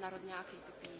narodňák IPP.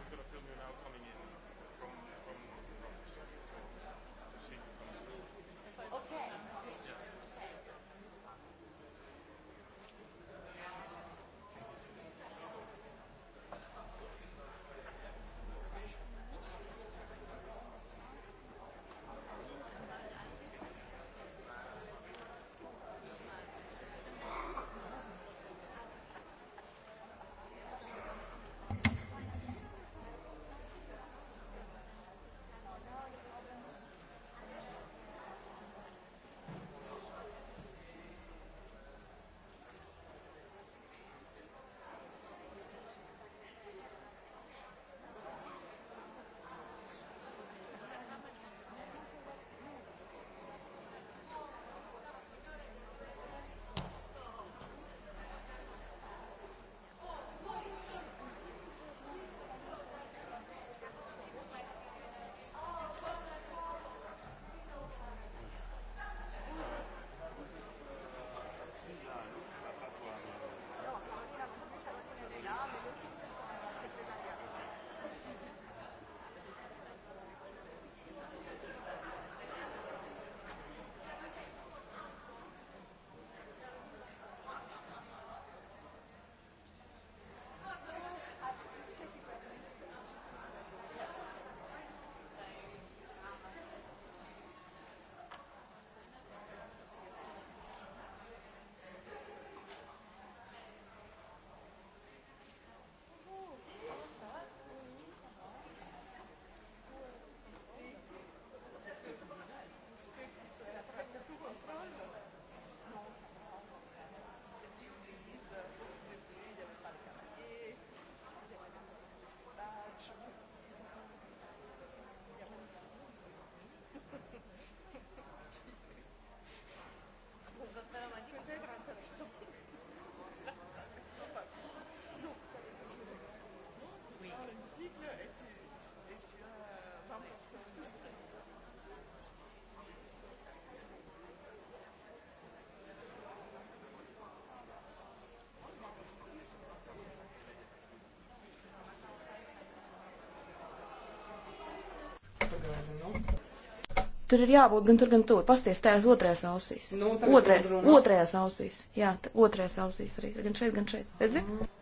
Tur ir jābūt gan tur, gan tur. Pasties tajās otrajās ausīs. Nu, otrajās, otrajās ausīs. Jā, otrajās ausīs arī. Gan šeit, gan šeit. Redzi? Mm -hmm.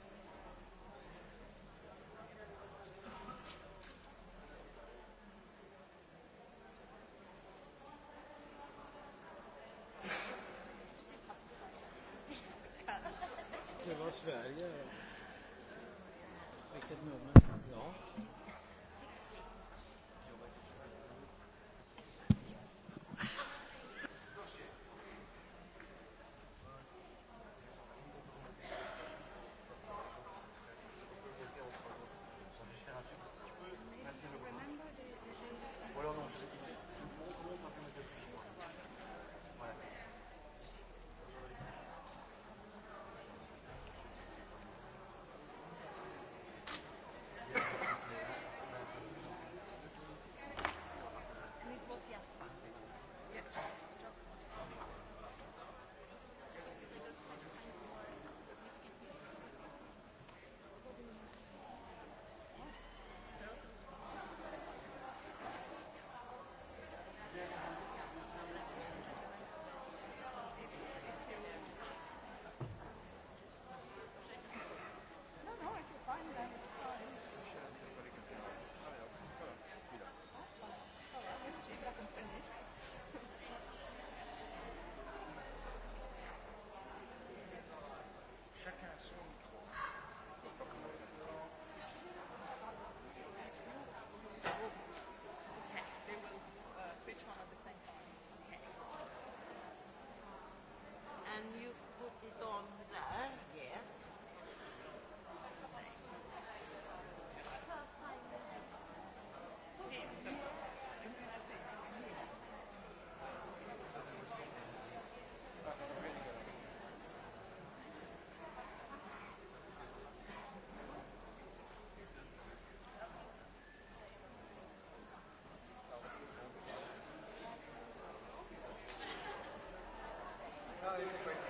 difficult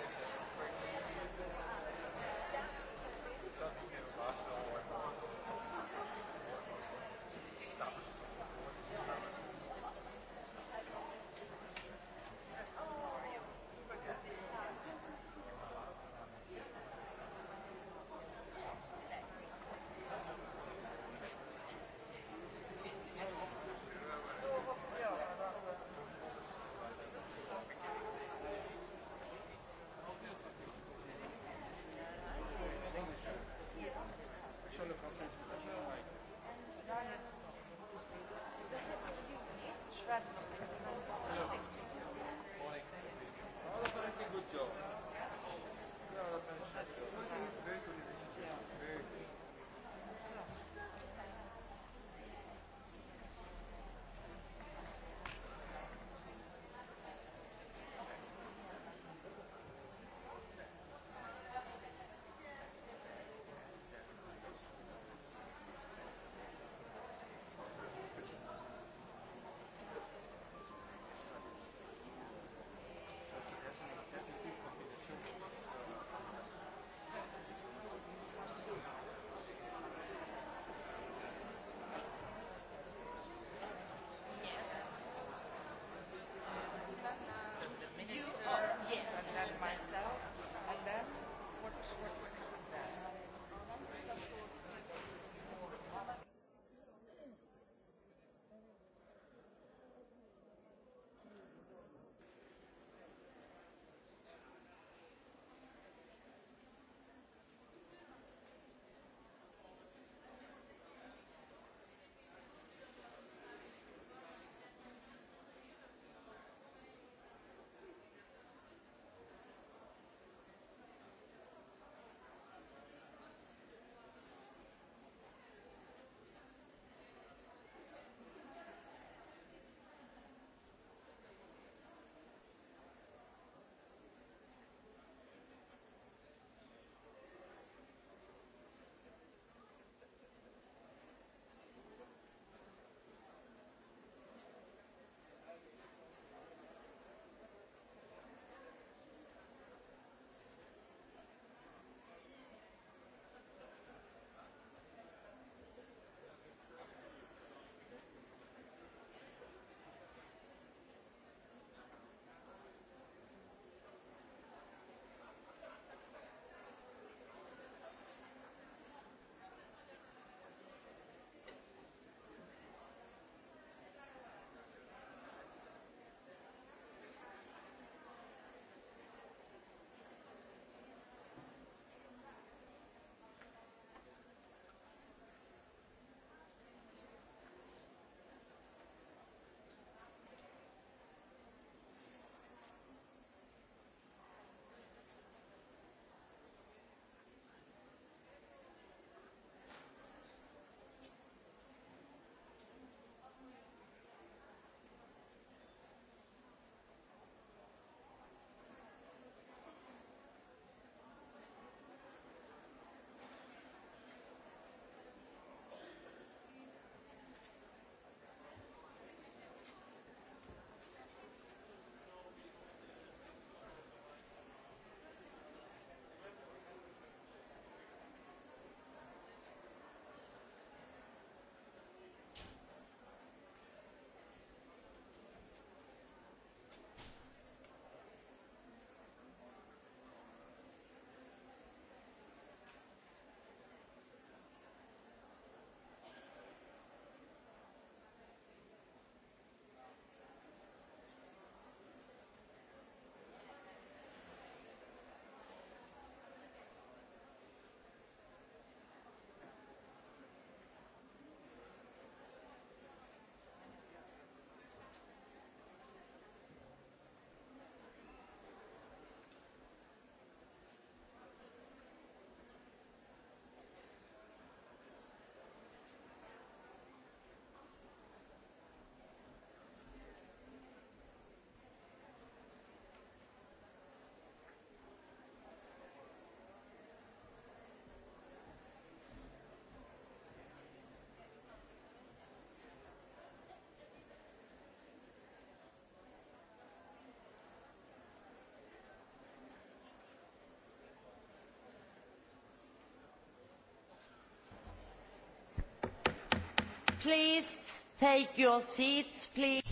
Please take your seats, please.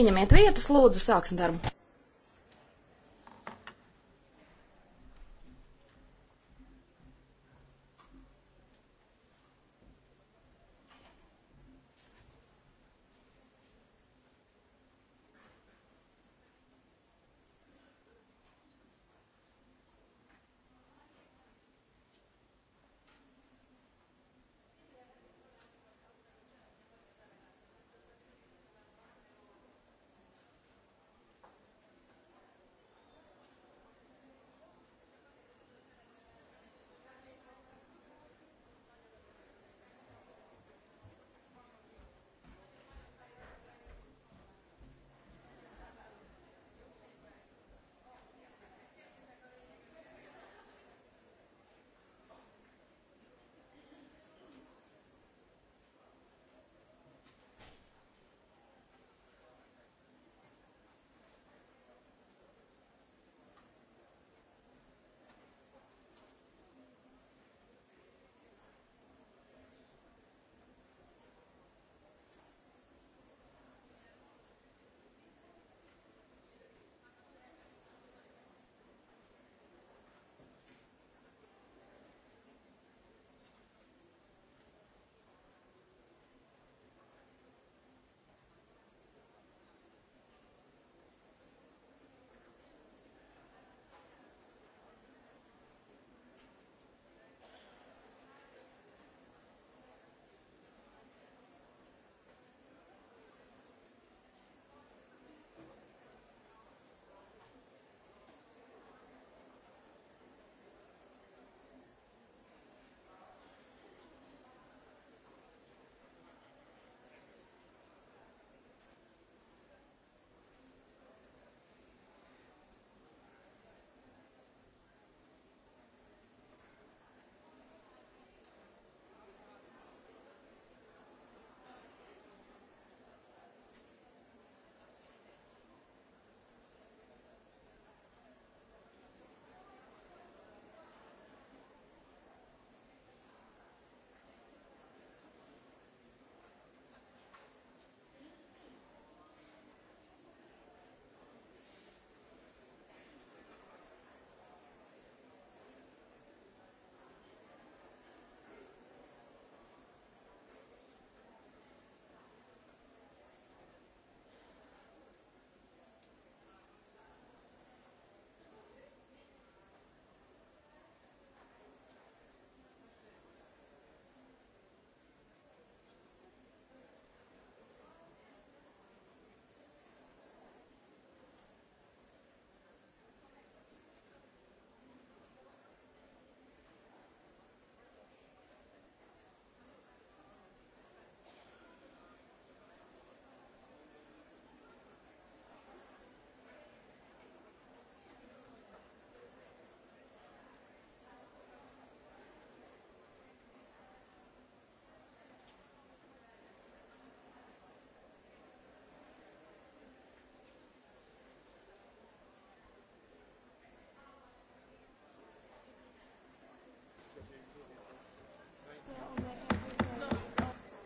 Ieņemiet vietas, lūdzu, sāksim darbu.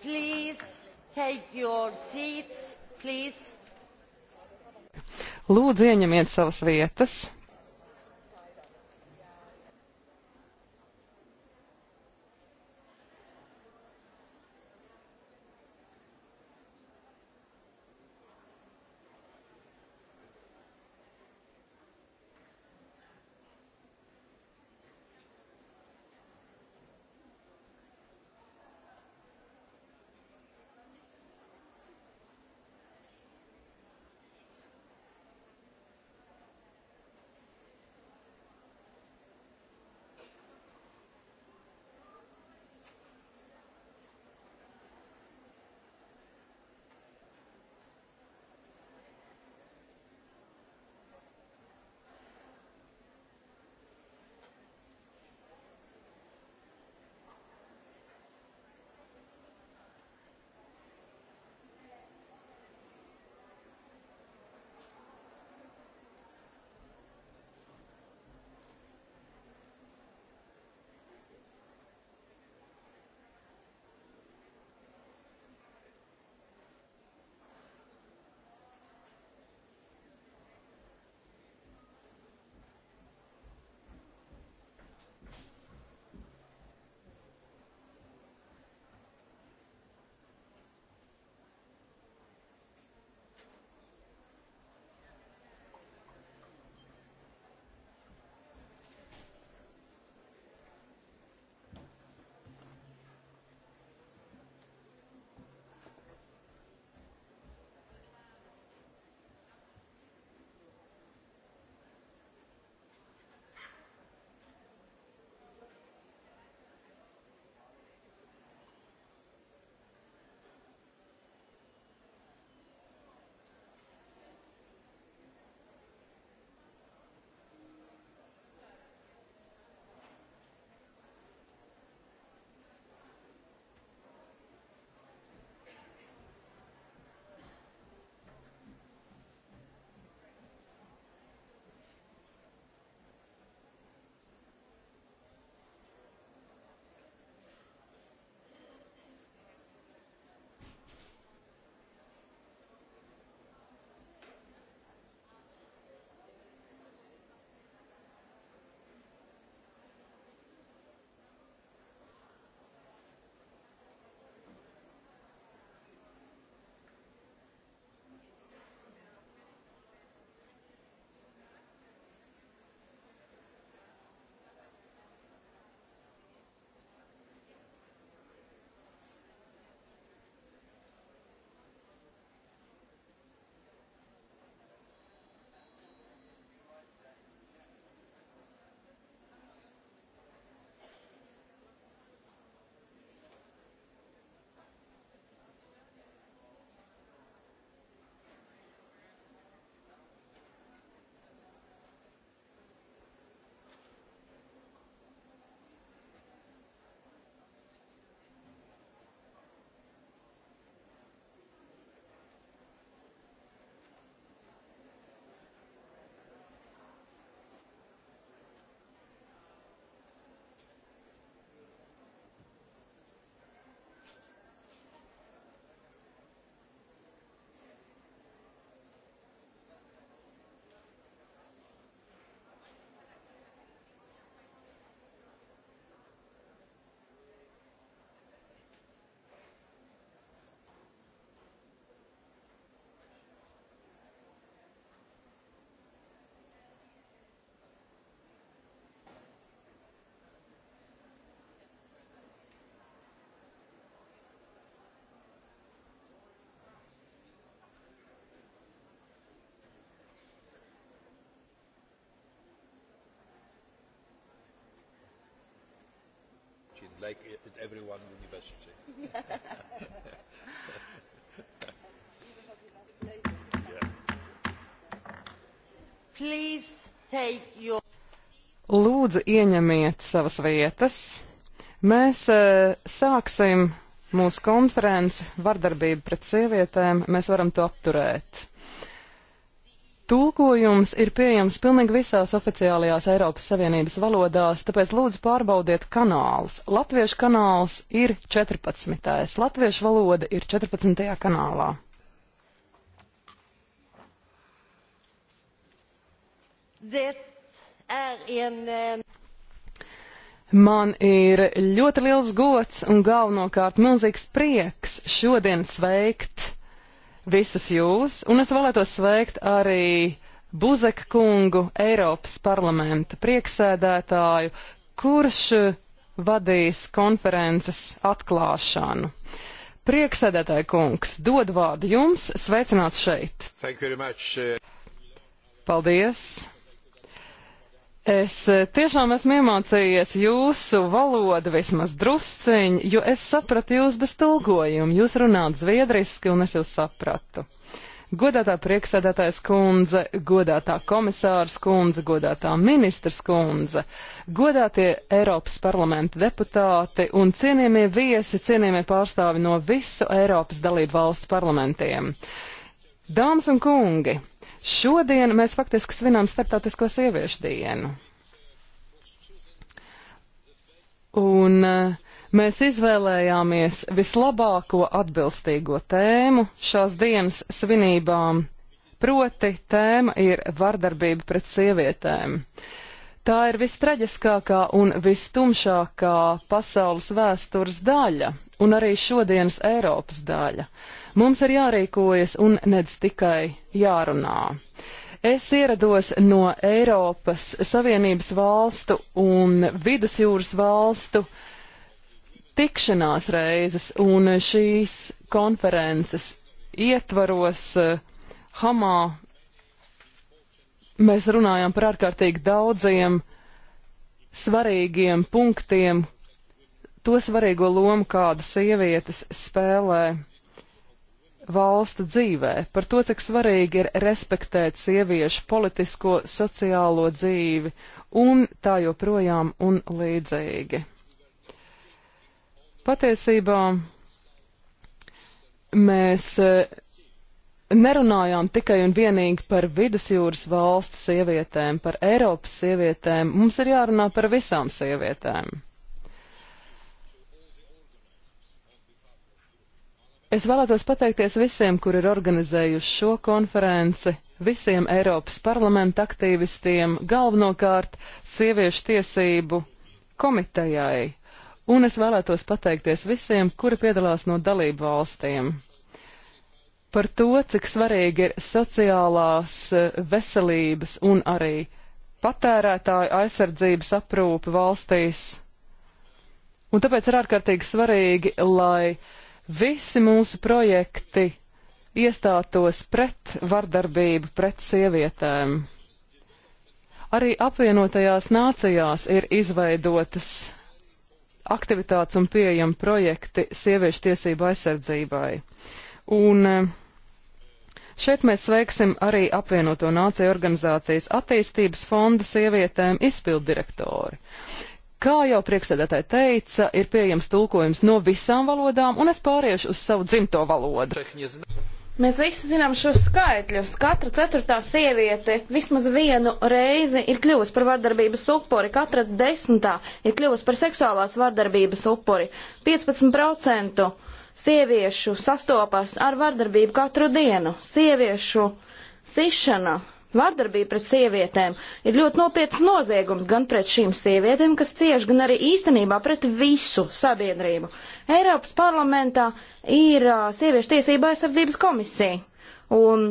Please take your seats, please. Lūdzu, ieņemiet savas vietas. like e, at everyone university. yeah. your... Lūdzu, ieņemiet savas vietas. Mēs e, sāksim mūsu konferenci vardarbību pret sievietēm. Mēs varam to apturēt. Tulkojums ir pieejams pilnīgi visās oficiālajās Eiropas Savienības valodās, tāpēc lūdzu pārbaudiet kanālus. Latviešu kanāls ir 14. Latviešu valoda ir 14. kanālā. Er eh, Man ir ļoti liels gods un galvenokārt milzīgs prieks šodien sveikt visus jūs, un es vēlētos sveikt arī Buzeka kungu, Eiropas parlamenta prieksēdētāju, kurš vadīs konferences atklāšanu. Prieksēdētāja kungs, dod vārdu jums, sveicināts šeit. Eh. Paldies! Es e, tiešām esmu iemācījies jūsu valodu vismaz drusciņu, jo es sapratu jūs bez tulkojuma. Jūs runājat zviedriski un es jūs sapratu. Godātā priekšsēdētājas kundze, godātā komisārs kundze, godātā ministrs kundze, godātie Eiropas parlamenta deputāti un cienījamie viesi, cienījamie pārstāvi no visu Eiropas dalību valstu parlamentiem. Dāmas un kungi, Šodien mēs faktiski svinām Startautisko sieviešu dienu. Un eh, mēs izvēlējāmies vislabāko atbilstīgo tēmu šās dienas svinībām, proti tēma ir vardarbība pret sievietēm. Tā ir vistraģiskākā un vistumšākā pasaules vēstures daļa, un arī šodienas Eiropas daļa. Uh, Mums ir jārīkojas un nedz tikai jārunā. Es ierados no Eiropas Savienības valstu un Vidusjūras valstu tikšanās reizes, un šīs konferences ietvaros uh, Hamā mēs runājām par ārkārtīgi daudziem svarīgiem punktiem, to svarīgo lomu, kādu sievietes spēlē valstu dzīvē, par to, cik svarīgi ir respektēt sieviešu politisko, sociālo dzīvi un tā joprojām un līdzīgi. Patiesībā mēs e, nerunājām tikai un vienīgi par vidusjūras valstu sievietēm, par Eiropas sievietēm, mums ir jārunā par visām sievietēm. Es vēlētos pateikties visiem, kur ir organizējuši šo konferenci, visiem Eiropas parlamenta aktīvistiem, galvenokārt sieviešu tiesību komitejai, un es vēlētos pateikties visiem, kuri piedalās no dalību valstīm. Par to, cik svarīgi ir sociālās eh, veselības un arī patērētāju aizsardzības aprūpe valstīs. Un tāpēc ir ārkārtīgi svarīgi, lai uh, Visi mūsu projekti iestātos pret vardarbību pret sievietēm. Arī apvienotajās nācijās ir izveidotas aktivitātes un pieejami projekti sieviešu tiesību aizsardzībai. Un eh, šeit mēs sveiksim arī apvienoto nāciju organizācijas attīstības fonda sievietēm izpildirektori. Kā jau priekšsēdētāji teica, ir pieejams tulkojums no visām valodām, un es pāriešu uz savu dzimto valodu. Mēs visi zinām šos skaitļus. Katra ceturtā sieviete vismaz vienu reizi ir kļuvusi par vardarbības upuri, katra desmitā ir kļuvusi par seksuālās vardarbības upuri. 15% sieviešu sastopas ar vardarbību katru dienu. Sieviešu sišana Vārdarbība pret sievietēm ir ļoti nopietns noziegums gan pret šīm sievietēm, kas cieš, gan arī īstenībā pret visu sabiedrību. Eiropas parlamentā ir uh, sieviešu tiesība aizsardzības komisija. Un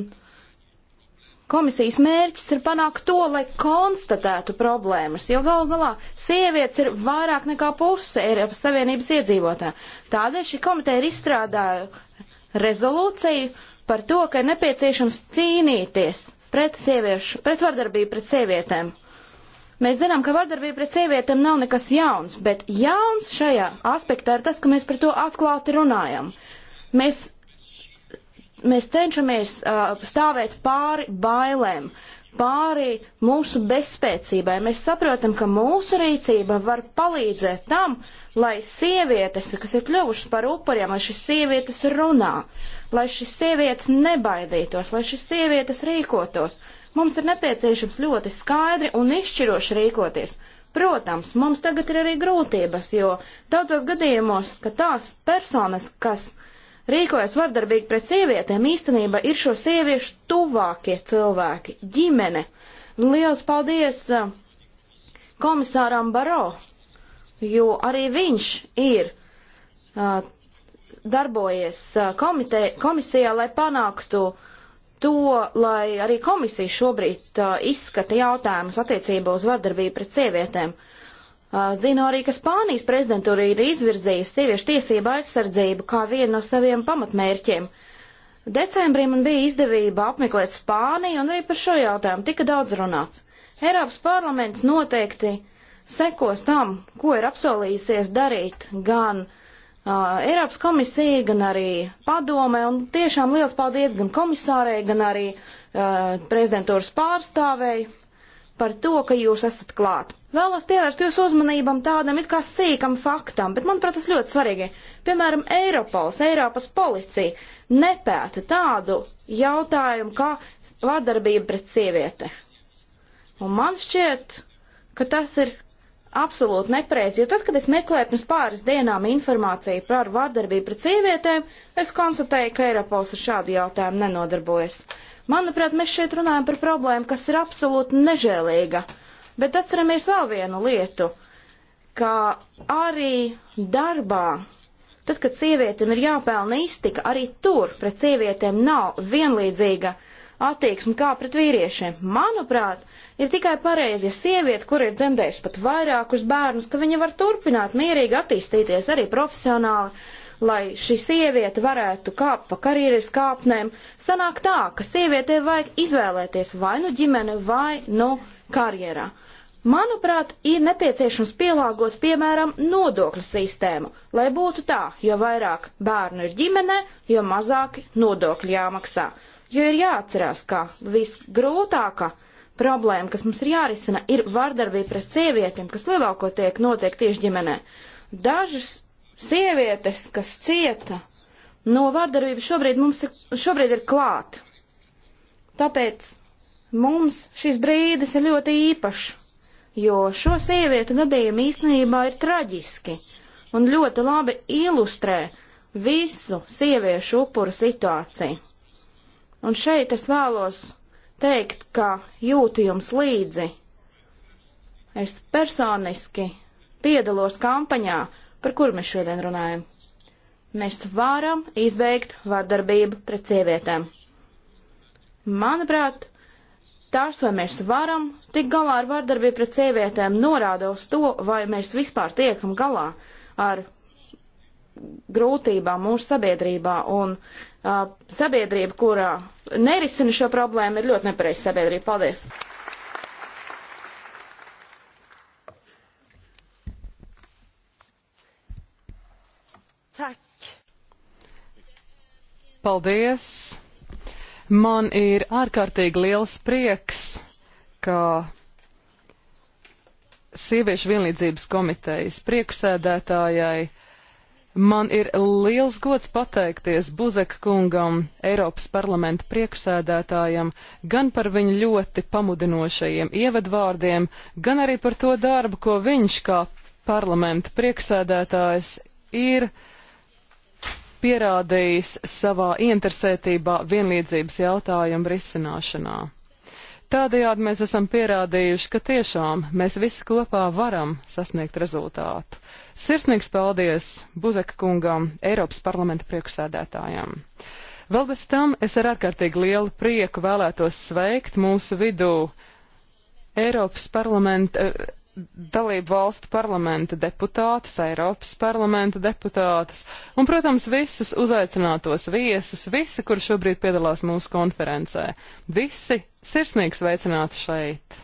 komisijas mērķis ir panākt to, lai konstatētu problēmas, jo galu galā sievietes ir vairāk nekā puse Eiropas Savienības iedzīvotā. Tādēļ šī komiteja ir izstrādāju rezolūciju par to, ka ir nepieciešams cīnīties pret sieviešu, pret vardarbību pret sievietēm. Mēs zinām, ka vardarbība pret sievietēm nav nekas jauns, bet jauns šajā aspektā ir tas, ka mēs par to atklāti runājam. Mēs, mēs cenšamies uh, stāvēt pāri bailēm. Uh, pāri mūsu bezspēcībai. Mēs saprotam, ka mūsu rīcība var palīdzēt tam, lai sievietes, kas ir kļuvušas par upuriem, lai šīs sievietes runā, lai šīs sievietes nebaidītos, lai šīs sievietes rīkotos. Mums ir nepieciešams ļoti skaidri un izšķiroši rīkoties. Protams, mums tagad ir arī grūtības, jo daudzos gadījumos, ka tās personas, kas rīkojas vardarbīgi pret sievietēm, īstenībā ir šo sieviešu tuvākie cilvēki, ģimene. Liels paldies uh, komisāram Baro, jo arī viņš ir uh, darbojies uh, komite, komisijā, lai panāktu to, lai arī komisija šobrīd uh, izskata jautājumus attiecībā uz vardarbību pret sievietēm. Zinu arī, ka Spānijas prezidentūra ir izvirzījusi sieviešu tiesību aizsardzību kā vienu no saviem pamatmērķiem. Decembrī man bija izdevība apmeklēt Spāniju un arī par šo jautājumu tika daudz runāts. Eiropas parlaments noteikti sekos tam, ko ir apsolījusies darīt gan uh, Eiropas komisija, gan arī padome, un tiešām liels paldies gan komisārei, gan arī uh, prezidentūras pārstāvēji par to, ka jūs esat klāt. Vēlos pievērst jūsu uzmanībam tādam it kā sīkam faktam, bet manuprāt tas ļoti svarīgi. Piemēram, Eiropols, Eiropas policija nepēta tādu jautājumu kā vardarbība pret sieviete. Un man šķiet, ka tas ir absolūti nepareizi, jo tad, kad es meklēju pirms pāris dienām informāciju par vardarbību pret sievietēm, es konstatēju, ka Eiropols ar šādu jautājumu nenodarbojas. Manuprāt, mēs šeit runājam par problēmu, kas ir absolūti nežēlīga. Bet atceramies vēl vienu lietu, ka arī darbā, tad, kad sievietēm ir jāpelna iztika, arī tur pret sievietēm nav vienlīdzīga attieksme kā pret vīriešiem. Manuprāt, ir tikai pareizi, ja sieviete, kur ir dzemdējusi pat vairākus bērnus, ka viņa var turpināt mierīgi attīstīties arī profesionāli lai šī sieviete varētu kāpt pa karjeras kāpnēm, sanāk tā, ka sievietē vajag izvēlēties vai nu ģimene, vai nu karjerā. Manuprāt, ir nepieciešams pielāgot, piemēram, nodokļu sistēmu, lai būtu tā, jo vairāk bērnu ir ģimene, jo mazāk nodokļu jāmaksā. Jo ir jāatcerās, ka visgrūtākā problēma, kas mums ir jārisina, ir vardarbība pret sievietēm, kas lielākotiek notiek tieši ģimenē. Dažas sievietes, kas cieta no vardarbības, šobrīd mums ir, šobrīd ir klāt. Tāpēc mums šis brīdis ir ļoti īpašs, jo šo sievietu gadījumi īstenībā ir traģiski un ļoti labi ilustrē visu sieviešu upuru situāciju. Un šeit es vēlos teikt, ka jūtu jums līdzi. Es personiski piedalos kampaņā, par kuru mēs šodien runājam. Mēs varam izbeigt vardarbību pret sievietēm. Manuprāt, tās, vai mēs varam tikt galā ar vardarbību pret sievietēm, norāda uz to, vai mēs vispār tiekam galā ar grūtībām mūsu sabiedrībā. Un uh, sabiedrība, kurā nerisina šo problēmu, ir ļoti nepareiza sabiedrība. Paldies! Paldies! Man ir ārkārtīgi liels prieks, ka sieviešu vienlīdzības komitejas priekšsēdētājai. Man ir liels gods pateikties Buzeka kungam, Eiropas parlamenta priekšsēdētājam, gan par viņu ļoti pamudinošajiem ievadvārdiem, gan arī par to darbu, ko viņš kā parlamenta priekšsēdētājs ir uh, pierādījis savā interesētībā vienlīdzības jautājumu risināšanā. Tādējādi mēs esam pierādījuši, ka tiešām mēs visi kopā varam sasniegt rezultātu. Sirsnīgs paldies Buzeka kungam, Eiropas parlamenta priekšsēdētājam. Vēl bez tam es ar ārkārtīgi lielu prieku vēlētos sveikt mūsu vidū Eiropas parlamenta, dalību valstu parlamenta deputātus, Eiropas parlamenta deputātus un, protams, visus uzaicinātos viesus, visi, kur šobrīd piedalās mūsu konferencē. Visi sirsnīgs veicināti šeit.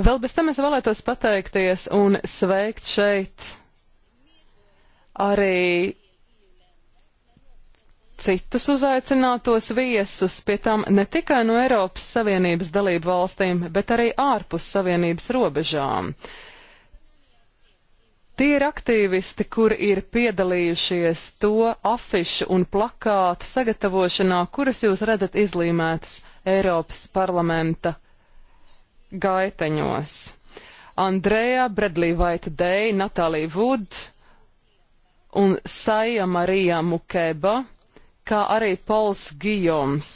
Vēl bez tam es vēlētos pateikties un sveikt šeit arī citus uzaicinātos viesus, pie tam ne tikai no Eiropas Savienības dalību valstīm, bet arī ārpus Savienības robežām. Tie ir aktīvisti, kuri ir piedalījušies to afišu un plakātu sagatavošanā, kuras jūs redzat izlīmētus Eiropas parlamenta gaiteņos. Andrejā, Bredlī Vaita Dei, Natālija Vud un Saija Marija Mukeba kā arī Pols Gijoms.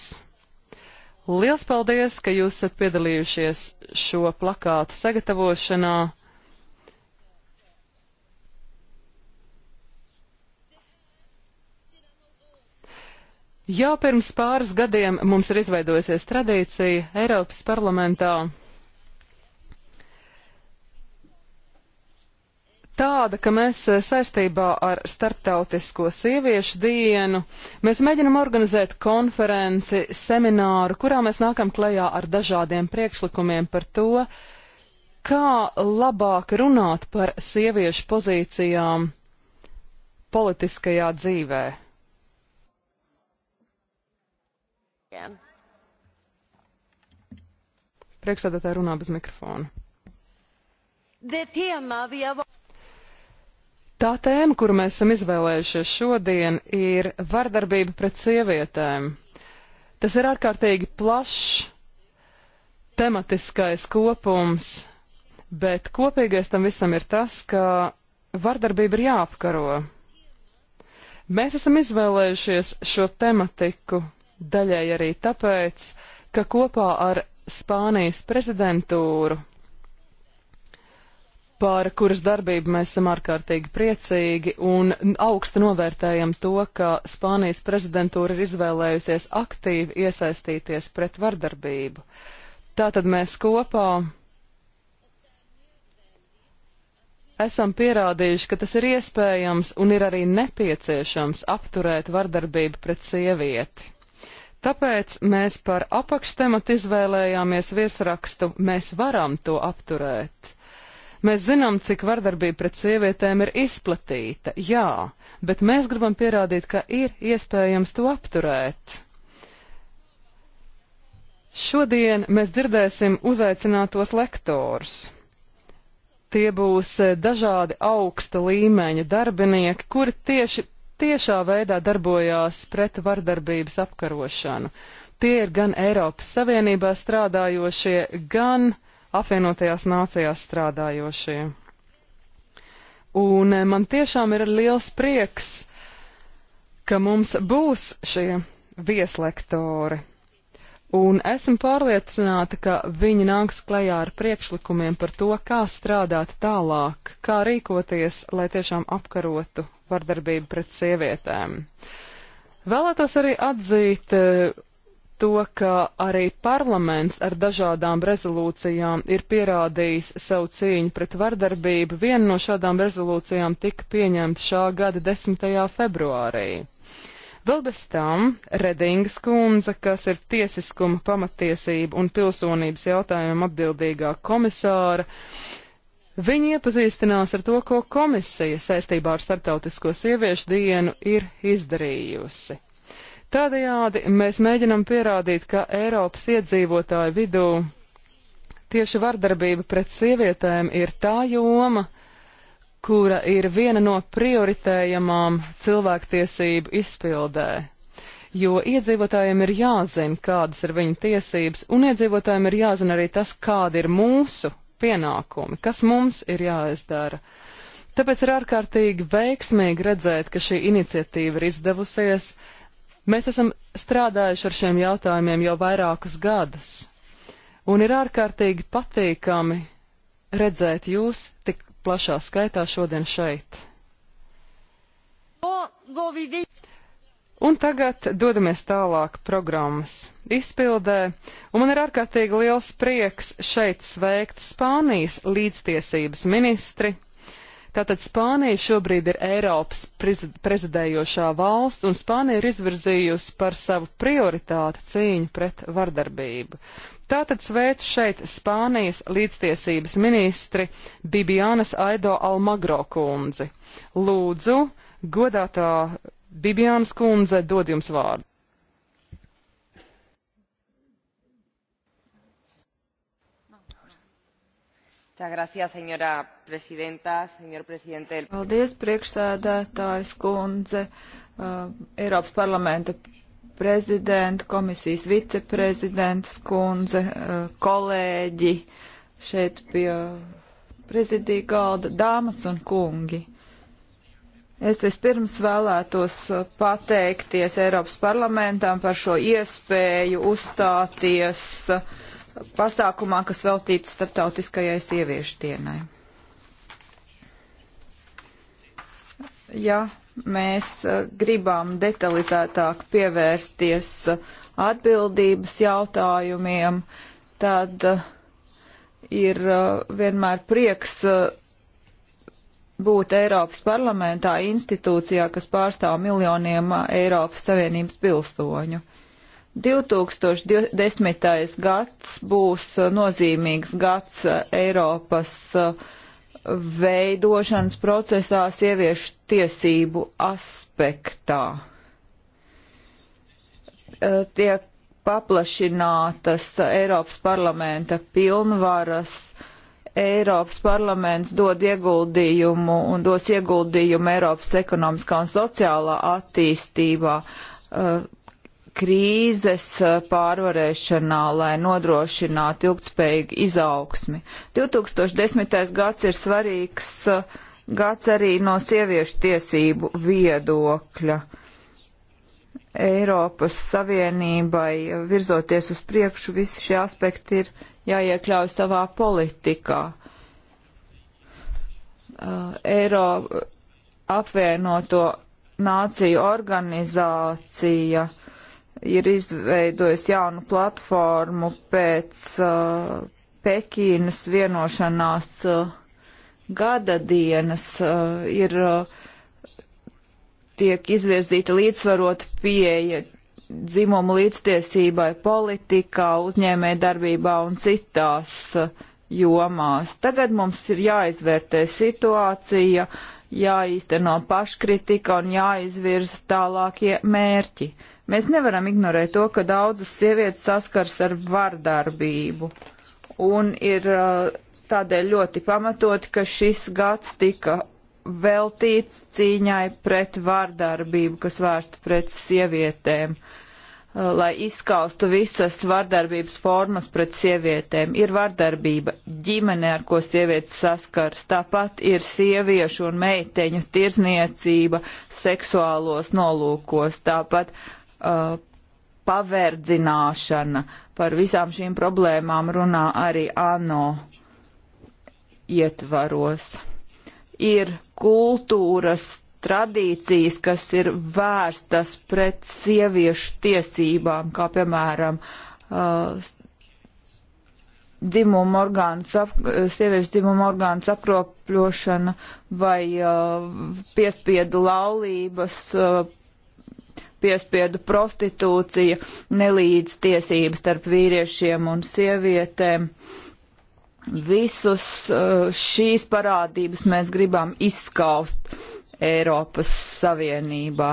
Liels paldies, ka jūs esat piedalījušies šo plakātu sagatavošanā. Jau pirms pāris gadiem mums ir izveidojusies tradīcija Eiropas parlamentā tāda, ka mēs eh, saistībā ar Starptautisko sieviešu dienu mēs mēģinam organizēt konferenci, semināru, kurā mēs nākam klajā ar dažādiem priekšlikumiem par to, kā labāk runāt par sieviešu pozīcijām politiskajā dzīvē. Priekšsēdētāji runā bez mikrofona. Det tema vi har Tā tēma, kuru mēs esam izvēlējušies šodien, ir vardarbība pret sievietēm. Tas ir ārkārtīgi plašs tematiskais kopums, bet kopīgais tam visam ir tas, ka vardarbība ir jāapkaro. Mēs esam izvēlējušies šo tematiku daļai arī tāpēc, ka kopā ar Spānijas prezidentūru par kuras darbību mēs esam ārkārtīgi priecīgi un augstu novērtējam to, ka Spānijas prezidentūra ir izvēlējusies aktīvi iesaistīties pret vardarbību. Tātad mēs kopā esam pierādījuši, ka tas ir iespējams un ir arī nepieciešams apturēt vardarbību pret sievieti. Tāpēc mēs par apakštematu izvēlējāmies viesrakstu Mēs varam to apturēt Mēs zinām, cik vardarbība pret sievietēm ir izplatīta, jā, bet mēs gribam pierādīt, ka ir iespējams to apturēt. Šodien mēs dzirdēsim uzaicinātos lektorus. Tie būs eh, dažādi augsta līmeņa darbinieki, kuri tieši tiešā veidā darbojās pret vardarbības apkarošanu. Tie ir gan Eiropas Savienībā strādājošie, gan uh, apvienotajās nācijās strādājošie. Un eh, man tiešām ir liels prieks, ka mums būs šie vieslektori. Un esmu pārliecināta, ka viņi nāks klajā ar priekšlikumiem par to, kā strādāt tālāk, kā rīkoties, lai tiešām apkarotu vardarbību pret sievietēm. Vēlētos arī atzīt eh, to, ka arī parlaments ar dažādām rezolūcijām ir pierādījis savu cīņu pret vardarbību. Viena no šādām rezolūcijām tika pieņemta šā gada 10. februārī. Vēl bez tam Redingas kundze, kas ir tiesiskuma, pamatiesība un pilsonības jautājumiem atbildīgā komisāra, viņa iepazīstinās ar to, ko komisija saistībā ar Startautisko sieviešu dienu ir izdarījusi. Tādējādi mēs mēģinam pierādīt, ka Eiropas iedzīvotāju vidū tieši vardarbība pret sievietēm ir tā joma, kura ir viena no prioritējamām cilvēktiesību izpildē. Jo iedzīvotājiem ir jāzina, kādas ir viņu tiesības, un iedzīvotājiem ir jāzina arī tas, kādi ir mūsu pienākumi, kas mums ir jāizdara. Tāpēc ir ārkārtīgi veiksmīgi redzēt, ka šī iniciatīva ir izdevusies, uh, Mēs esam strādājuši ar šiem jautājumiem jau vairākus gadus, un ir ārkārtīgi patīkami redzēt jūs tik plašā skaitā šodien šeit. Un tagad dodamies tālāk programmas izpildē, un man ir ārkārtīgi liels prieks šeit sveikt Spānijas līdztiesības ministri Tātad Spānija šobrīd ir Eiropas prezidējošā valsts, un Spānija ir izvirzījusi par savu prioritāti cīņu pret vardarbību. Tātad sveic šeit Spānijas līdztiesības ministri Bibianas Aido Almagro kundzi. Lūdzu, godātā Bibianas kundze, dod jums vārdu. Paldies, priekšsēdētājs kundze, uh, Eiropas parlamenta prezidenta, komisijas viceprezidents kundze, uh, kolēģi šeit pie prezidija galda, dāmas un kungi. Es vispirms vēlētos uh, pateikties Eiropas parlamentam par šo iespēju uzstāties uh, pasākumā, kas veltīts starptautiskajai sieviešu dienai. Ja mēs eh, gribam detalizētāk pievērsties eh, atbildības jautājumiem, tad eh, ir vienmēr prieks būt Eiropas parlamentā institūcijā, kas pārstāv miljoniem Eiropas Savienības pilsoņu. Uh, 2010. gads būs uh, nozīmīgs gads uh, Eiropas uh, veidošanas procesā sieviešu tiesību aspektā. Tiek paplašinātas Eiropas parlamenta pilnvaras. Eiropas parlaments dod ieguldījumu un dos ieguldījumu Eiropas ekonomiskā un sociālā attīstībā krīzes eh, pārvarēšanā, lai nodrošinātu ilgtspējīgu izaugsmi. 2010. gads ir svarīgs eh, gads arī no sieviešu tiesību viedokļa. Eiropas Savienībai eh, virzoties uz priekšu, visi šie aspekti ir jāiekļauj savā politikā. Uh, Eiro apvienoto nāciju organizācija uh, ir izveidojis jaunu platformu pēc uh, Pekīnas vienošanās uh, gada dienas, uh, ir uh, tiek izvirzīta līdzsvarota pieeja dzimumu līdztiesībai politikā, uzņēmē darbībā un citās uh, jomās. Tagad mums ir jāizvērtē situācija, jāīsteno paškritika un jāizvirza tālākie mērķi. Uh, Mēs nevaram ignorēt to, ka daudzas sievietes saskars ar vardarbību. Un ir uh, tādēļ ļoti pamatoti, ka šis gads tika veltīts cīņai pret vardarbību, kas vērsta pret sievietēm uh, lai izskaustu visas vardarbības formas pret sievietēm. Ir vardarbība ģimene, ar ko sievietes saskars, tāpat ir sieviešu un meiteņu tirzniecība seksuālos nolūkos, tāpat uh, paverdzināšana. Par visām šīm problēmām runā arī ANO ietvaros. Ir kultūras tradīcijas, kas ir vērstas pret sieviešu tiesībām, kā piemēram uh, dzimumu orgānu, sieviešu dzimumu orgānu apkropļošana vai uh, piespiedu laulības, uh, piespiedu prostitūcija, nelīdz tiesības starp vīriešiem un sievietēm. Visus uh, šīs parādības mēs gribam izskaust Eiropas Savienībā.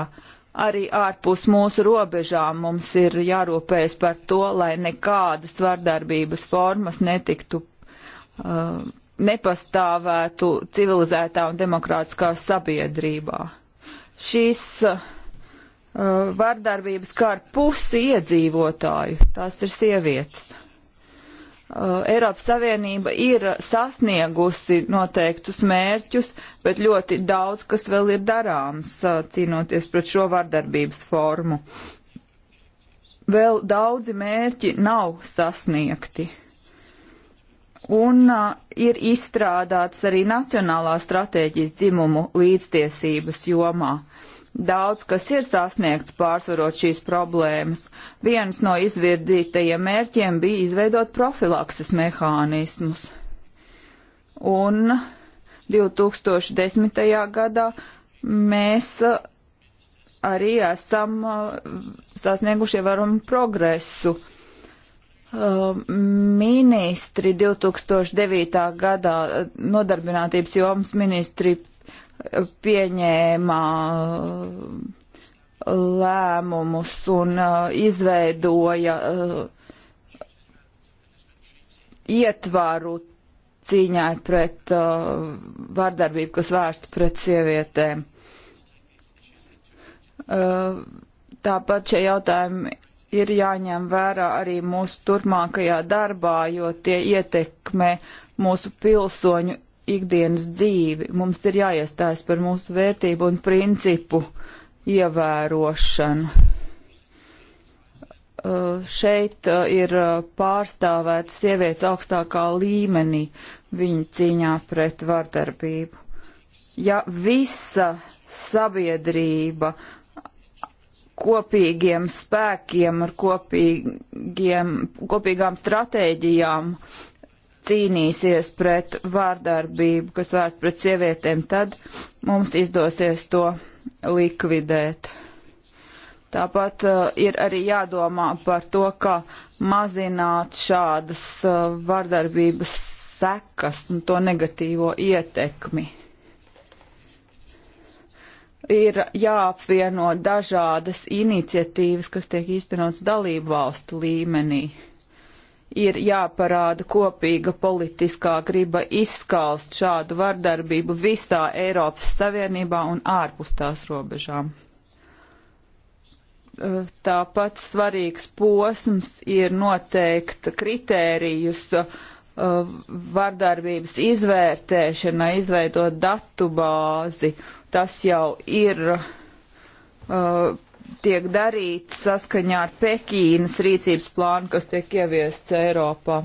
Arī ārpus mūsu robežām mums ir jārūpējas par to, lai nekādas vardarbības formas netiktu uh, nepastāvētu civilizētā un demokrātiskā sabiedrībā. Šis uh, Uh, vardarbības kā ar pusi iedzīvotāju. Tās ir sievietes. Uh, Eiropas Savienība ir sasniegusi noteiktus mērķus, bet ļoti daudz, kas vēl ir darāms uh, cīnoties pret šo vardarbības formu. Vēl daudzi mērķi nav sasniegti. Un uh, ir izstrādāts arī nacionālā stratēģijas dzimumu līdztiesības jomā. Uh, Daudz, kas ir sasniegts pārsvarot šīs problēmas. Viens no izvirdītajiem mērķiem bija izveidot profilakses mehānismus. Un 2010. gadā mēs uh, arī esam uh, sasnieguši ievērumu progresu. Uh, ministri 2009. gadā nodarbinātības jomas ministri pieņēma uh, lēmumus un uh, izveidoja uh, ietvaru cīņai pret vardarbību, kas vērsta pret sievietēm. Tāpat šie jautājumi ir jāņem vērā arī mūsu turpmākajā darbā, jo tie ietekmē mūsu pilsoņu ikdienas dzīvi. Mums ir jāiestājas par mūsu vērtību un principu ievērošanu. Uh, šeit uh, ir uh, pārstāvēta sievietes augstākā līmenī viņa cīņā pret vardarbību. Ja visa sabiedrība kopīgiem spēkiem, ar kopīgiem, kopīgām stratēģijām cīnīsies pret vārdarbību, kas vērst pret sievietēm, tad mums izdosies to likvidēt. Tāpat uh, ir arī jādomā par to, kā mazināt šādas uh, vardarbības sekas un to negatīvo ietekmi. Ir jāapvieno dažādas iniciatīvas, kas tiek īstenots dalību valstu līmenī. Uh, ir jāparāda kopīga politiskā griba izskaust šādu vardarbību visā Eiropas Savienībā un ārpus tās robežām. Tāpat svarīgs posms ir noteikt kritērijus vardarbības izvērtēšanai, izveidot datu bāzi. Tas jau ir tiek darīts saskaņā ar Pekīnas rīcības plānu, kas tiek ieviests Eiropā.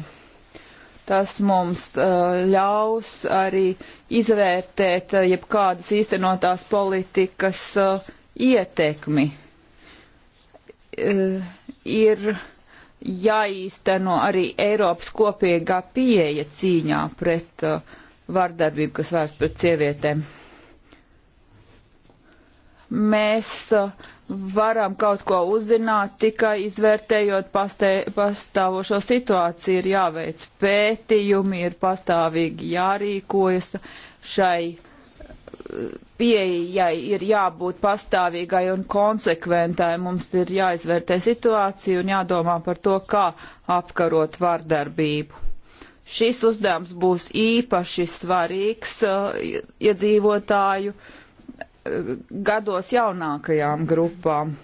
Tas mums uh, ļaus arī izvērtēt uh, jebkādas īstenotās politikas uh, ietekmi. Uh, ir jāīsteno arī Eiropas kopīgā pieeja cīņā pret uh, vardarbību, kas vērsts pret sievietēm. Mēs uh, varam kaut ko uzzināt tikai izvērtējot pastē, pastāvošo situāciju. Ir jāveic pētījumi, ir pastāvīgi jārīkojas šai pieejai, ir jābūt pastāvīgai un konsekventai. Mums ir jāizvērtē situācija un jādomā par to, kā apkarot vardarbību. Šis uzdevums būs īpaši svarīgs uh, iedzīvotāju. Ja gados jaunākajām grupām.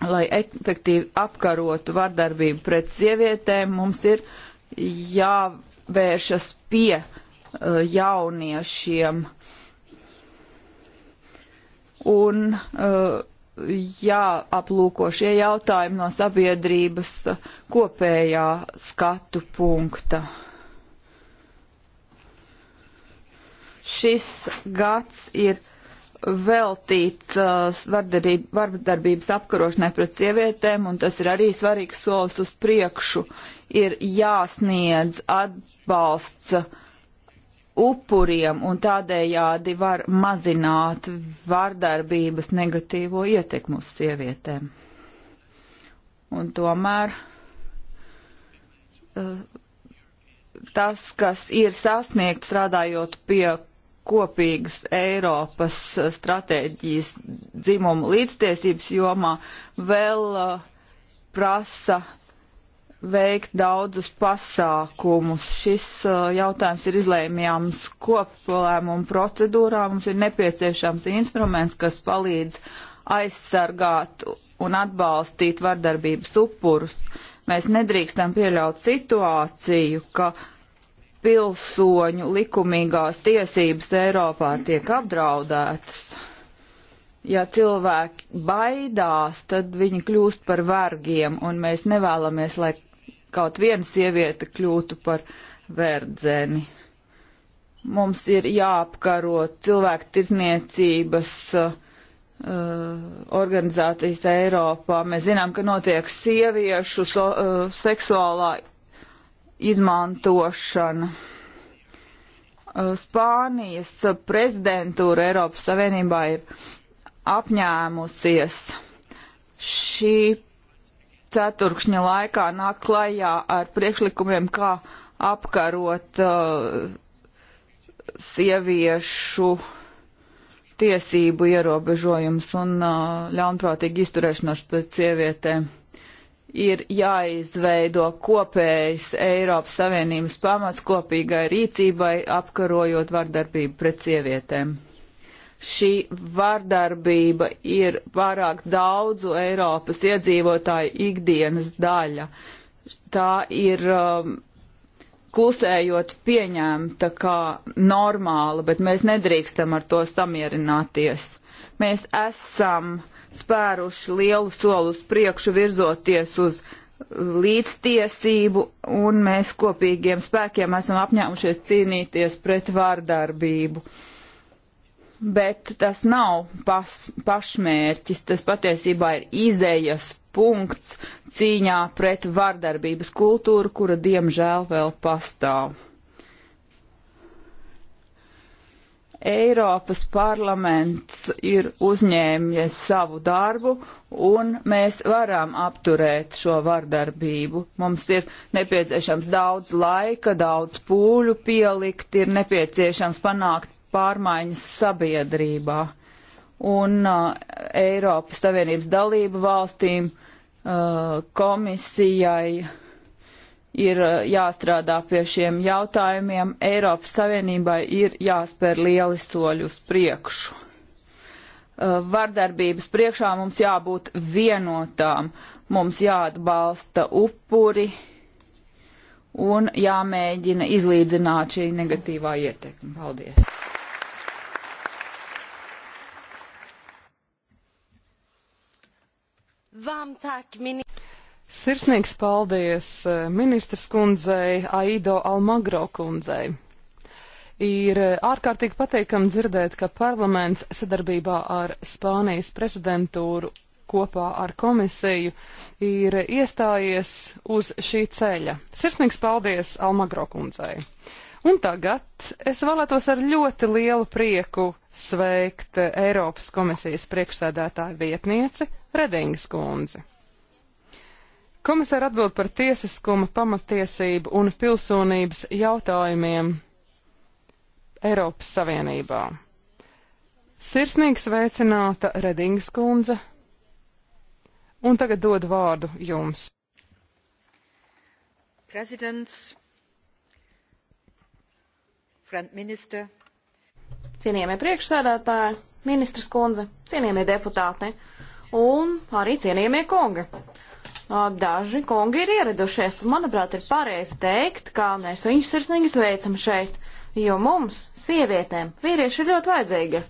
Lai efektīvi apkarotu vardarbību pret sievietēm, mums ir jāvēršas pie uh, jauniešiem un uh, jāaplūko šie jautājumi no sabiedrības kopējā skatu punkta. Šis gads ir veltīts uh, vardarbības apkarošanai pret sievietēm, un tas ir arī svarīgs solis uz priekšu. Ir jāsniedz atbalsts upuriem, un tādējādi var mazināt vardarbības negatīvo ietekmu uz sievietēm. Un tomēr uh, tas, kas ir sasniegts strādājot pie kopīgas Eiropas stratēģijas dzimumu līdztiesības jomā vēl uh, prasa veikt daudzus pasākumus. Šis uh, jautājums ir izlēmjams koplēmumu procedūrā. Mums ir nepieciešams instruments, kas palīdz aizsargāt un atbalstīt vardarbības upurus. Mēs nedrīkstam pieļaut situāciju, ka uh, pilsoņu likumīgās tiesības Eiropā tiek apdraudētas. Ja cilvēki baidās, tad viņi kļūst par vergiem, un mēs nevēlamies, lai kaut viena sieviete kļūtu par verdzeni. Mums ir jāapkaro cilvēku tirzniecības uh, organizācijas Eiropā. Mēs zinām, ka notiek sieviešu so, uh, seksuālā izmantošana. Eh, Spānijas prezidentūra Eiropas Savienībā ir apņēmusies šī ceturkšņa laikā nāk klajā ar priekšlikumiem, kā apkarot uh, sieviešu tiesību ierobežojums un uh, ļaunprātīgu izturēšanos pret sievietēm ir jāizveido kopējs Eiropas Savienības pamats kopīgai rīcībai, apkarojot vardarbību pret sievietēm. Šī vardarbība ir pārāk daudzu Eiropas iedzīvotāju ikdienas daļa. Tā ir um, klusējot pieņemta kā normāla, bet mēs nedrīkstam ar to samierināties. Mēs esam uh, spēruši lielu soli uz priekšu virzoties uz līdztiesību, un mēs kopīgiem spēkiem esam apņēmušies cīnīties pret vārdarbību. Bet tas nav pas, pašmērķis, tas patiesībā ir izējas punkts cīņā pret vardarbības kultūru, kura diemžēl vēl pastāv. Eiropas parlaments ir uzņēmies savu darbu un mēs varam apturēt šo vardarbību. Mums ir nepieciešams daudz laika, daudz pūļu pielikt, ir nepieciešams panākt pārmaiņas sabiedrībā. Un uh, Eiropas Savienības dalību valstīm, uh, komisijai, uh, ir uh, jāstrādā pie šiem jautājumiem. Eiropas Savienībai ir jāspēr lieli soļi uz priekšu. Uh, vardarbības priekšā mums jābūt vienotām, mums jāatbalsta upuri un jāmēģina izlīdzināt šī negatīvā ietekme. Paldies! Vam tak, ministrs. Sirsnīgs paldies eh, ministras kundzei Aido Almagro kundzei. Ir eh, ārkārtīgi pateikami dzirdēt, ka parlaments sadarbībā ar Spānijas prezidentūru kopā ar komisiju ir iestājies uz šī ceļa. Sirsnīgs paldies Almagro kundzei. Un tagad es vēlētos ar ļoti lielu prieku sveikt Eiropas komisijas priekšsēdētāju vietnieci Redingas kundzi. Komisāra atbild par tiesiskuma, pamatiesību un pilsonības jautājumiem Eiropas Savienībā. Sirsnīgi sveicināta Redingas kundze. Un tagad dod vārdu jums. Prezidents, Minister. Cienījamie priekšsēdētāji, ministrs kundze, cienījamie deputāti un arī cienījamie kungi. Daži kungi ir ieradušies, un manuprāt, ir pareizi teikt, kā mēs viņus sirsnīgi sveicam šeit, jo mums, sievietēm, vīrieši ir ļoti vajadzīgi,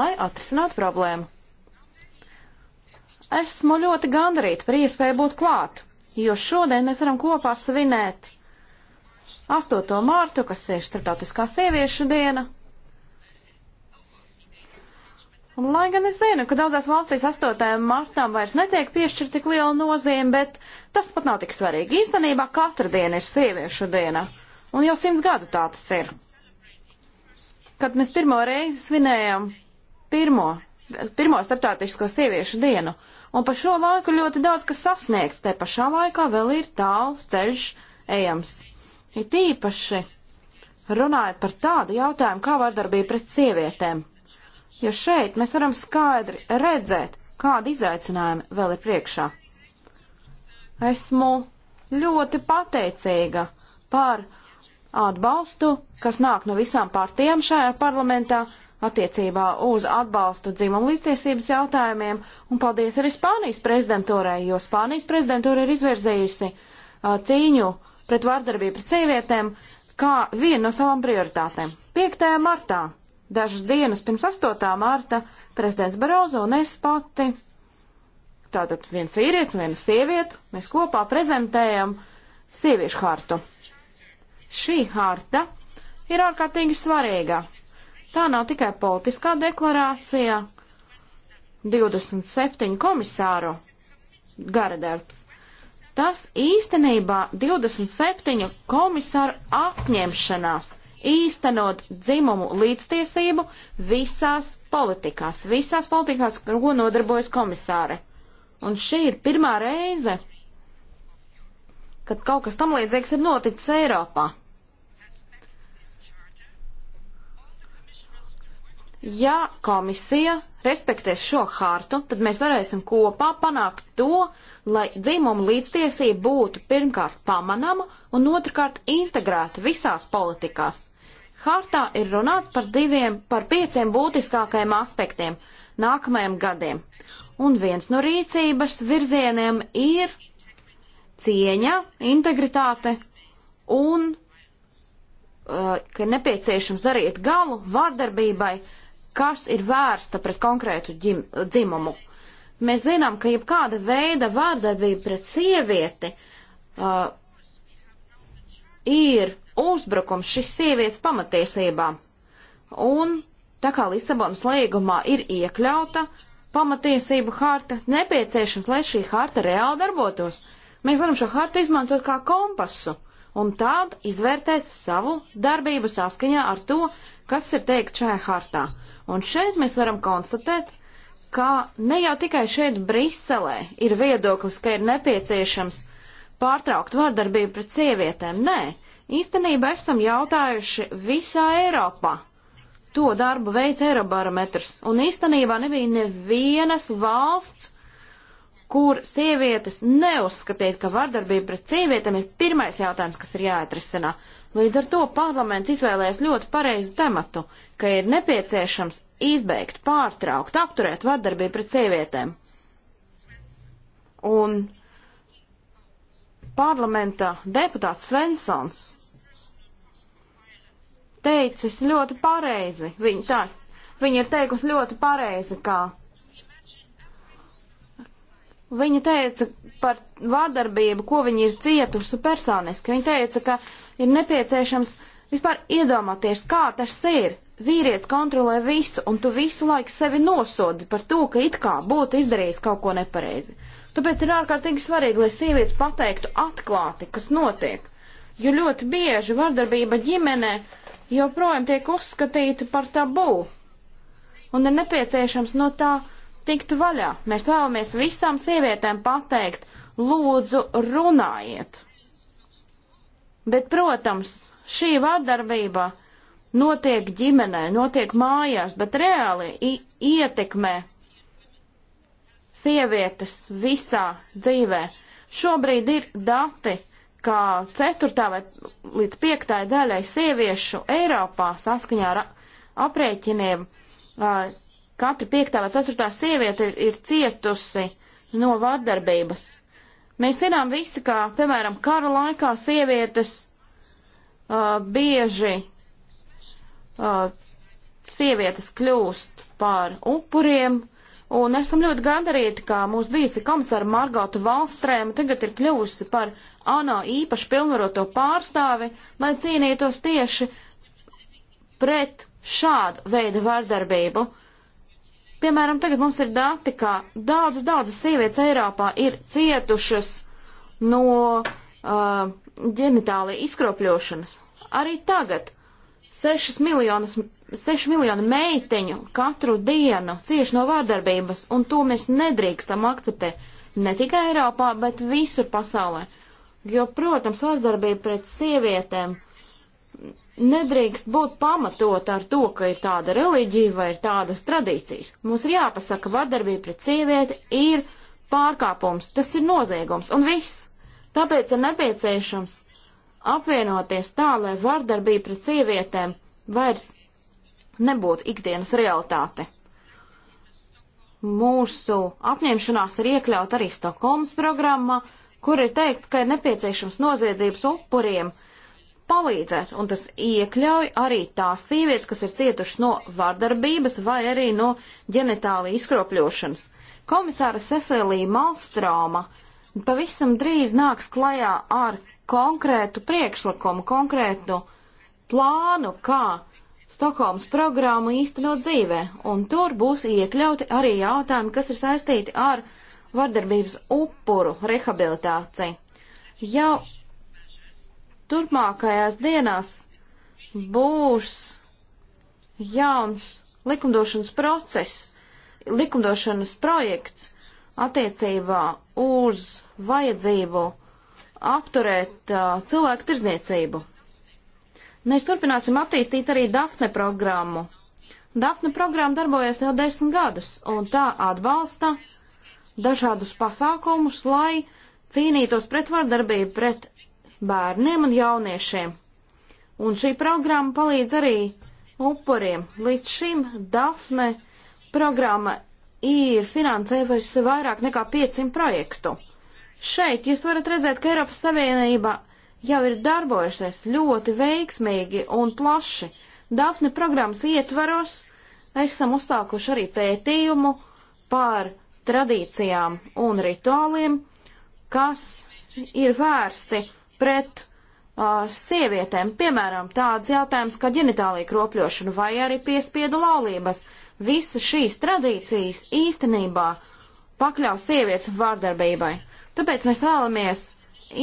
lai atrisinātu problēmu. Esmu ļoti gandarīta par iespēju būt klāt, jo šodien mēs varam kopā svinēt 8. mārtu, kas ir Startautiskā sieviešu diena, Un lai gan es zinu, ka daudzās valstīs 8. martām vairs netiek piešķirta tik liela nozīme, bet tas pat nav tik svarīgi. Īstenībā katra diena ir sieviešu diena. Un jau simts gadu tā tas ir. Kad mēs pirmo reizi svinējam pirmo, pirmo starptautisko sieviešu dienu, un pa šo laiku ļoti daudz kas sasniegts, te pašā laikā vēl ir tāls ceļš ejams. Ir tīpaši runājot par tādu jautājumu kā vardarbība pret sievietēm jo šeit mēs varam skaidri redzēt, kādi izaicinājumi vēl ir priekšā. Esmu ļoti pateicīga par atbalstu, kas nāk no visām partijām šajā parlamentā attiecībā uz atbalstu dzimumu līdztiesības jautājumiem, un paldies arī Spānijas prezidentūrai, jo Spānijas prezidentūra ir izvirzējusi uh, cīņu pret vārdarbību pret sievietēm kā vienu no savām prioritātēm. 5. martā dažas dienas pirms 8. mārta prezidents Barozo un es pati, tātad viens vīrietis un viena sieviete, mēs kopā prezentējam sieviešu hartu. Šī harta ir ārkārtīgi svarīga. Tā nav tikai politiskā deklarācija, 27 komisāru gara darbs. Tas īstenībā 27 komisāru apņemšanās īstenot dzimumu līdztiesību visās politikās, visās politikās, ar ko nodarbojas komisāre. Un šī ir pirmā reize, kad kaut kas tam līdzīgs ir noticis Eiropā. Ja komisija respektēs šo hartu, tad mēs varēsim kopā panākt to, lai dzimuma līdztiesība būtu pirmkārt pamanama un otrkārt integrēta visās politikās. Hartā ir runāts par diviem, par pieciem būtiskākajiem aspektiem nākamajiem gadiem. Un viens no rīcības virzieniem ir cieņa, integritāte un uh, ka nepieciešams darīt galu vardarbībai, kas ir vērsta pret konkrētu ģim, dzimumu. Mēs zinām, ka jebkāda veida vārdarbība pret sievieti uh, ir uzbrukums šīs sievietes pamatiesībām. Un tā kā Lisabonas līgumā ir iekļauta pamatiesību harta, nepieciešams, lai šī harta reāli darbotos. Mēs varam šo hartu izmantot kā kompasu un tad izvērtēt savu darbību saskaņā ar to, kas ir teikt šajā hartā. Un šeit mēs varam konstatēt, ka ne jau tikai šeit Briselē ir viedoklis, ka ir nepieciešams pārtraukt vardarbību pret sievietēm. Nē, īstenībā esam jautājuši visā Eiropā. To darbu veids Eirobarometrs, un īstenībā nebija nevienas valsts, kur sievietes neuzskatīt, ka vardarbība pret sievietēm ir pirmais jautājums, kas ir jāatrisinā. Līdz ar to parlaments izvēlēs ļoti pareizu tematu, ka ir nepieciešams izbeigt, pārtraukt, apturēt vardarbību pret sievietēm. Un parlamenta deputāts Svensons teicis ļoti pareizi. Viņa, tā, viņa ir teikusi ļoti pareizi, ka Viņa teica par vārdarbību, ko viņa ir cietusi personiski. Viņa teica, ka ir nepieciešams vispār iedomāties, kā tas ir. Vīrietis kontrolē visu, un tu visu laiku sevi nosodi par to, ka it kā būtu izdarījis kaut ko nepareizi. Tāpēc ir ārkārtīgi svarīgi, lai sievietes pateiktu atklāti, kas notiek. Jo ļoti bieži vardarbība ģimenē joprojām tiek uzskatīta par tabū. Un ir nepieciešams no tā tiktu vaļā. Mēs vēlamies visām sievietēm pateikt, lūdzu, runājiet. Bet, protams, šī vardarbība notiek ģimenē, notiek mājās, bet reāli ietekmē sievietes visā dzīvē. Šobrīd ir dati, ka ceturtā vai līdz piektāja daļai sieviešu Eiropā saskaņā ar aprēķiniem uh, katra piektā vai ceturtā sieviete ir, ir cietusi no vardarbības. Mēs zinām visi, kā, piemēram, kara laikā sievietes uh, bieži uh, sievietes kļūst par upuriem, un esam ļoti gandarīti, ka mūsu bijusi komisāra Margota Valstrēma tagad ir kļuvusi par ANO īpaši pilnvaroto pārstāvi, lai cīnītos tieši pret šādu veidu vardarbību. Uh, Piemēram, tagad mums ir dati, ka daudzas, daudzas sievietes Eiropā ir cietušas no uh, ģenitālija izkropļošanas. Arī tagad 6 miljonus, 6 miljonu meiteņu katru dienu cieši no vārdarbības, un to mēs nedrīkstam akceptēt ne tikai Eiropā, bet visur pasaulē. Jo, protams, vārdarbība pret sievietēm nedrīkst būt pamatota ar to, ka ir tāda reliģija vai ir tādas tradīcijas. Mums ir jāpasaka, vardarbība pret sievieti ir pārkāpums, tas ir noziegums un viss. Tāpēc ir nepieciešams apvienoties tā, lai vardarbība pret sievietēm vairs nebūtu ikdienas realitāte. Mūsu apņemšanās ir iekļaut arī Stokholmas programmā, kur ir teikt, ka ir nepieciešams noziedzības upuriem uh, palīdzēt, un tas iekļauj arī tās sievietes, kas ir cietušas no vardarbības vai arī no ģenitāla izkropļošanas. Komisāra Cecilija Malstrāma pavisam drīz nāks klajā ar konkrētu priekšlikumu, konkrētu plānu, kā Stokholmas programmu īstenot dzīvē, un tur būs iekļauti arī jautājumi, kas ir saistīti ar vardarbības upuru rehabilitāciju. Jau turpmākajās dienās būs jauns likumdošanas process, likumdošanas projekts attiecībā uz vajadzību apturēt uh, cilvēku tirzniecību. Mēs turpināsim attīstīt arī Dafne programmu. Dafne programma darbojas jau desmit gadus, un tā atbalsta dažādus pasākumus, lai cīnītos pret vardarbību, pret bērniem un jauniešiem. Un šī programma palīdz arī upuriem. Līdz šim Dafne programma ir finansējusi vairāk nekā 500 projektu. Šeit jūs varat redzēt, ka Eiropas Savienība jau ir darbojusies ļoti veiksmīgi un plaši. Dafne programmas ietvaros esam uzsākuši arī pētījumu par tradīcijām un rituāliem, kas ir vērsti pret uh, sievietēm, piemēram, tāds jautājums kā ģenitālija kropļošana vai arī piespiedu laulības. Visas šīs tradīcijas īstenībā pakļaus sievietes vārdarbībai. Tāpēc mēs vēlamies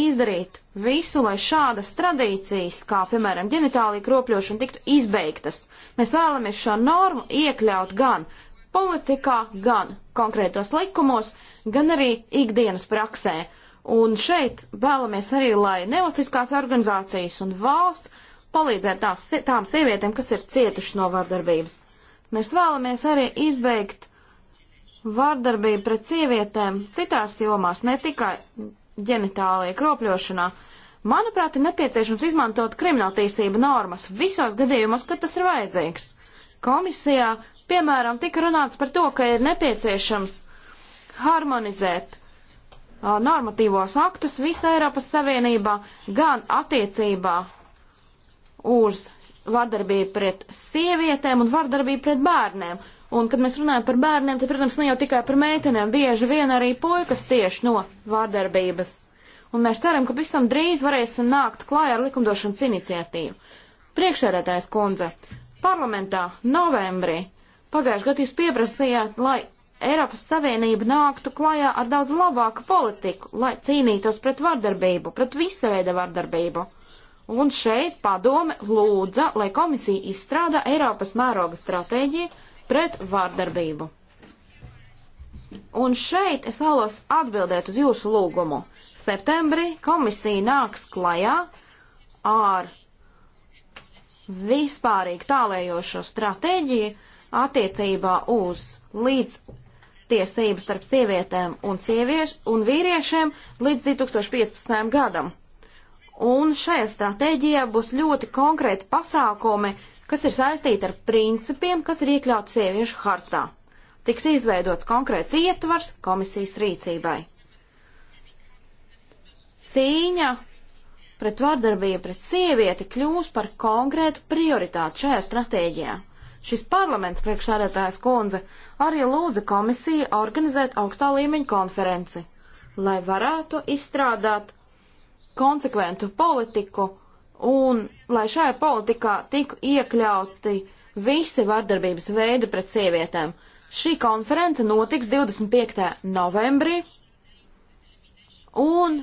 izdarīt visu, lai šādas tradīcijas, kā piemēram ģenitālija kropļošana, tiktu izbeigtas. Mēs vēlamies šo normu iekļaut gan politikā, gan konkrētos likumos, gan arī ikdienas praksē. Un šeit vēlamies arī, lai nevalstiskās organizācijas un valsts palīdzētu tās, tām sievietēm, kas ir cietuši no vardarbības. Mēs vēlamies arī izbeigt vardarbību pret sievietēm citās jomās, ne tikai ģenitālajā kropļošanā. Manuprāt, ir nepieciešams izmantot krimināltīstību normas visos gadījumos, kad tas ir vajadzīgs. Komisijā, piemēram, tika runāts par to, ka ir nepieciešams harmonizēt normatīvos aktus visā Eiropas Savienībā, gan attiecībā uz vardarbību pret sievietēm un vardarbību pret bērniem. Un, kad mēs runājam par bērniem, tad, protams, ne jau tikai par meitenēm, bieži vien arī puikas cieši no vārdarbības. Un mēs ceram, ka pavisam drīz varēsim nākt klājā ar likumdošanas iniciatīvu. Priekšsēdētājs kundze, parlamentā novembrī pagājušajā gadā jūs pieprasījāt, lai Eiropas Savienība nāktu klajā ar daudz labāku politiku, lai cīnītos pret vardarbību, pret visu veidu vardarbību. Un šeit padome lūdza, lai komisija izstrādā Eiropas mēroga stratēģiju pret vardarbību. Un šeit es vēlos atbildēt uz jūsu lūgumu. Septembrī komisija nāks klajā ar vispārīgi tālējošo stratēģiju attiecībā uz līdz tiesības starp sievietēm un, sievieš, un vīriešiem līdz 2015. gadam. Un šajā stratēģijā būs ļoti konkrēti pasākumi, kas ir saistīti ar principiem, kas ir iekļauts sieviešu hartā. Tiks izveidots konkrēts ietvars komisijas rīcībai. Cīņa pret vardarbību pret sievieti kļūs par konkrētu prioritāti šajā stratēģijā šis parlaments priekšsēdētājs kundze arī lūdza komisiju organizēt augstā līmeņa konferenci, lai varētu izstrādāt konsekventu politiku un lai šajā politikā tiku iekļauti visi vardarbības veidi pret sievietēm. Šī konference notiks 25. novembrī un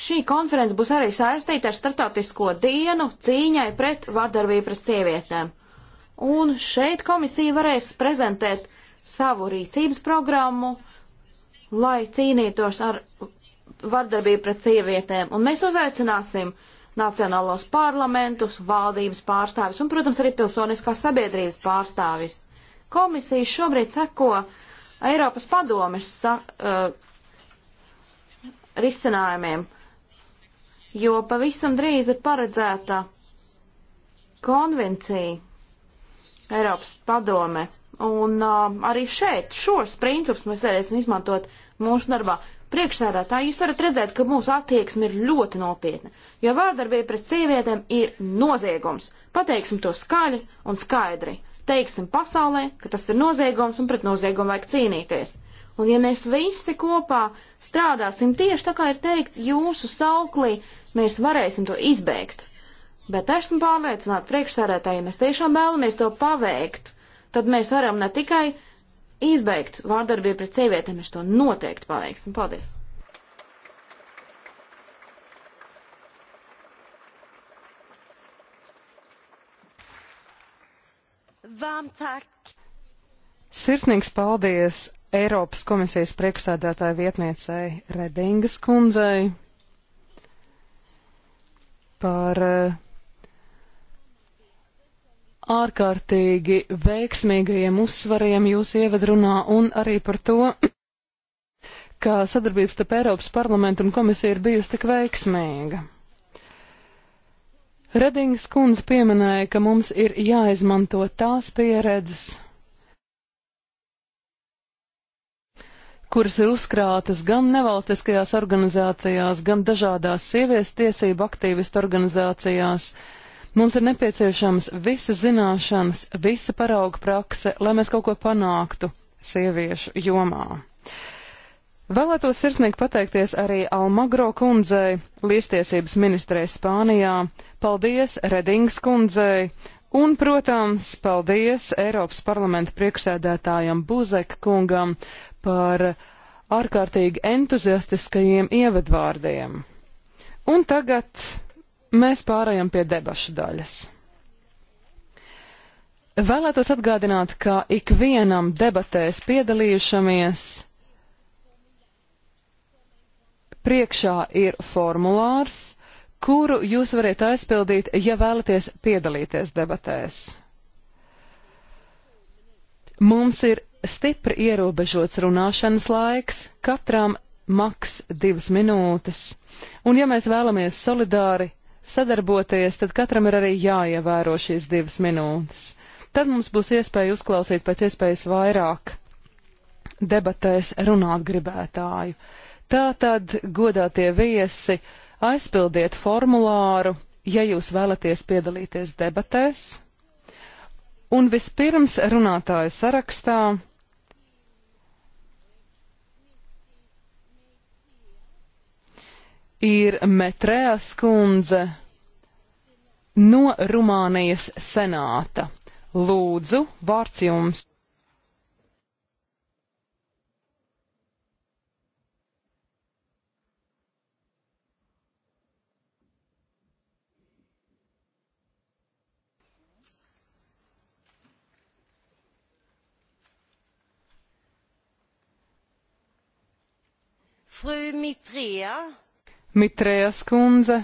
šī konference būs arī saistīta ar starptautisko dienu cīņai pret vardarbību pret sievietēm. Un šeit komisija varēs prezentēt savu rīcības programmu, lai cīnītos ar vardarbību pret sievietēm. Un mēs uzaicināsim nacionālos parlamentus, valdības pārstāvis un, protams, arī pilsoniskās sabiedrības pārstāvis. Komisija šobrīd seko Eiropas padomes sa, uh, risinājumiem, jo pavisam drīz ir paredzēta konvencija Eiropas padome. Un uh, arī šeit šos principus mēs varēsim izmantot mūsu darbā. Priekšsēdētāji, jūs varat redzēt, ka mūsu attieksme ir ļoti nopietna, jo vārdarbība pret sievietēm ir noziegums. Pateiksim to skaļi un skaidri. Teiksim pasaulē, ka tas ir noziegums un pret noziegumu vajag cīnīties. Un ja mēs visi kopā strādāsim tieši tā, kā ir teikts jūsu sauklī, mēs varēsim to izbeigt. Bet esmu pārliecināta priekšsēdētāji, ja mēs tiešām vēlamies to paveikt, tad mēs varam ne tikai izbeigt vārdarbību pret sievietēm, mēs to noteikti paveiksim. Paldies! Sirsnīgs paldies Eiropas komisijas priekšstādātāja vietniecei Redingas kundzei par uh, ārkārtīgi veiksmīgajiem uzsvariem jūs ievadrunā un arī par to, ka sadarbības starp Eiropas parlamentu un komisiju ir bijusi tik veiksmīga. Redings kundze pieminēja, ka mums ir jāizmanto tās pieredzes, kuras ir uzkrātas gan nevalstiskajās organizācijās, gan dažādās sieviešu tiesību aktīvistu organizācijās, uh, Mums ir nepieciešams visas zināšanas, visa parauga prakse, lai mēs kaut ko panāktu sieviešu jomā. Vēlētos sirsnīgi pateikties arī Almagro kundzei, līstiesības ministrei Spānijā, paldies Redings kundzei un, protams, paldies Eiropas parlamenta priekšsēdētājam Buzek kungam par ārkārtīgi entuziastiskajiem ievadvārdiem. Un tagad mēs pārējām pie debašu daļas. Vēlētos atgādināt, ka ikvienam debatēs piedalījušamies priekšā ir formulārs, kuru jūs varat aizpildīt, ja vēlaties piedalīties debatēs. Mums ir stipri ierobežots runāšanas laiks, katram maks divas minūtes, un ja mēs vēlamies solidāri sadarboties, tad katram ir arī jāievēro šīs divas minūtes. Tad mums būs iespēja uzklausīt pēc iespējas vairāk debatēs runāt gribētāju. Tātad, godātie viesi, aizpildiet formulāru, ja jūs vēlaties piedalīties debatēs. Un vispirms runātāju sarakstā ir Metrēs kundze no Rumānijas senāta. Lūdzu, vārds jums! Fru Mitrēja. Mitrējas kundze.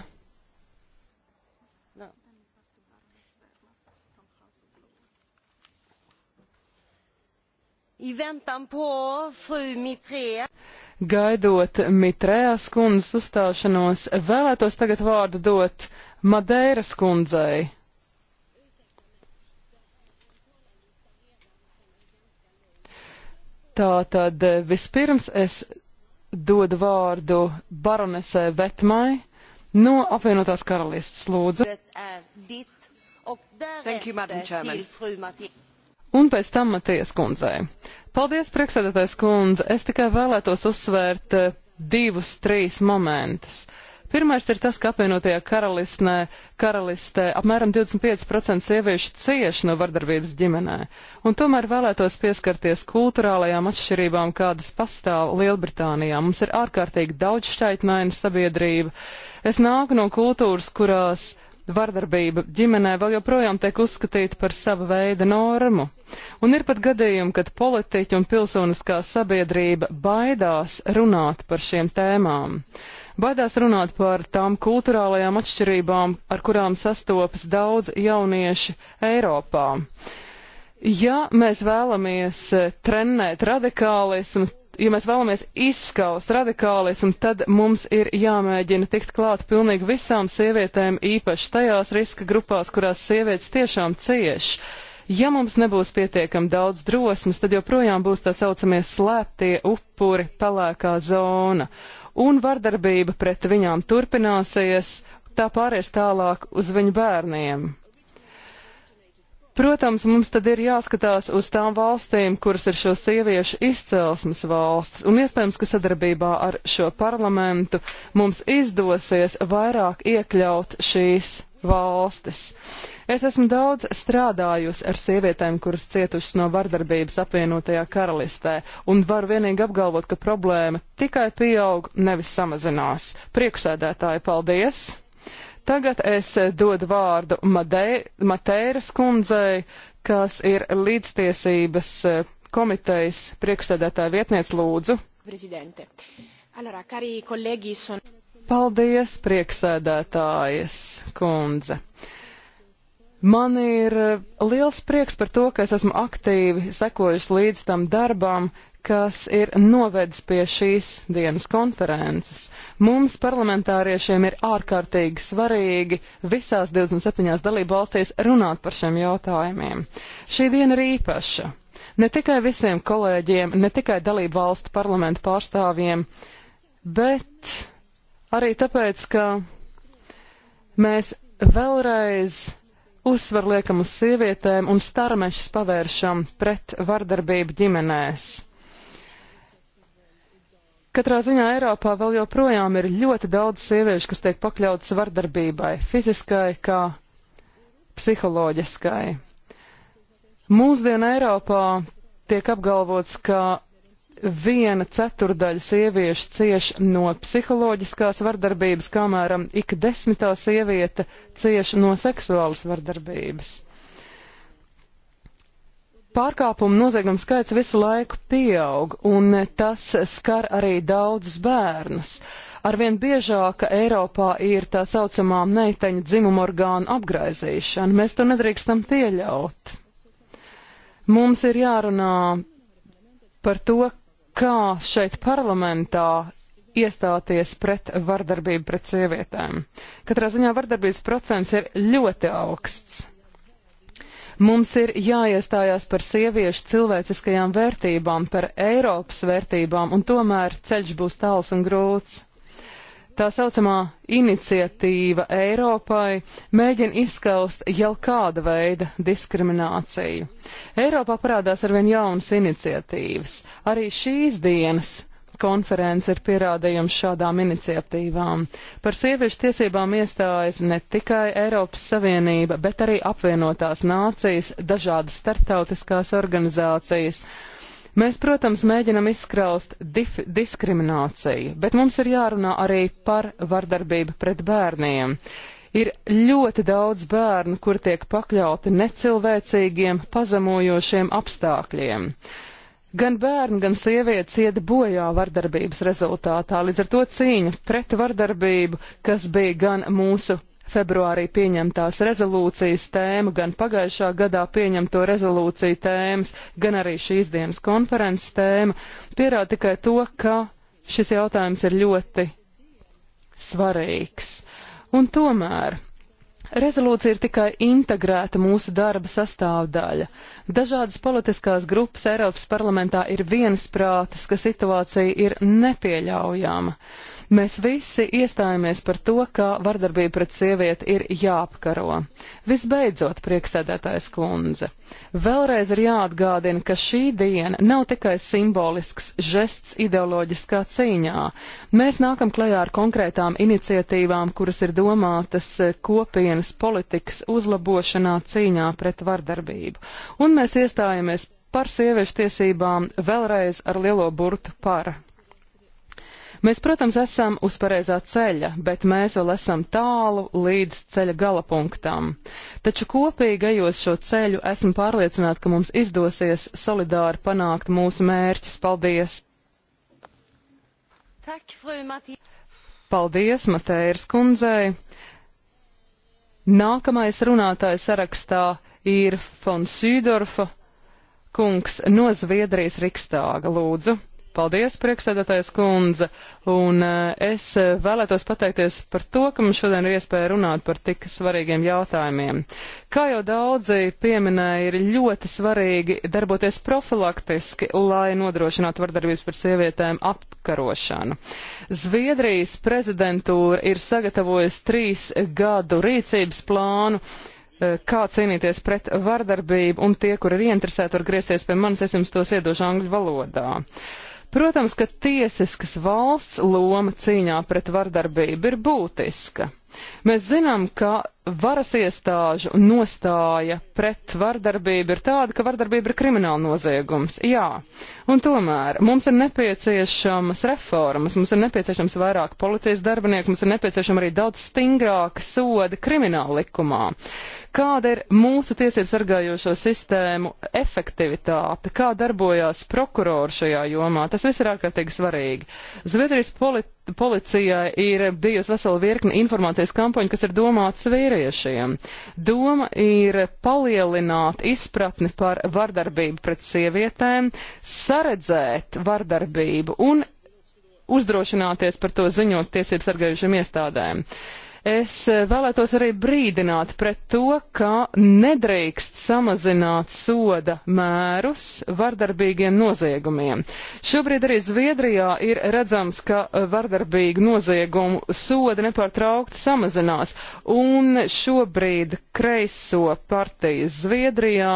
Gaidot Mitrējas kundzes uzstāšanos, vēlētos tagad vārdu dot Madeiras kundzei. Tātad eh, vispirms es dodu vārdu baronesē Vetmai no apvienotās karalistas lūdzu. Thank you, Madam Chairman. Un pēc tam Matijas kundzei. Paldies, priekšsēdētājs kundze. Es tikai vēlētos uzsvērt eh, divus, trīs momentus. Pirmais ir tas, ka apvienotajā karalistē, karalistē apmēram 25% sieviešu cieši no vardarbības ģimenē, un tomēr vēlētos pieskarties kultūrālajām atšķirībām, kādas pastāv Lielbritānijā. Mums ir ārkārtīgi daudz šķaitnaina sabiedrība. Es nāku no kultūras, kurās vardarbība ģimenē vēl joprojām tiek uzskatīta par sava veida normu. Un ir pat gadījumi, kad politiķi un pilsoniskā sabiedrība baidās runāt par šiem tēmām. Baidās runāt par tām kultūrālajām atšķirībām, ar kurām sastopas daudz jaunieši Eiropā. Ja mēs vēlamies trenēt radikālismu, ja mēs vēlamies izskaust radikālismu, tad mums ir jāmēģina tikt klāt pilnīgi visām sievietēm, īpaši tajās riska grupās, kurās sievietes tiešām cieš. Ja mums nebūs pietiekami daudz drosmes, tad joprojām būs tā saucamie slēptie upuri, pelēkā zona. Un vardarbība pret viņām turpināsies, tā pāries tālāk uz viņu bērniem. Protams, mums tad ir jāskatās uz tām valstīm, kuras ir šo sieviešu izcelsmes valsts, un iespējams, ka sadarbībā ar šo parlamentu mums izdosies vairāk iekļaut šīs valstis. Es esmu daudz strādājusi ar sievietēm, kuras cietušas no vardarbības apvienotajā karalistē, un varu vienīgi apgalvot, ka problēma tikai pieaug, nevis samazinās. Priekšsēdētāji, paldies! Tagad es dodu vārdu Matēras kundzei, kas ir līdztiesības eh, komitejas priekšsēdētāja vietniece Lūdzu. Allora, kolēģi, son... Paldies, prieksēdētājas kundze. Man ir eh, liels prieks par to, ka es esmu aktīvi sekojusi līdz tam darbam, kas ir novedis pie šīs dienas konferences. Mums, parlamentāriešiem, ir ārkārtīgi svarīgi visās 27 dalību valstīs runāt par šiem jautājumiem. Šī diena ir īpaša. Ne tikai visiem kolēģiem, ne tikai dalību valstu parlamentu pārstāvjiem, bet arī tāpēc, ka mēs vēlreiz uzsver liekam uz sievietēm un starmešus pavēršam pret vardarbību ģimenēs. Katrā ziņā Eiropā vēl joprojām ir ļoti daudz sieviešu, kas tiek pakļautas vardarbībai, fiziskai kā psiholoģiskai. Mūsdienu Eiropā tiek apgalvots, ka viena ceturdaļa sieviešu cieš no psiholoģiskās vardarbības, kamēram ik desmitā sieviete cieš no seksuālas vardarbības. Pārkāpumu noziegumu skaits visu laiku pieaug, un tas skar arī daudzus bērnus. Arvien biežāk Eiropā ir tā saucamā meiteņu dzimumorgānu apgraizīšana. Mēs to nedrīkstam pieļaut. Mums ir jārunā par to, kā šeit parlamentā iestāties pret vardarbību pret sievietēm. Katrā ziņā vardarbības procents ir ļoti augsts. Mums ir jāiestājās par sieviešu cilvēciskajām vērtībām, par Eiropas vērtībām, un tomēr ceļš būs tāls un grūts. Tā saucamā iniciatīva Eiropai mēģina izskaust jau kāda veida diskrimināciju. Eiropā parādās arvien jaunas iniciatīvas. Arī šīs dienas konference ir pierādījums šādām iniciatīvām. Par sieviešu tiesībām iestājas ne tikai Eiropas Savienība, bet arī apvienotās nācijas, dažādas starptautiskās organizācijas. Mēs, protams, mēģinam izskraust dif diskrimināciju, bet mums ir jārunā arī par vardarbību pret bērniem. Ir ļoti daudz bērnu, kur tiek pakļauti necilvēcīgiem, pazemojošiem apstākļiem. Gan bērni, gan sievietes iet bojā vardarbības rezultātā, līdz ar to cīņa pret vardarbību, kas bija gan mūsu februārī pieņemtās rezolūcijas tēma, gan pagājušā gadā pieņemto rezolūciju tēmas, gan arī šīs dienas konferences tēma, pierāda tikai to, ka šis jautājums ir ļoti svarīgs. Un tomēr Rezolūcija ir tikai integrēta mūsu darba sastāvdaļa. Dažādas politiskās grupas Eiropas parlamentā ir viensprātas, ka situācija ir nepieļaujama. Uh, Mēs visi iestājāmies par to, ka vardarbība pret sievieti ir jāapkaro. Visbeidzot, prieksēdētājs kundze, vēlreiz ir jāatgādina, ka šī diena nav tikai simbolisks žests ideoloģiskā cīņā. Mēs nākam klajā ar konkrētām iniciatīvām, kuras ir domātas kopienas politikas uzlabošanā cīņā pret vardarbību. Un mēs iestājāmies par sieviešu tiesībām vēlreiz ar lielo burtu par. Mēs, protams, esam uz pareizā ceļa, bet mēs vēl esam tālu līdz ceļa gala punktam. Taču kopīgi ejot šo ceļu, esmu pārliecināta, ka mums izdosies solidāri panākt mūsu mērķus. Paldies! Paldies, Matērs kundzei! Nākamais runātājs sarakstā ir Fonsīdorfa kungs no Zviedrijas Rikstāga. Lūdzu! Paldies, priekšsēdētājs kundze, un eh, es eh, vēlētos pateikties par to, ka mums šodien ir iespēja runāt par tik svarīgiem jautājumiem. Kā jau daudzi pieminēja, ir ļoti svarīgi darboties profilaktiski, lai nodrošinātu vardarbības par sievietēm apkarošanu. Zviedrijas prezidentūra ir sagatavojusi trīs gadu rīcības plānu eh, kā cīnīties pret vardarbību, un tie, kur ir ieinteresēti, var griezties pie manis, es jums tos iedošu angļu valodā. Uh, Protams, ka tiesiskas valsts loma cīņā pret vardarbību ir būtiska. Mēs zinām, ka varas iestāžu nostāja pret vardarbību ir tāda, ka vardarbība ir krimināla noziegums. Jā, un tomēr mums ir nepieciešamas reformas, mums ir nepieciešams vairāk policijas darbinieku, mums ir nepieciešama arī daudz stingrāka soda krimināla likumā. Kāda ir mūsu tiesību sargājošo sistēmu efektivitāte, kā darbojās prokurori šajā jomā, tas viss ir ārkārtīgi svarīgi. Zviedrijas politi policijai ir bijusi vesela virkne informācijas kampaņu, kas ir domāts vīriešiem. Doma ir palielināt izpratni par vardarbību pret sievietēm, saredzēt vardarbību un uzdrošināties par to ziņot tiesību sargājušiem iestādēm. Uh, Es eh, vēlētos arī brīdināt pret to, ka nedrīkst samazināt soda mērus vardarbīgiem noziegumiem. Šobrīd arī Zviedrijā ir redzams, ka eh, vardarbīgu noziegumu soda nepārtraukti samazinās, un šobrīd kreiso partijas Zviedrijā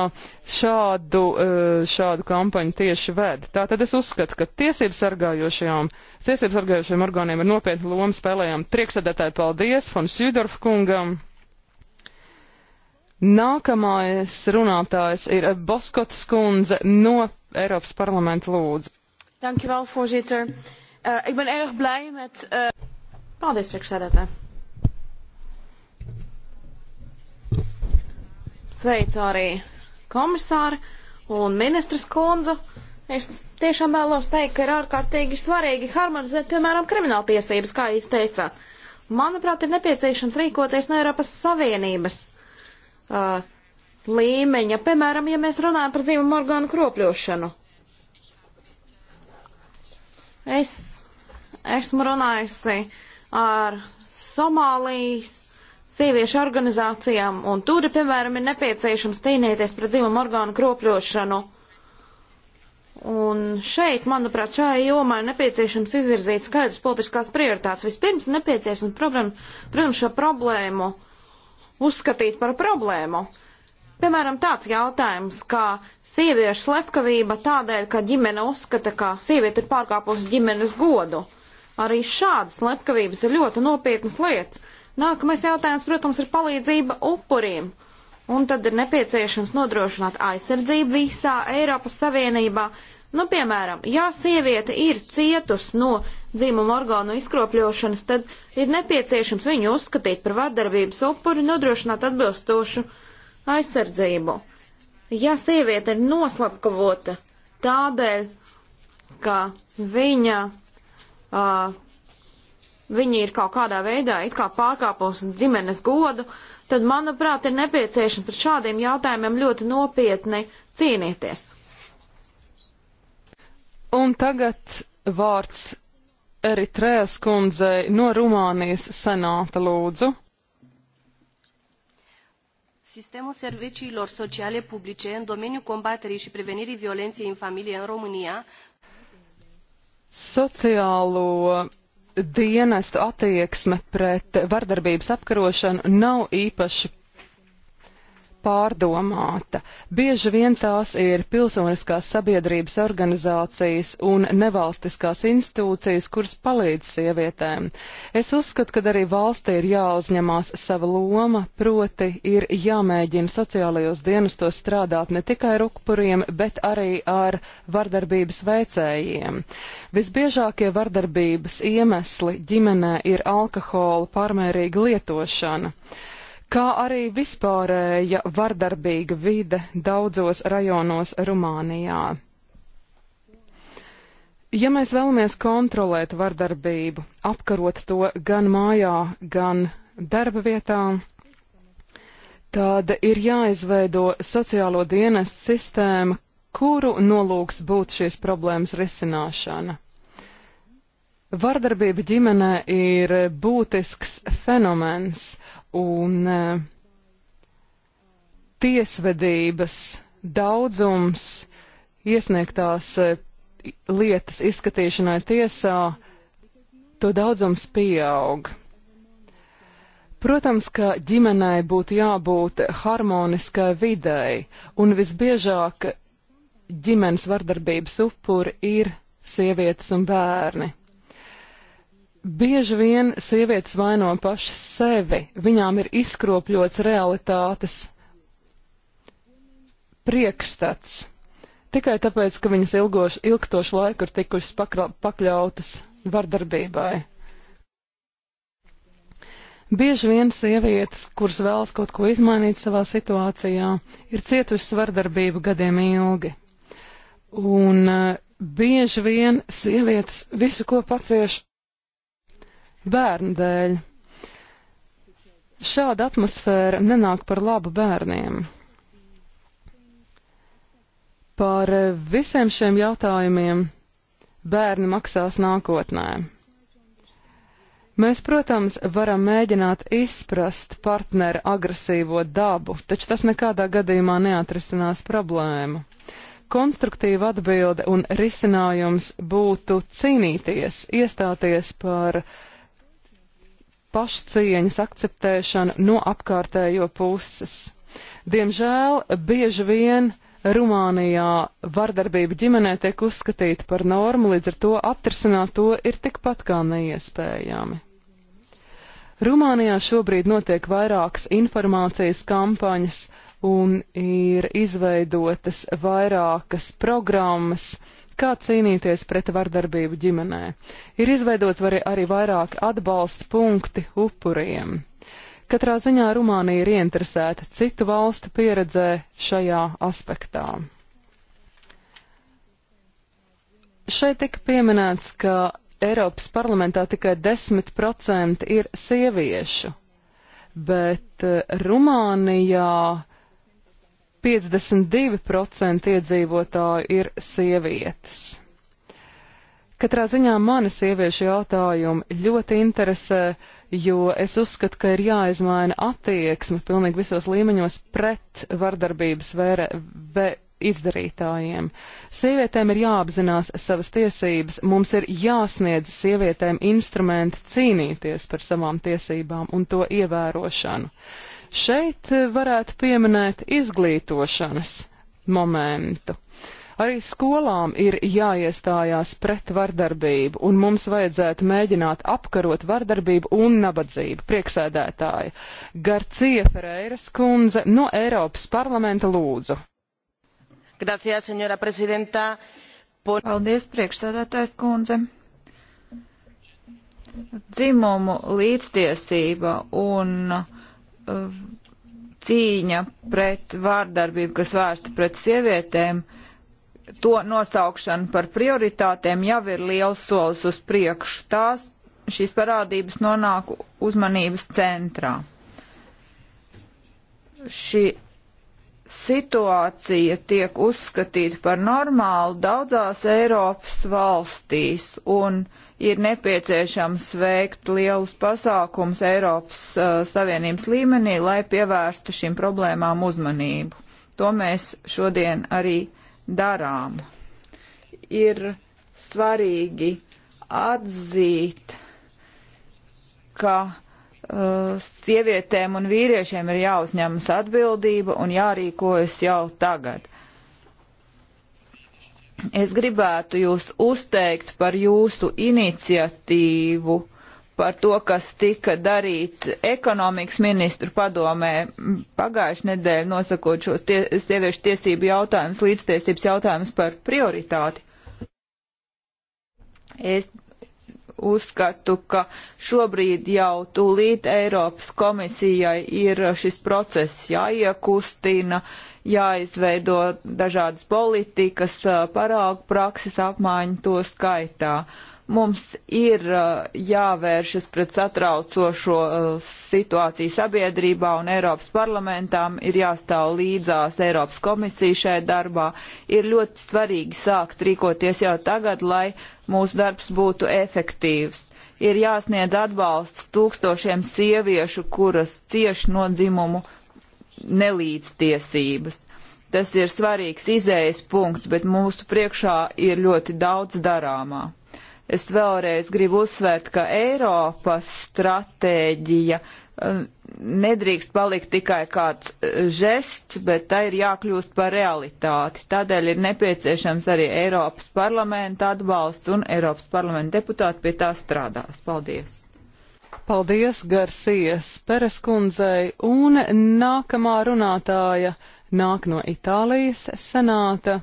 šādu, eh, šādu kampaņu tieši ved. Tātad es uzskatu, ka tiesību sargājošajām, tiesību sargājošajiem orgāniem ir nopietna loma spēlējām. Priekšsēdētāji paldies von Sjudorf kungam. Nākamais runātājs ir Boskotas kundze no Eiropas parlamenta lūdzu. Dankjewel, voorzitter. Uh, ik ben erg blij met... Uh... Paldies, priekšsēdētāji. Sveicu arī komisāri un ministras kundzu. Es tiešām vēlos teikt, ka ir ārkārtīgi svarīgi harmonizēt, piemēram, krimināltiesības, kā jūs teicāt. Manuprāt, ir nepieciešams rīkoties no Eiropas Savienības uh, līmeņa, piemēram, ja mēs runājam par dzīvumu orgānu kropļošanu. Es esmu runājusi ar Somālijas sieviešu organizācijām, un tur, piemēram, ir nepieciešams cīnīties pret dzimumu orgānu kropļošanu. Un šeit, manuprāt, šajā jomā ir nepieciešams izvirzīt skaidrs politiskās prioritātes. Vispirms ir nepieciešams, problem, protams, šo problēmu uzskatīt par problēmu. Piemēram, tāds jautājums, kā sieviešu slepkavība tādēļ, ka ģimene uzskata, ka sieviete ir pārkāpusi ģimenes godu. Arī šādas slepkavības ir ļoti nopietnas lietas Nākamais jautājums, protams, ir palīdzība upuriem. Un tad ir nepieciešams nodrošināt aizsardzību visā Eiropas Savienībā. Nu, piemēram, ja sieviete ir cietus no dzīmuma orgānu izkropļošanas, tad ir nepieciešams viņu uzskatīt par vardarbības upuri un nodrošināt atbilstošu aizsardzību. Ja sieviete ir noslapkavota tādēļ, ka viņa uh, viņa ir kaut kādā veidā it kā pārkāpusi ģimenes godu, tad, manuprāt, ir nepieciešams par šādiem jautājumiem ļoti nopietni cīnīties. Un tagad vārds Eritrēs kundzei no Rumānijas senāta lūdzu. Sistemul serviciilor sociale publice în domeniul combaterii și prevenirii violenței în familie în România. Sociālo dienestu attieksme pret vardarbības apkarošanu nav īpaši pārdomāta. Bieži vien tās ir pilsoniskās sabiedrības organizācijas un nevalstiskās institūcijas, kuras palīdz sievietēm. Es uzskatu, ka arī valstī ir jāuzņemās sava loma, proti ir jāmēģina sociālajos dienestos strādāt ne tikai ar upuriem, bet arī ar vardarbības veicējiem. Visbiežākie vardarbības iemesli ģimenē ir alkohola pārmērīga lietošana kā arī vispārēja vardarbīga vide daudzos rajonos Rumānijā. Ja mēs vēlamies kontrolēt vardarbību, apkarot to gan mājā, gan darba vietā, tad ir jāizveido sociālo dienestu sistēma, kuru nolūks būtu šīs problēmas risināšana. Vardarbība ģimenē ir būtisks fenomens, un e, tiesvedības daudzums iesniegtās e, lietas izskatīšanai tiesā, to daudzums pieaug. Protams, ka ģimenei būtu jābūt harmoniskai videi, un visbiežāk ģimenes vardarbības upuri ir sievietes un bērni. Bieži vien sievietes vaino pašas sevi, viņām ir izkropļots realitātes priekšstats. Tikai tāpēc, ka viņas ilgoš, ilgstošu laiku ir tikušas pakra, pakļautas vardarbībai. Bieži vien sievietes, kuras vēlas kaut ko izmainīt savā situācijā, ir cietušas vardarbību gadiem ilgi. Un uh, bieži vien sievietes visu, ko pacieš, bērnu dēļ. Šāda atmosfēra nenāk par labu bērniem. Par visiem šiem jautājumiem bērni maksās nākotnē. Mēs, protams, varam mēģināt izprast partneru agresīvo dabu, taču tas nekādā gadījumā neatrisinās problēmu. Konstruktīva atbilde un risinājums būtu cīnīties, iestāties par uh, pašcieņas akceptēšana no apkārtējo puses. Diemžēl bieži vien Rumānijā vardarbība ģimenē tiek uzskatīta par normu, līdz ar to atrisināt to ir tikpat kā neiespējami. Rumānijā šobrīd notiek vairākas informācijas kampaņas un ir izveidotas vairākas programmas, uh, kā cīnīties pret vardarbību ģimenē. Ir izveidots var arī vairāki atbalsta punkti upuriem. Katrā ziņā Rumānija ir ieinteresēta citu valstu pieredzē šajā aspektā. Šeit tika pieminēts, ka Eiropas parlamentā tikai 10% ir sieviešu, bet eh, Rumānijā 52% iedzīvotāju ir sievietes. Katrā ziņā mani sieviešu jautājumi ļoti interesē, jo es uzskatu, ka ir jāizmaina attieksme pilnīgi visos līmeņos pret vardarbības vērē, vē, izdarītājiem. Sievietēm ir jāapzinās savas tiesības, mums ir jāsniedz sievietēm instrumenti cīnīties par savām tiesībām un to ievērošanu. Uh, Šeit eh, varētu pieminēt izglītošanas momentu. Arī skolām ir jāiestājās pret vardarbību, un mums vajadzētu mēģināt apkarot vardarbību un nabadzību. Prieksēdētāja Garcija Ferreiras kundze no Eiropas parlamenta lūdzu. Gracias, senora presidenta. Por... Paldies, priekšsēdētājs kundze. Dzimumu līdztiesība un uh, cīņa pret vārdarbību, kas vērsta pret sievietēm, to nosaukšana par prioritātēm jau ir liels solis uz priekšu. Tās šīs parādības nonāk uzmanības centrā. Šī situācija tiek uzskatīta par normālu daudzās Eiropas valstīs, un uh, ir nepieciešams veikt lielus pasākums Eiropas uh, Savienības līmenī, lai pievērstu šīm problēmām uzmanību. To mēs šodien arī darām. Ir svarīgi atzīt, ka uh, sievietēm un vīriešiem ir jāuzņemas atbildība un jārīkojas jau tagad Es gribētu jūs uzteikt par jūsu iniciatīvu, par to, kas tika darīts ekonomikas ministru padomē pagājušajā nedēļā, nosakot šo tie, sieviešu tiesību jautājumus, līdztiesības jautājumus par prioritāti. Es uzskatu, ka šobrīd jau tūlīt Eiropas komisijai ir šis process jāiekustina. Uh, jāizveido dažādas politikas, paraugu prakses apmaiņu to skaitā. Mums ir jāvēršas pret satraucošo situāciju sabiedrībā un Eiropas parlamentām, ir jāstāv līdzās Eiropas komisija šai darbā. Ir ļoti svarīgi sākt rīkoties jau tagad, lai mūsu darbs būtu efektīvs ir jāsniedz atbalsts tūkstošiem sieviešu, kuras cieši no dzimumu nelīdztiesības. Tas ir svarīgs izējas punkts, bet mūsu priekšā ir ļoti daudz darāmā. Es vēlreiz gribu uzsvērt, ka Eiropas stratēģija um, nedrīkst palikt tikai kāds uh, žests, bet tā ir jākļūst par realitāti. Tādēļ ir nepieciešams arī Eiropas parlamenta atbalsts un Eiropas parlamenta deputāti pie tā strādās. Paldies! Paldies Garcijas Pereskundzei un nākamā runātāja nāk no Itālijas senāta.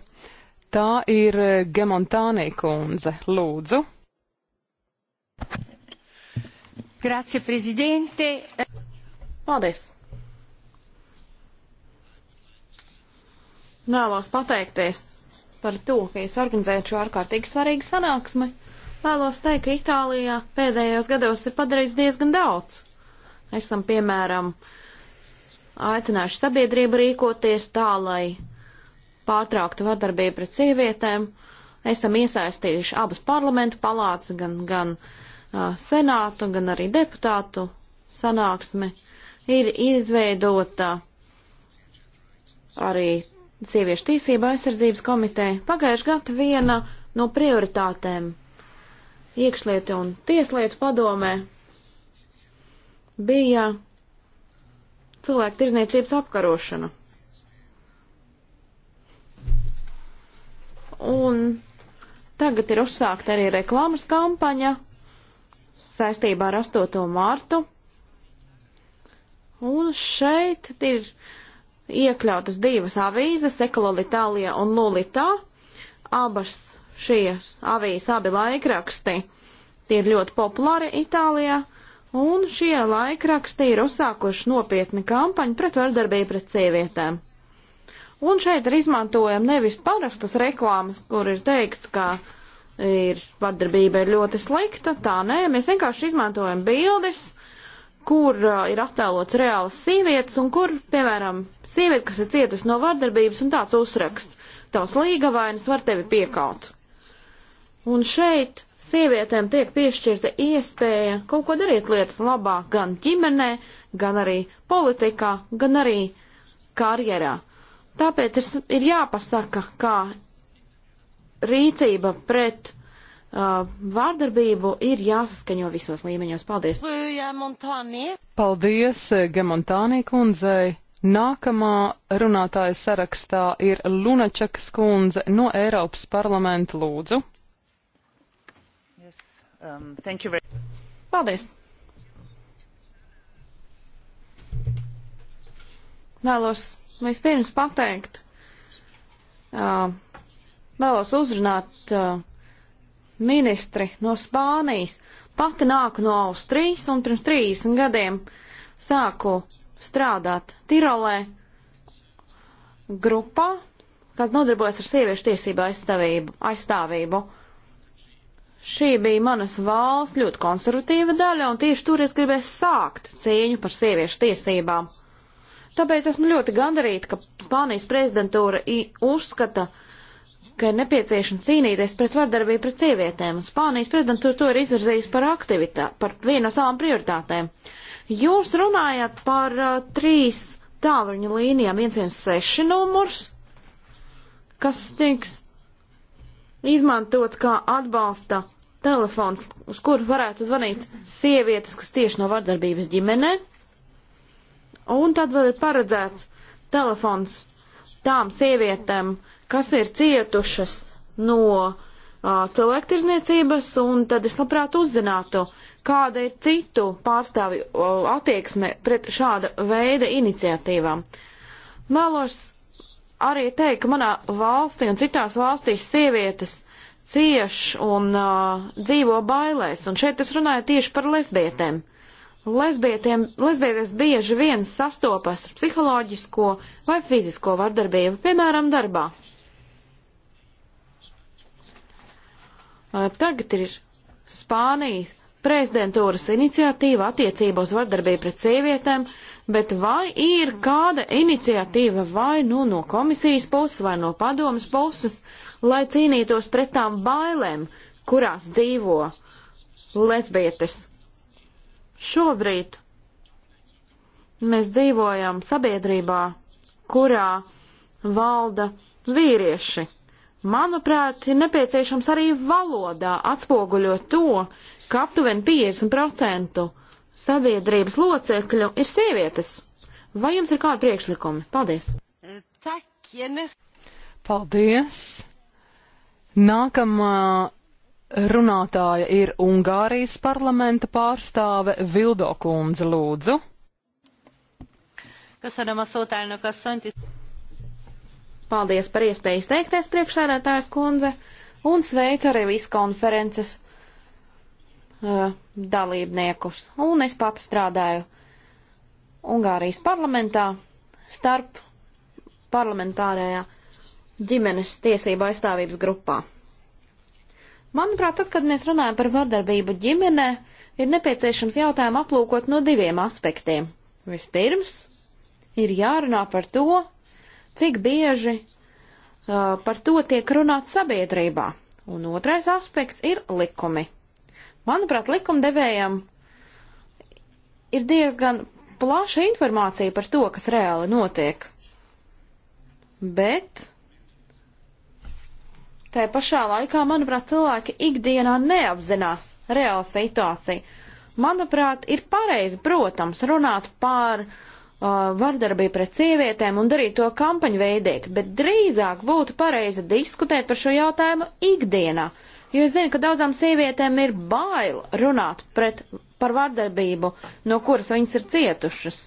Tā ir Gemontānī kundze. Lūdzu. Grazie, prezidente. Paldies. Vēlos pateikties par to, ka jūs organizējat šo ārkārtīgi svarīgu sanāksmi. Vēlos teikt, ka Itālijā pēdējos gados ir padarījis diezgan daudz. Esam, piemēram, aicinājuši sabiedrību rīkoties tā, lai pārtrauktu vardarbību pret sievietēm. Esam iesaistījuši abas parlamentu palātas, gan, gan uh, senātu, gan arī deputātu sanāksmi. Ir izveidota arī sieviešu tīsība aizsardzības komiteja. Pagājuši gadu viena no prioritātēm iekšlietu un tieslietu padomē bija cilvēku tirzniecības apkarošana. Un tagad ir uzsākta arī reklāmas kampaņa saistībā ar 8. mārtu. Un šeit ir iekļautas divas avīzes, Ekolola Itālijā un Lulitā. Abas šie avīzes abi laikraksti. Tie ir ļoti populāri Itālijā, un šie laikraksti ir uzsākuši nopietni kampaņu pret vardarbību pret sievietēm. Un šeit ir izmantojam nevis parastas reklāmas, kur ir teikts, ka ir vardarbība ir ļoti slikta, tā nē, mēs vienkārši izmantojam bildes, kur uh, ir attēlots reāls sievietes un kur, piemēram, sieviete, kas ir cietusi no vardarbības un tāds uzraksts, tavs līga vainas var tevi piekaut. Un šeit sievietēm tiek piešķirta iespēja kaut ko darīt lietas labā gan ģimenē, gan arī politikā, gan arī karjerā. Tāpēc ir, ir jāpasaka, kā rīcība pret uh, vārdarbību ir jāsaskaņo visos līmeņos. Paldies! Paldies, eh, Gemontānī kundzei! Nākamā runātāja sarakstā ir Lunačakas kundze no Eiropas parlamenta lūdzu. Um, very... Paldies! Vēlos vispirms pateikt, uh, vēlos uzrunāt uh, ministri no Spānijas. Pati nāku no Austrijas un pirms 30 gadiem sāku strādāt Tirolē grupā, kas nodarbojas ar sieviešu tiesību aizstāvību. aizstāvību. Šī bija manas valsts ļoti konservatīva daļa, un tieši tur es gribēju sākt cīņu par sieviešu tiesībām. Tāpēc esmu ļoti gandarīta, ka Spānijas prezidentūra uzskata, ka ir nepieciešams cīnīties pret vardarbību pret sievietēm, un Spānijas prezidentūra to ir izvirzījusi par aktivitā, par vienu no savām prioritātēm. Jūs runājat par uh, trīs tāluņa līnijām 116 numurs, kas tiks izmantot kā atbalsta telefons, uz kuru varētu zvanīt sievietes, kas tieši no vardarbības ģimenē. Un tad vēl ir paredzēts telefons tām sievietēm, kas ir cietušas no uh, cilvēktirzniecības, un tad es labprāt uzzinātu, kāda ir citu pārstāvju uh, attieksme pret šāda veida iniciatīvām. Mēlos arī teikt, ka manā valstī un citās valstīs sievietes cieš un uh, dzīvo bailēs, un šeit es runāju tieši par lesbietēm. Lesbietiem, lesbietes bieži vien sastopas ar psiholoģisko vai fizisko vardarbību, piemēram, darbā. Uh, tagad ir Spānijas prezidentūras iniciatīva attiecībā uz vardarbību pret sievietēm, uh, bet vai ir kāda iniciatīva vai nu no komisijas puses vai no padomas puses, lai cīnītos pret tām bailēm, kurās dzīvo lesbietes? Šobrīd mēs dzīvojam sabiedrībā, kurā valda vīrieši. Manuprāt, ir nepieciešams arī valodā atspoguļot to, ka aptuveni 50% sabiedrības locekļu ir sievietes. Vai jums ir kādi priekšlikumi? Paldies! Paldies! Nākamā runātāja ir Ungārijas parlamenta pārstāve Vildo Kundze, lūdzu. Köszönöm a szót, elnök asszonyt. Paldies par iespēju izteikties, priekšsēdētājs kundze, un sveicu arī viskonferences uh, dalībniekus, un es pati strādāju Ungārijas parlamentā starp parlamentārajā ģimenes tiesību aizstāvības grupā. Manuprāt, tad, kad mēs runājam par vardarbību ģimenē, ir nepieciešams jautājumu aplūkot no diviem aspektiem. Vispirms ir jārunā par to, cik bieži uh, par to tiek runāts sabiedrībā, un otrais aspekts ir likumi. Manuprāt, likumdevējam ir diezgan plaša informācija par to, kas reāli notiek. Bet tā pašā laikā, manuprāt, cilvēki ikdienā neapzinās reālu situāciju. Manuprāt, ir pareizi, protams, runāt par uh, vardarbību pret sievietēm un darīt to kampaņu veidīgi, bet drīzāk būtu pareizi diskutēt par šo jautājumu ikdienā. Uh, Jo es zinu, ka daudzām sievietēm ir bail runāt pret, par vardarbību, no kuras viņas ir cietušas.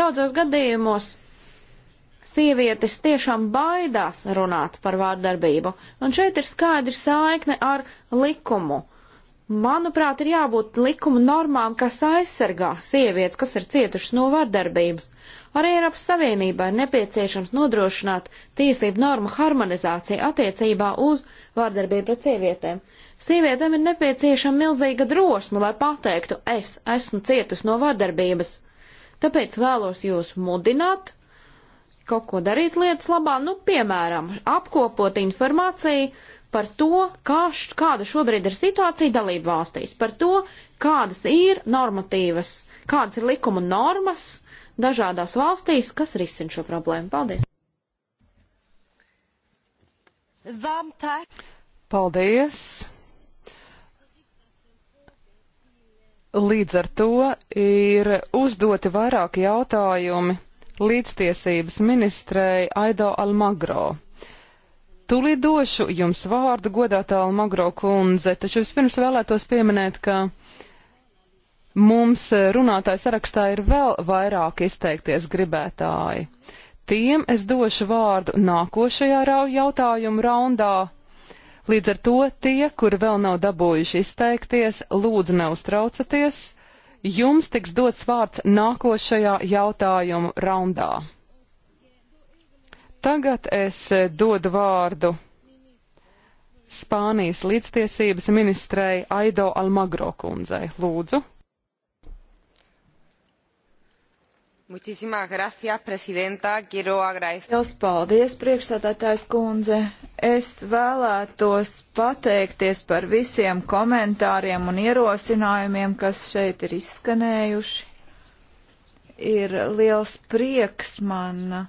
Daudzos gadījumos sievietes tiešām baidās runāt par vārdarbību, un šeit ir skaidra saikne ar likumu. Manuprāt, ir jābūt likuma normām, kas aizsargā sievietes, kas ir cietušas no vardarbības. Arī Eiropas Savienībā ir nepieciešams nodrošināt tiesību normu harmonizāciju attiecībā uz vardarbību pret sievietēm. Sievietēm ir nepieciešama milzīga drosme, lai pateiktu, es esmu cietusi no vardarbības. Tāpēc vēlos jūs mudināt kaut ko darīt lietas labā, nu, piemēram, apkopot informāciju par to, kā, kāda šobrīd ir situācija dalību valstīs, par to, kādas ir normatīvas, kādas ir likuma normas dažādās valstīs, kas risina šo problēmu. Paldies! Paldies! Līdz ar to ir uzdoti vairāki jautājumi līdztiesības ministrei Aido Almagro. Tūlīt došu jums vārdu, godātā Almagro kundze, taču vispirms vēlētos pieminēt, ka mums runātāju sarakstā ir vēl vairāk izteikties gribētāji. Tiem es došu vārdu nākošajā jautājumu raundā. Līdz ar to tie, kuri vēl nav dabūjuši izteikties, lūdzu neuztraucaties, jums tiks dots vārds nākošajā jautājumu raundā. Tagad es eh, dodu vārdu Spānijas līdztiesības ministrei Aido Almagro kundzei. Lūdzu. Liels paldies, priekšsādātājs kundze. Es vēlētos pateikties par visiem komentāriem un ierosinājumiem, kas šeit ir izskanējuši. Ir liels prieks man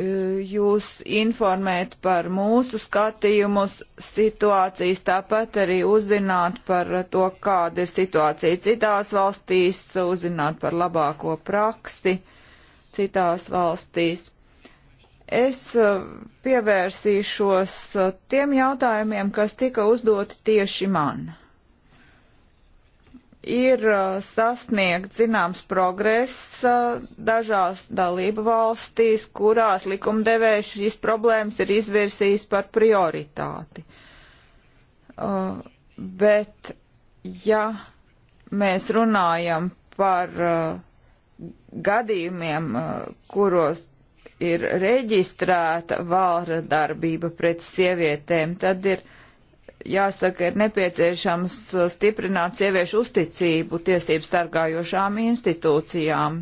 E, jūs informēt par mūsu skatījumus situācijas, tāpat arī uzzināt par to, kāda ir situācija citās valstīs, uzzināt par labāko praksi citās valstīs. Es e, pievērsīšos e, tiem jautājumiem, kas tika uzdoti tieši man ir uh, sasniegt zināms progress uh, dažās dalību valstīs, kurās likumdevējs šīs problēmas ir izvirsījis par prioritāti. Uh, bet, ja mēs runājam par gadījumiem, kuros ir reģistrēta vāra darbība pret sievietēm, tad ir jāsaka, ir nepieciešams uh, stiprināt sieviešu uzticību tiesību sargājošām institūcijām.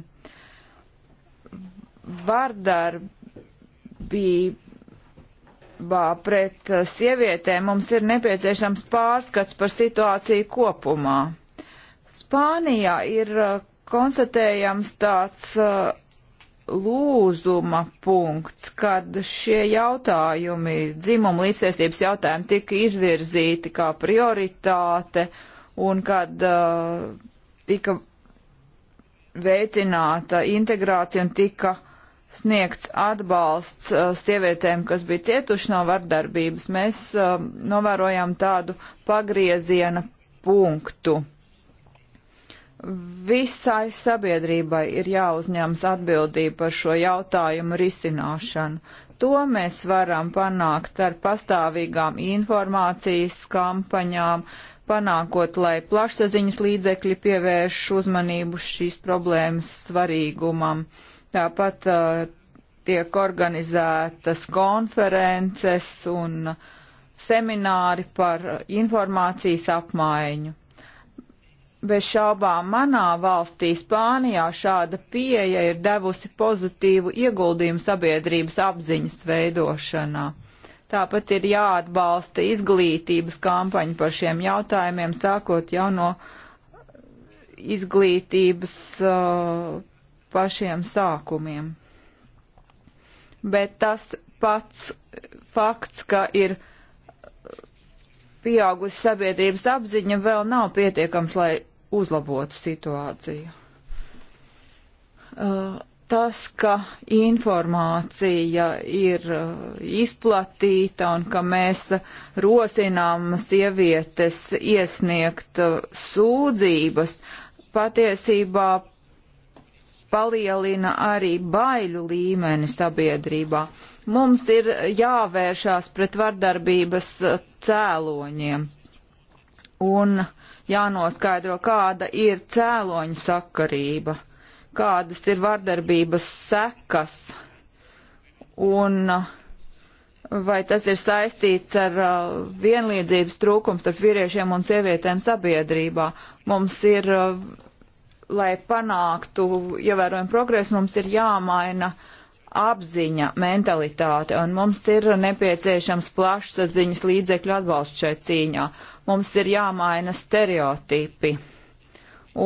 Vardarbībā pret uh, sievietēm mums ir nepieciešams pārskats par situāciju kopumā. Spānijā ir uh, konstatējams tāds uh, lūzuma punkts, kad šie jautājumi, dzimuma līdzsiesības jautājumi tika izvirzīti kā prioritāte un kad uh, tika veicināta integrācija un tika sniegts atbalsts uh, sievietēm, kas bija cietuši no vardarbības, mēs uh, novērojām tādu pagrieziena punktu. Visai sabiedrībai ir jāuzņemas atbildība par šo jautājumu risināšanu. To mēs varam panākt ar pastāvīgām informācijas kampaņām, panākot, lai plašsaziņas līdzekļi pievērš uzmanību šīs problēmas svarīgumam. Tāpat uh, tiek organizētas konferences un semināri par informācijas apmaiņu. Bez šaubām manā valstī, Spānijā, šāda pieeja ir devusi pozitīvu ieguldījumu sabiedrības apziņas veidošanā. Tāpat ir jāatbalsta izglītības kampaņa par šiem jautājumiem, sākot jau no izglītības uh, pašiem sākumiem. Bet tas pats fakts, ka ir pieaugusi sabiedrības apziņa vēl nav pietiekams, lai uzlabotu situāciju. Uh, tas, ka informācija ir uh, izplatīta un ka mēs rosinām sievietes iesniegt uh, sūdzības, patiesībā palielina arī baiļu līmeni sabiedrībā. Mums ir jāvēršās pret vardarbības eh, cēloņiem un jānoskaidro, kāda ir cēloņa sakarība, kādas ir vardarbības sekas un eh, vai tas ir saistīts ar uh, vienlīdzības trūkums starp vīriešiem un sievietēm sabiedrībā. Mums ir, uh, lai panāktu ievērojumu progresu, mums ir jāmaina uh, apziņa, mentalitāte, un mums ir nepieciešams plašsaziņas līdzekļu atbalsts šai cīņā. Mums ir jāmaina stereotipi,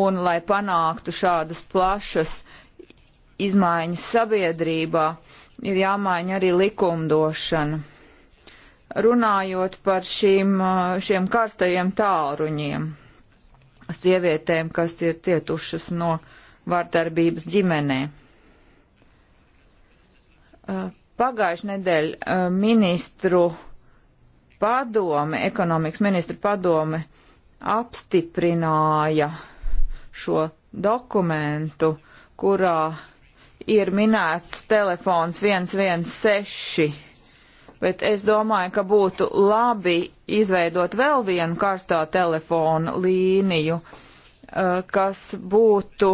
un lai panāktu šādas plašas izmaiņas sabiedrībā, ir jāmaina arī likumdošana. Runājot par šīm, šiem karstajiem tālruņiem, sievietēm, kas ir cietušas no vardarbības ģimenē Eh, pagājuši nedēļ eh, ministru padome, ekonomikas ministru padome apstiprināja šo dokumentu, kurā ir minēts telefons 116, bet es domāju, ka būtu labi izveidot vēl vienu karstā telefonu līniju, eh, kas būtu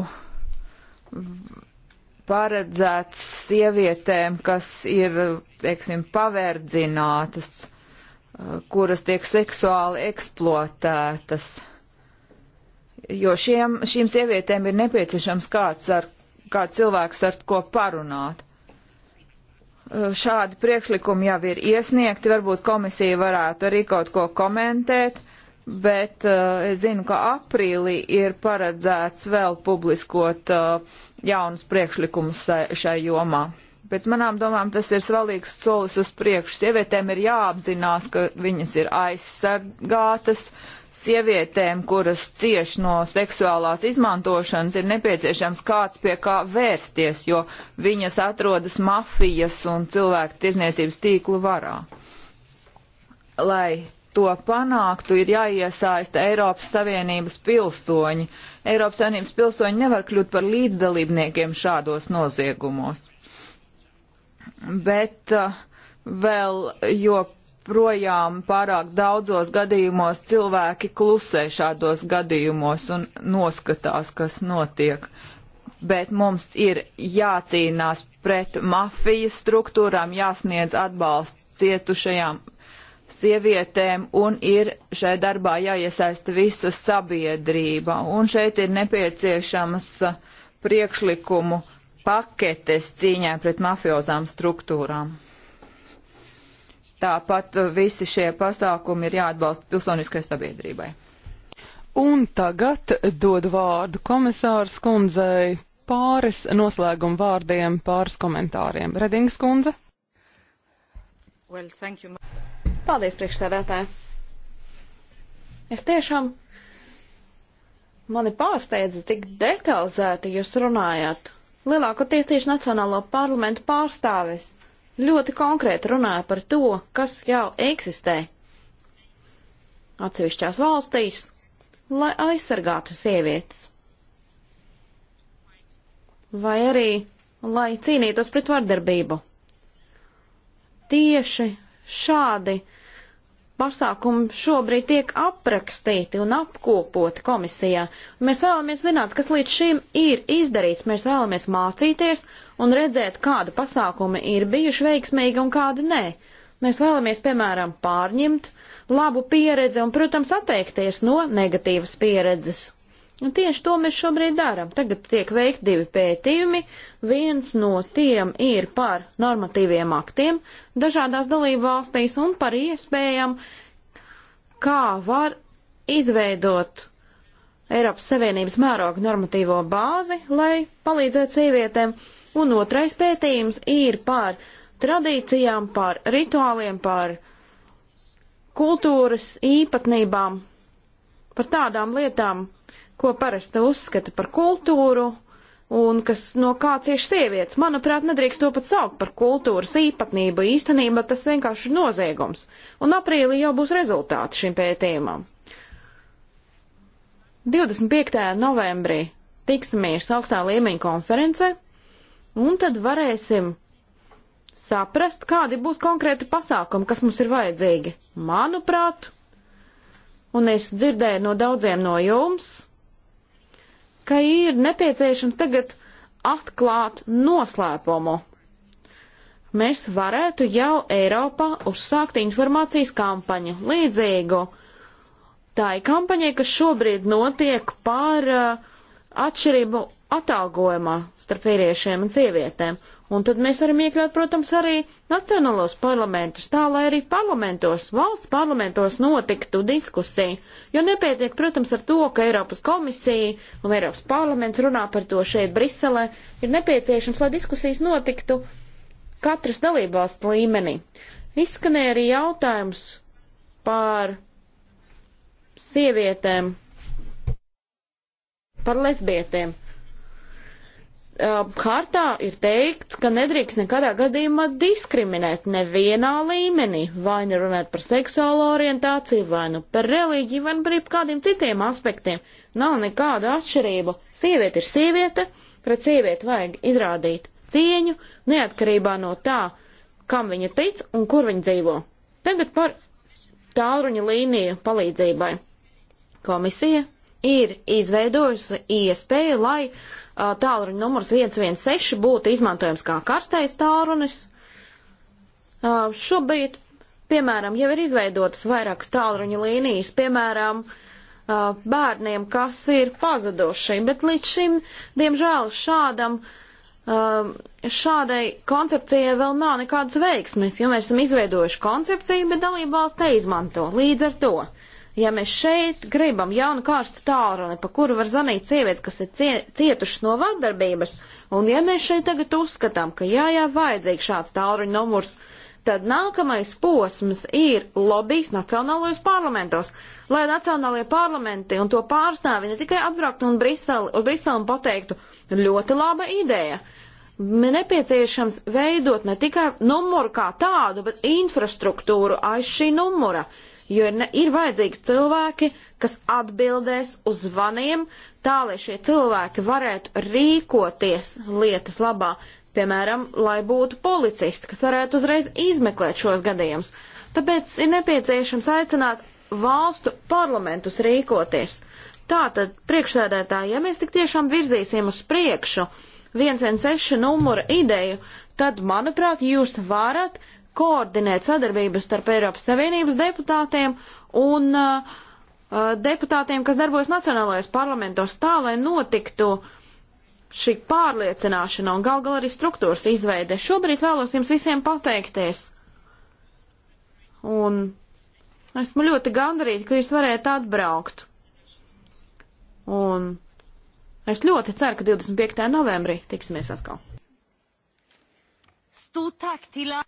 paredzēts sievietēm, kas ir, teiksim, paverdzinātas, eh, kuras tiek seksuāli eksploatētas. Jo šiem, šīm sievietēm ir nepieciešams kāds ar, kāds cilvēks ar ko parunāt. Eh, šādi priekšlikumi jau ir iesniegti, varbūt komisija varētu arī kaut ko komentēt, bet uh, es zinu, ka aprīlī ir paredzēts vēl publiskot uh, jaunus priekšlikumus šai jomā. Pēc manām domām tas ir svalīgs solis uz priekšu. Sievietēm ir jāapzinās, ka viņas ir aizsargātas. Sievietēm, kuras cieš no seksuālās izmantošanas, ir nepieciešams kāds pie kā vērsties, jo viņas atrodas mafijas un cilvēku tirzniecības tīklu varā. Lai to panāktu, ir jāiesaista Eiropas Savienības pilsoņi. Eiropas Savienības pilsoņi nevar kļūt par līdzdalībniekiem šādos noziegumos. Bet uh, vēl joprojām pārāk daudzos gadījumos cilvēki klusē šādos gadījumos un noskatās, kas notiek. Bet mums ir jācīnās pret mafijas struktūrām, jāsniedz atbalsts cietušajām sievietēm un ir šai darbā jāiesaista visa sabiedrība. Un šeit ir nepieciešamas uh, priekšlikumu paketes cīņā pret mafiozām struktūrām. Tāpat uh, visi šie pasākumi ir jāatbalsta pilsoniskai sabiedrībai. Un tagad dod vārdu komisārs kundzei pāris noslēguma vārdiem, pāris komentāriem. Redings kundze. Well, Paldies, priekšstādātāji! Es tiešām mani pārsteidza, cik detalizēti jūs runājāt. Lielākoties tieši Nacionālo parlamentu pārstāvis ļoti konkrēti runāja par to, kas jau eksistē atsevišķās valstīs, lai aizsargātu sievietes. Vai arī, lai cīnītos pret vardarbību. Tieši šādi pasākumi šobrīd tiek aprakstīti un apkopoti komisijā. Mēs vēlamies zināt, kas līdz šim ir izdarīts. Mēs vēlamies mācīties un redzēt, kāda pasākumi ir bijuši veiksmīgi un kādi nē. Mēs vēlamies, piemēram, pārņemt labu pieredzi un, protams, atteikties no negatīvas pieredzes. Un tieši to mēs šobrīd darām. Tagad tiek veikti divi pētījumi. Viens no tiem ir par normatīviem aktiem dažādās dalību valstīs un par iespējām, kā var izveidot Eiropas Savienības mēroga normatīvo bāzi, lai palīdzētu sievietēm. Un otrais pētījums ir par tradīcijām, par rituāliem, par kultūras īpatnībām, par tādām lietām, ko parasti uzskata par kultūru un kas no kā cieši sievietes. Manuprāt, nedrīkst to pat saukt par kultūras īpatnību. Īstenībā tas vienkārši ir noziegums. Un aprīlī jau būs rezultāti šim pētījumam. 25. novembrī tiksimies augstā līmeņa konference, un tad varēsim saprast, kādi būs konkrēti pasākumi, kas mums ir vajadzīgi. Manuprāt, un es dzirdēju no daudziem no jums, ka ir nepieciešams tagad atklāt noslēpumu. Mēs varētu jau Eiropā uzsākt informācijas kampaņu līdzīgu tai kampaņai, kas šobrīd notiek par uh, atšķirību atalgojumā starp vīriešiem un sievietēm. Un tad mēs varam iekļaut, protams, arī nacionālos parlamentus, tā lai arī parlamentos, valsts parlamentos notiktu diskusija. Jo nepietiek, protams, ar to, ka Eiropas komisija un Eiropas parlaments runā par to šeit Briselē, ir nepieciešams, lai diskusijas notiktu katras dalībvalsts līmenī. Izskanēja arī jautājums par sievietēm, par lesbietēm. Uh, hartā ir teikts, ka nedrīkst nekadā gadījumā diskriminēt nevienā līmenī, vai nu runāt par seksuālo orientāciju, vai nu par reliģiju, vai nu par kādiem citiem aspektiem. Nav nekādu atšķirību. Sieviete ir sieviete, pret sievieti vajag izrādīt cieņu, neatkarībā no tā, kam viņa tic un kur viņa dzīvo. Tagad par tālruņa līniju palīdzībai. Komisija ir izveidojusi iespēju, lai tālruņa numurs 116 būtu izmantojams kā karstais tālrunis. Šobrīd, piemēram, jau ir izveidotas vairākas tālruņa līnijas, piemēram, bērniem, kas ir pazuduši, bet līdz šim, diemžēl, šādam šādai koncepcijai vēl nav nekādas veiksmes, jo mēs esam izveidojuši koncepciju, bet dalībvalsts neizmanto. Līdz ar to Ja mēs šeit gribam jaunu kārstu tālruni, pa kuru var zvanīt sievieti, kas ir cie, cietušas no vardarbības, un ja mēs šeit tagad uzskatām, ka jā, jā, vajadzīgs šāds tālruņa numurs, tad nākamais posms ir lobbyis nacionālajos parlamentos, lai nacionālajie parlamenti un to pārstāvi ne tikai atbrauktu un Briseli, uz Briseli un pateiktu, ļoti laba ideja nepieciešams veidot ne tikai numuru kā tādu, bet infrastruktūru aiz šī numura jo ir, ir vajadzīgi cilvēki, kas atbildēs uz zvaniem, tā lai šie cilvēki varētu rīkoties lietas labā, piemēram, lai būtu policisti, kas varētu uzreiz izmeklēt šos gadījumus. Tāpēc ir nepieciešams aicināt valstu parlamentus rīkoties. Tātad, priekšsēdētāji, ja mēs tik tiešām virzīsim uz priekšu 116 numura ideju, tad, manuprāt, jūs varat koordinēt sadarbību starp Eiropas Savienības deputātiem un uh, uh, deputātiem, kas darbojas nacionālajos parlamentos, tā lai notiktu šī pārliecināšana un gal gal arī struktūras izveide. Šobrīd vēlos jums visiem pateikties. Un esmu ļoti gandarīta, ka jūs varētu atbraukt. Un es ļoti ceru, ka 25. novembrī tiksimies atkal. Stūtāk tilā.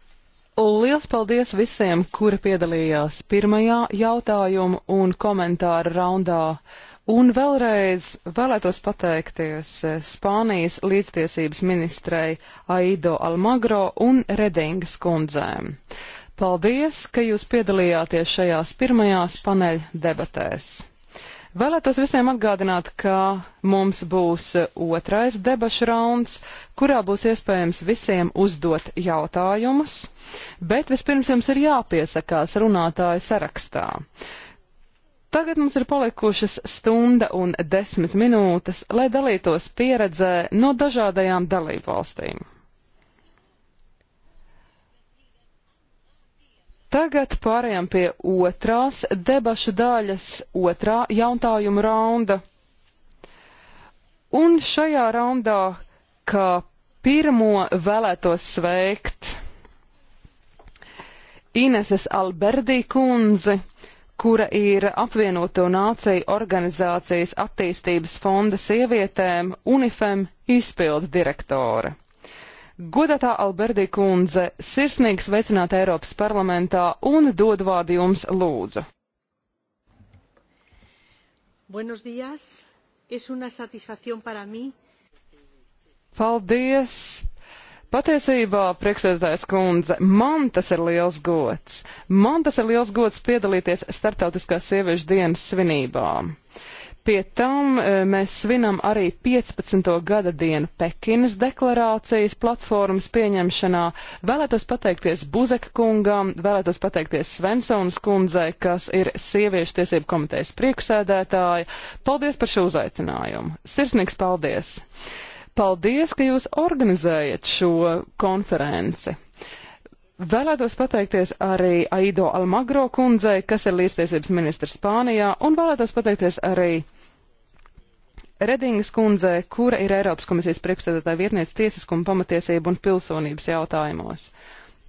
Liels paldies visiem, kuri piedalījās pirmajā jautājumu un komentāru raundā. Un vēlreiz vēlētos pateikties eh, Spānijas līdztiesības ministrei Aido Almagro un Redingas kundzēm. Paldies, ka jūs piedalījāties šajās pirmajās paneļa debatēs. Vēlētos visiem atgādināt, ka mums būs e, otrais debašu rauns, kurā būs iespējams visiem uzdot jautājumus, bet vispirms jums ir jāpiesakās runātāju sarakstā. Tagad mums ir palikušas stunda un desmit minūtes, lai dalītos pieredzē no dažādajām dalībvalstīm. Tagad pārējām pie otrās debašu daļas, otrā jautājuma raunda. Un šajā raundā, kā pirmo vēlētos sveikt Ineses Alberdī kundzi, kura ir apvienoto nāciju organizācijas attīstības fonda sievietēm UNIFEM izpildu direktore. Godātā Alberti kundze, sirsnīgi sveicināt Eiropas parlamentā un dod vārdu jums lūdzu. Buenos días, es una satisfacción para mí. Paldies! Patiesībā, priekšsēdētājs kundze, man tas ir liels gods. Man tas ir liels gods piedalīties Startautiskās sieviešu dienas svinībām. Pie tam e, mēs svinam arī 15. gada dienu Pekinas deklarācijas platformas pieņemšanā. Vēlētos pateikties Buzeka kungam, vēlētos pateikties Svensonas kundzei, kas ir sieviešu tiesību komitejas priekšsēdētāja. Paldies par šo uzaicinājumu. Sirsnīgs paldies! Paldies, ka jūs organizējat šo konferenci. Vēlētos pateikties arī Aido Almagro kundzei, kas ir līdztiesības ministrs Spānijā, un vēlētos pateikties arī Redingas kundzei, kura ir Eiropas komisijas priekšstādātāja vietniece tiesiskuma pamatiesību un pilsonības jautājumos.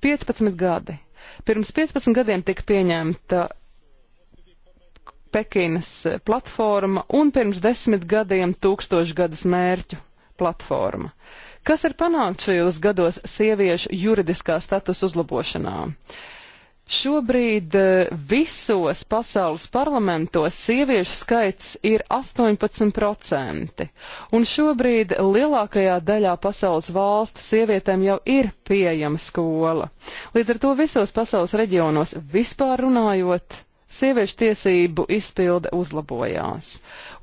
15 gadi. Pirms 15 gadiem tika pieņemta Pekinas platforma un pirms desmit gadiem tūkstošgadas mērķu platforma. Uh, Kas ir panākts šajos gados sieviešu juridiskā status uzlabošanā? Šobrīd eh, visos pasaules parlamentos sieviešu skaits ir 18%, un šobrīd lielākajā daļā pasaules valstu sievietēm jau ir pieejama skola. Līdz ar to visos pasaules reģionos vispār runājot, sieviešu tiesību izpilde uzlabojās.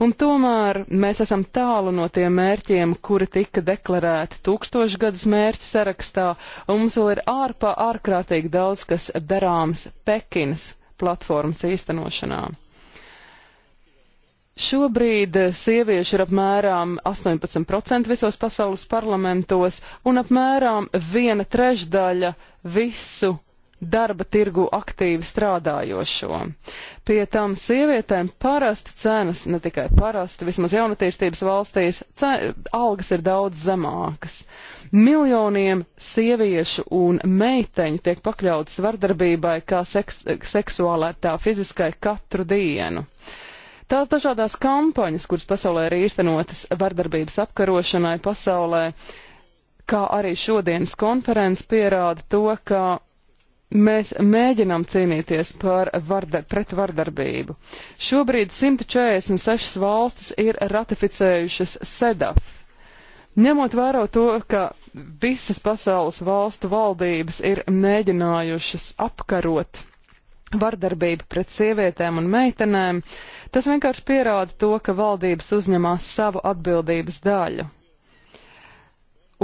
Un tomēr mēs esam tālu no tiem mērķiem, kuri tika deklarēti tūkstošgadus mērķu sarakstā, un mums vēl ir ārpā ārkārtīgi daudz, kas darāms Pekinas platformas īstenošanā. Šobrīd sieviešu ir apmēram 18% visos pasaules parlamentos un apmēram viena trešdaļa visu darba tirgu aktīvi strādājošo. Pie tam sievietēm parasti cenas, ne tikai parasti, vismaz jaunatīstības valstīs, algas ir daudz zemākas. Miljoniem sieviešu un meiteņu tiek pakļautas vardarbībai kā seks, seksuālai, tā fiziskai katru dienu. Tās dažādās kampaņas, kuras pasaulē ir īstenotas vardarbības apkarošanai pasaulē, kā arī šodienas konferences pierāda to, ka Mēs mēģinām cīnīties par vardar, pret vardarbību. Šobrīd 146 valstis ir ratificējušas SEDAF. Ņemot vērā to, ka visas pasaules valstu valdības ir mēģinājušas apkarot vardarbību pret sievietēm un meitenēm, tas vienkārši pierāda to, ka valdības uzņemās savu atbildības daļu.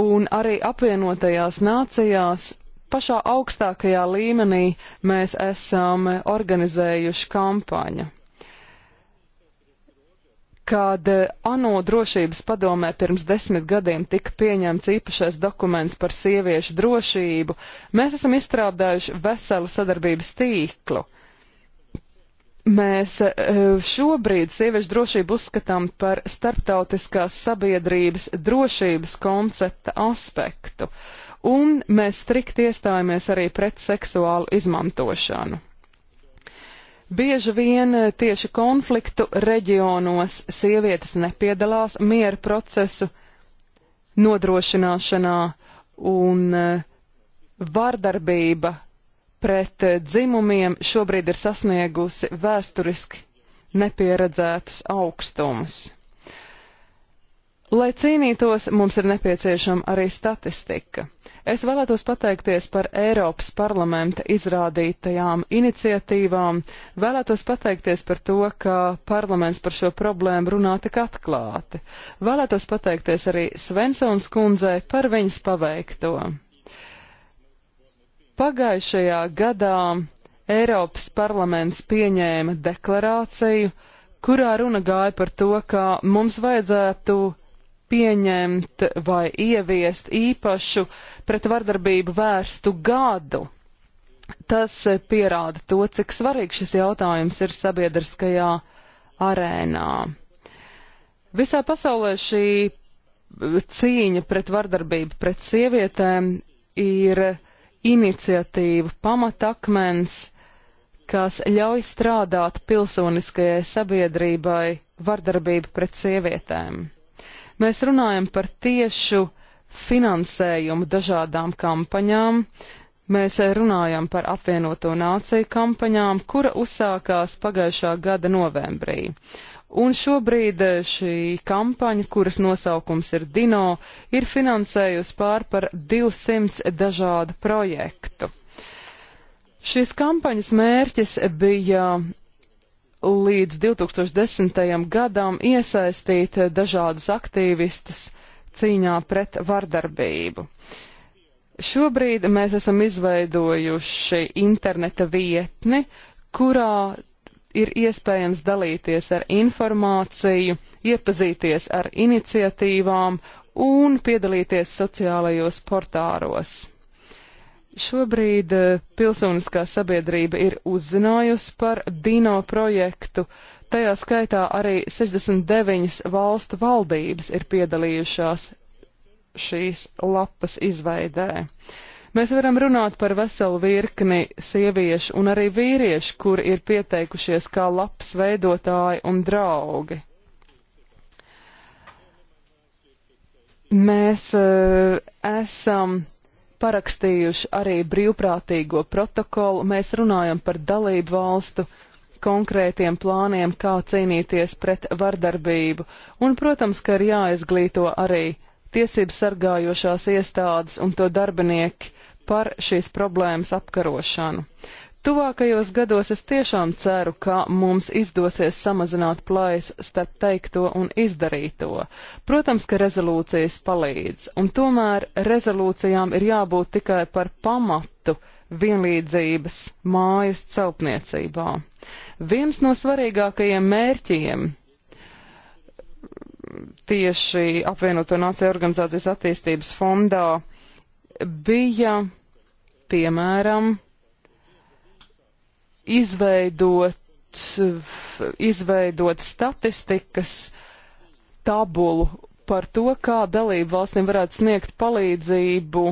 Un arī apvienotajās nācijās pašā augstākajā līmenī mēs esam organizējuši kampaņu. Kad ANO drošības padomē pirms desmit gadiem tika pieņemts īpašais dokuments par sieviešu drošību, mēs esam izstrādājuši veselu sadarbības tīklu. Mēs eh, šobrīd sieviešu drošību uzskatām par starptautiskās sabiedrības drošības koncepta aspektu. Uh, un mēs strikt iestājāmies arī pret seksuālu izmantošanu. Bieži vien eh, tieši konfliktu reģionos sievietes nepiedalās miera procesu nodrošināšanā un eh, vardarbība pret eh, dzimumiem šobrīd ir sasniegusi vēsturiski nepieredzētus augstumus. Lai cīnītos, mums ir nepieciešama arī statistika. Es vēlētos pateikties par Eiropas parlamenta izrādītajām iniciatīvām, vēlētos pateikties par to, ka parlaments par šo problēmu runā tik atklāti, vēlētos pateikties arī Svensons kundzei par viņas paveikto. Pagājušajā gadā Eiropas parlaments pieņēma deklarāciju, kurā runa gāja par to, ka mums vajadzētu pieņemt vai ieviest īpašu pret vardarbību vērstu gadu. Tas eh, pierāda to, cik svarīgs šis jautājums ir sabiedriskajā arēnā. Visā pasaulē šī eh, cīņa pret vardarbību pret sievietēm ir iniciatīva pamatakmens, kas ļauj strādāt pilsoniskajai sabiedrībai vardarbību pret sievietēm. Mēs runājam par tiešu finansējumu dažādām kampaņām. Mēs runājam par apvienoto nāciju kampaņām, kura uzsākās pagājušā gada novembrī. Un šobrīd eh, šī kampaņa, kuras nosaukums ir Dino, ir finansējusi pār par 200 dažādu projektu. Šīs kampaņas mērķis bija līdz 2010. gadam iesaistīt dažādus aktīvistus cīņā pret vardarbību. Šobrīd mēs esam izveidojuši interneta vietni, kurā ir iespējams dalīties ar informāciju, iepazīties ar iniciatīvām un piedalīties sociālajos portāros. Šobrīd eh, pilsoniskā sabiedrība ir uzzinājusi par Dino projektu, uh, Tajā skaitā arī 69 valstu valdības ir piedalījušās šīs lapas izveidē. Mēs varam runāt par veselu virkni sieviešu un arī vīriešu, kuri ir pieteikušies kā labs veidotāji un draugi. Mēs uh, esam parakstījuši arī brīvprātīgo protokolu. Mēs runājam par dalību valstu uh, konkrētiem plāniem, kā cīnīties pret vardarbību, un, protams, ka ir jāizglīto arī tiesības sargājošās iestādes un to darbinieki par šīs problēmas apkarošanu. Tuvākajos gados es tiešām ceru, ka mums izdosies samazināt plaisu starp teikto un izdarīto. Protams, ka rezolūcijas palīdz, un tomēr rezolūcijām ir jābūt tikai par pamatu vienlīdzības mājas celtniecībā. Viens no svarīgākajiem mērķiem tieši apvienoto nāciju organizācijas attīstības fondā bija, piemēram, izveidot, izveidot statistikas tabulu par to, kā dalību valstīm varētu sniegt palīdzību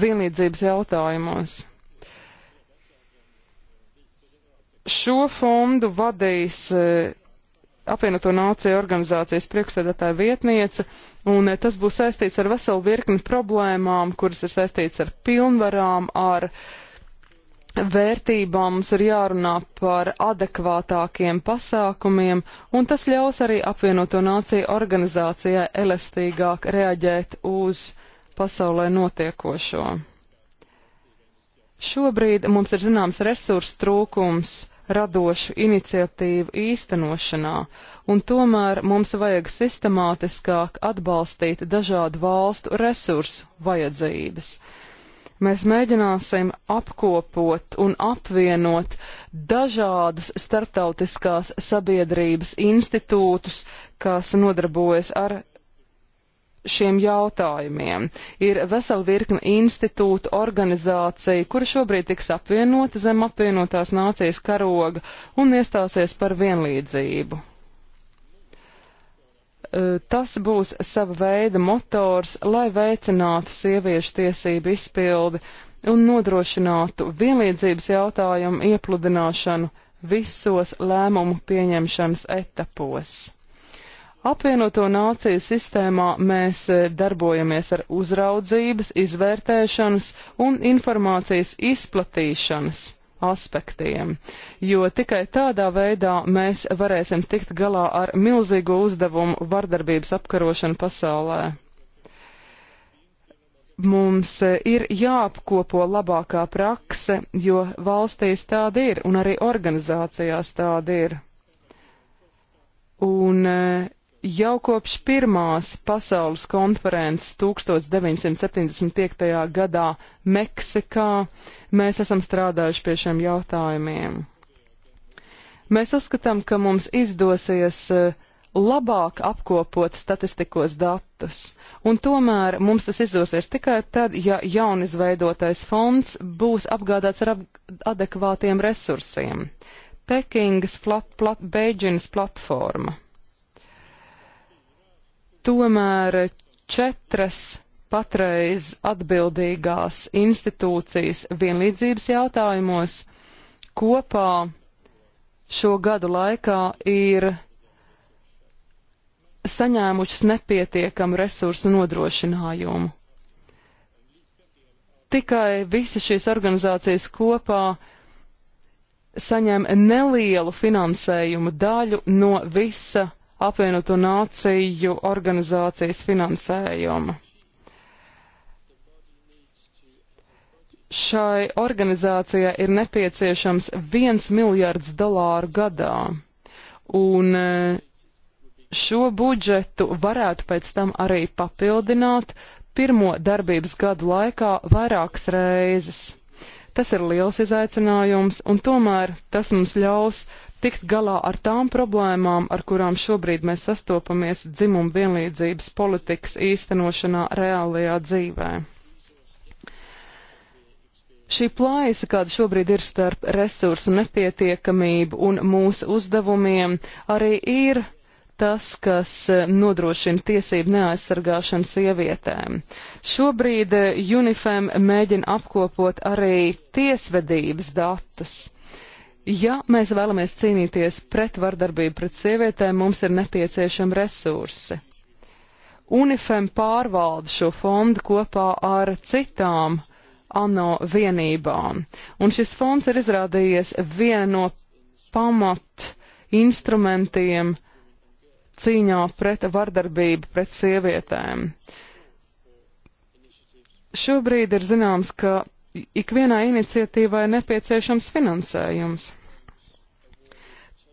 vienlīdzības jautājumos. Šo fondu vadīs e, apvienoto nāciju organizācijas priekšsēdētāja vietniece, un e, tas būs saistīts ar veselu virkni problēmām, kuras ir saistīts ar pilnvarām, ar vērtībām, mums ir jārunā par adekvātākiem pasākumiem, un tas ļaus arī apvienoto nāciju organizācijai elastīgāk reaģēt uz pasaulē notiekošo. Šobrīd mums ir zināms resursu trūkums radošu iniciatīvu īstenošanā, un tomēr mums vajag sistemātiskāk atbalstīt dažādu valstu resursu vajadzības. Mēs mēģināsim apkopot un apvienot dažādus starptautiskās sabiedrības institūtus, kas nodarbojas ar šiem jautājumiem. Ir vesela virkne institūtu, organizāciju, kura šobrīd tiks apvienota zem apvienotās nācijas karoga un iestāsies par vienlīdzību. E, tas būs sava veida motors, lai veicinātu sieviešu tiesību izpildi un nodrošinātu vienlīdzības jautājumu iepludināšanu visos lēmumu pieņemšanas etapos Apvienoto nāciju sistēmā mēs e, darbojamies ar uzraudzības, izvērtēšanas un informācijas izplatīšanas aspektiem, jo tikai tādā veidā mēs varēsim tikt galā ar milzīgo uzdevumu vardarbības apkarošanu pasaulē. Mums e, ir jāapkopo labākā prakse, jo valstīs tāda ir un arī organizācijās tāda ir. Un e, Jau kopš pirmās pasaules konferences 1975. gadā Meksikā mēs esam strādājuši pie šiem jautājumiem. Mēs uzskatām, ka mums izdosies eh, labāk apkopot statistikos datus, un tomēr mums tas izdosies tikai tad, ja jaunizveidotais fonds būs apgādāts ar adekvātiem resursiem. Pekingas plat, plat, Beidžinas platforma. Tomēr četras patreiz atbildīgās institūcijas vienlīdzības jautājumos kopā šo gadu laikā ir saņēmušas nepietiekamu resursu nodrošinājumu. Tikai visas šīs organizācijas kopā saņem nelielu finansējumu daļu no visa apvienoto nāciju organizācijas finansējuma. Šai organizācijai ir nepieciešams viens miljards dolāru gadā, un eh, šo budžetu varētu pēc tam arī papildināt pirmo darbības gadu laikā vairākas reizes. Tas ir liels izaicinājums, un tomēr tas mums ļaus uh, tikt galā ar tām problēmām, ar kurām šobrīd mēs sastopamies dzimumu vienlīdzības politikas īstenošanā reālajā dzīvē. Šī plājas, kāda šobrīd ir starp resursu nepietiekamību un mūsu uzdevumiem, arī ir tas, kas nodrošina tiesību neaizsargāšanu sievietēm. Šobrīd eh, UNIFEM mēģina apkopot arī tiesvedības datus. Ja mēs vēlamies cīnīties pret vardarbību pret sievietēm, mums ir nepieciešami resursi. UNIFEM pārvalda šo fondu kopā ar citām ANO vienībām, un šis fonds ir izrādījies viena no pamat instrumentiem cīņā pret vardarbību pret sievietēm. Šobrīd ir zināms, ka ikvienai iniciatīvai nepieciešams finansējums.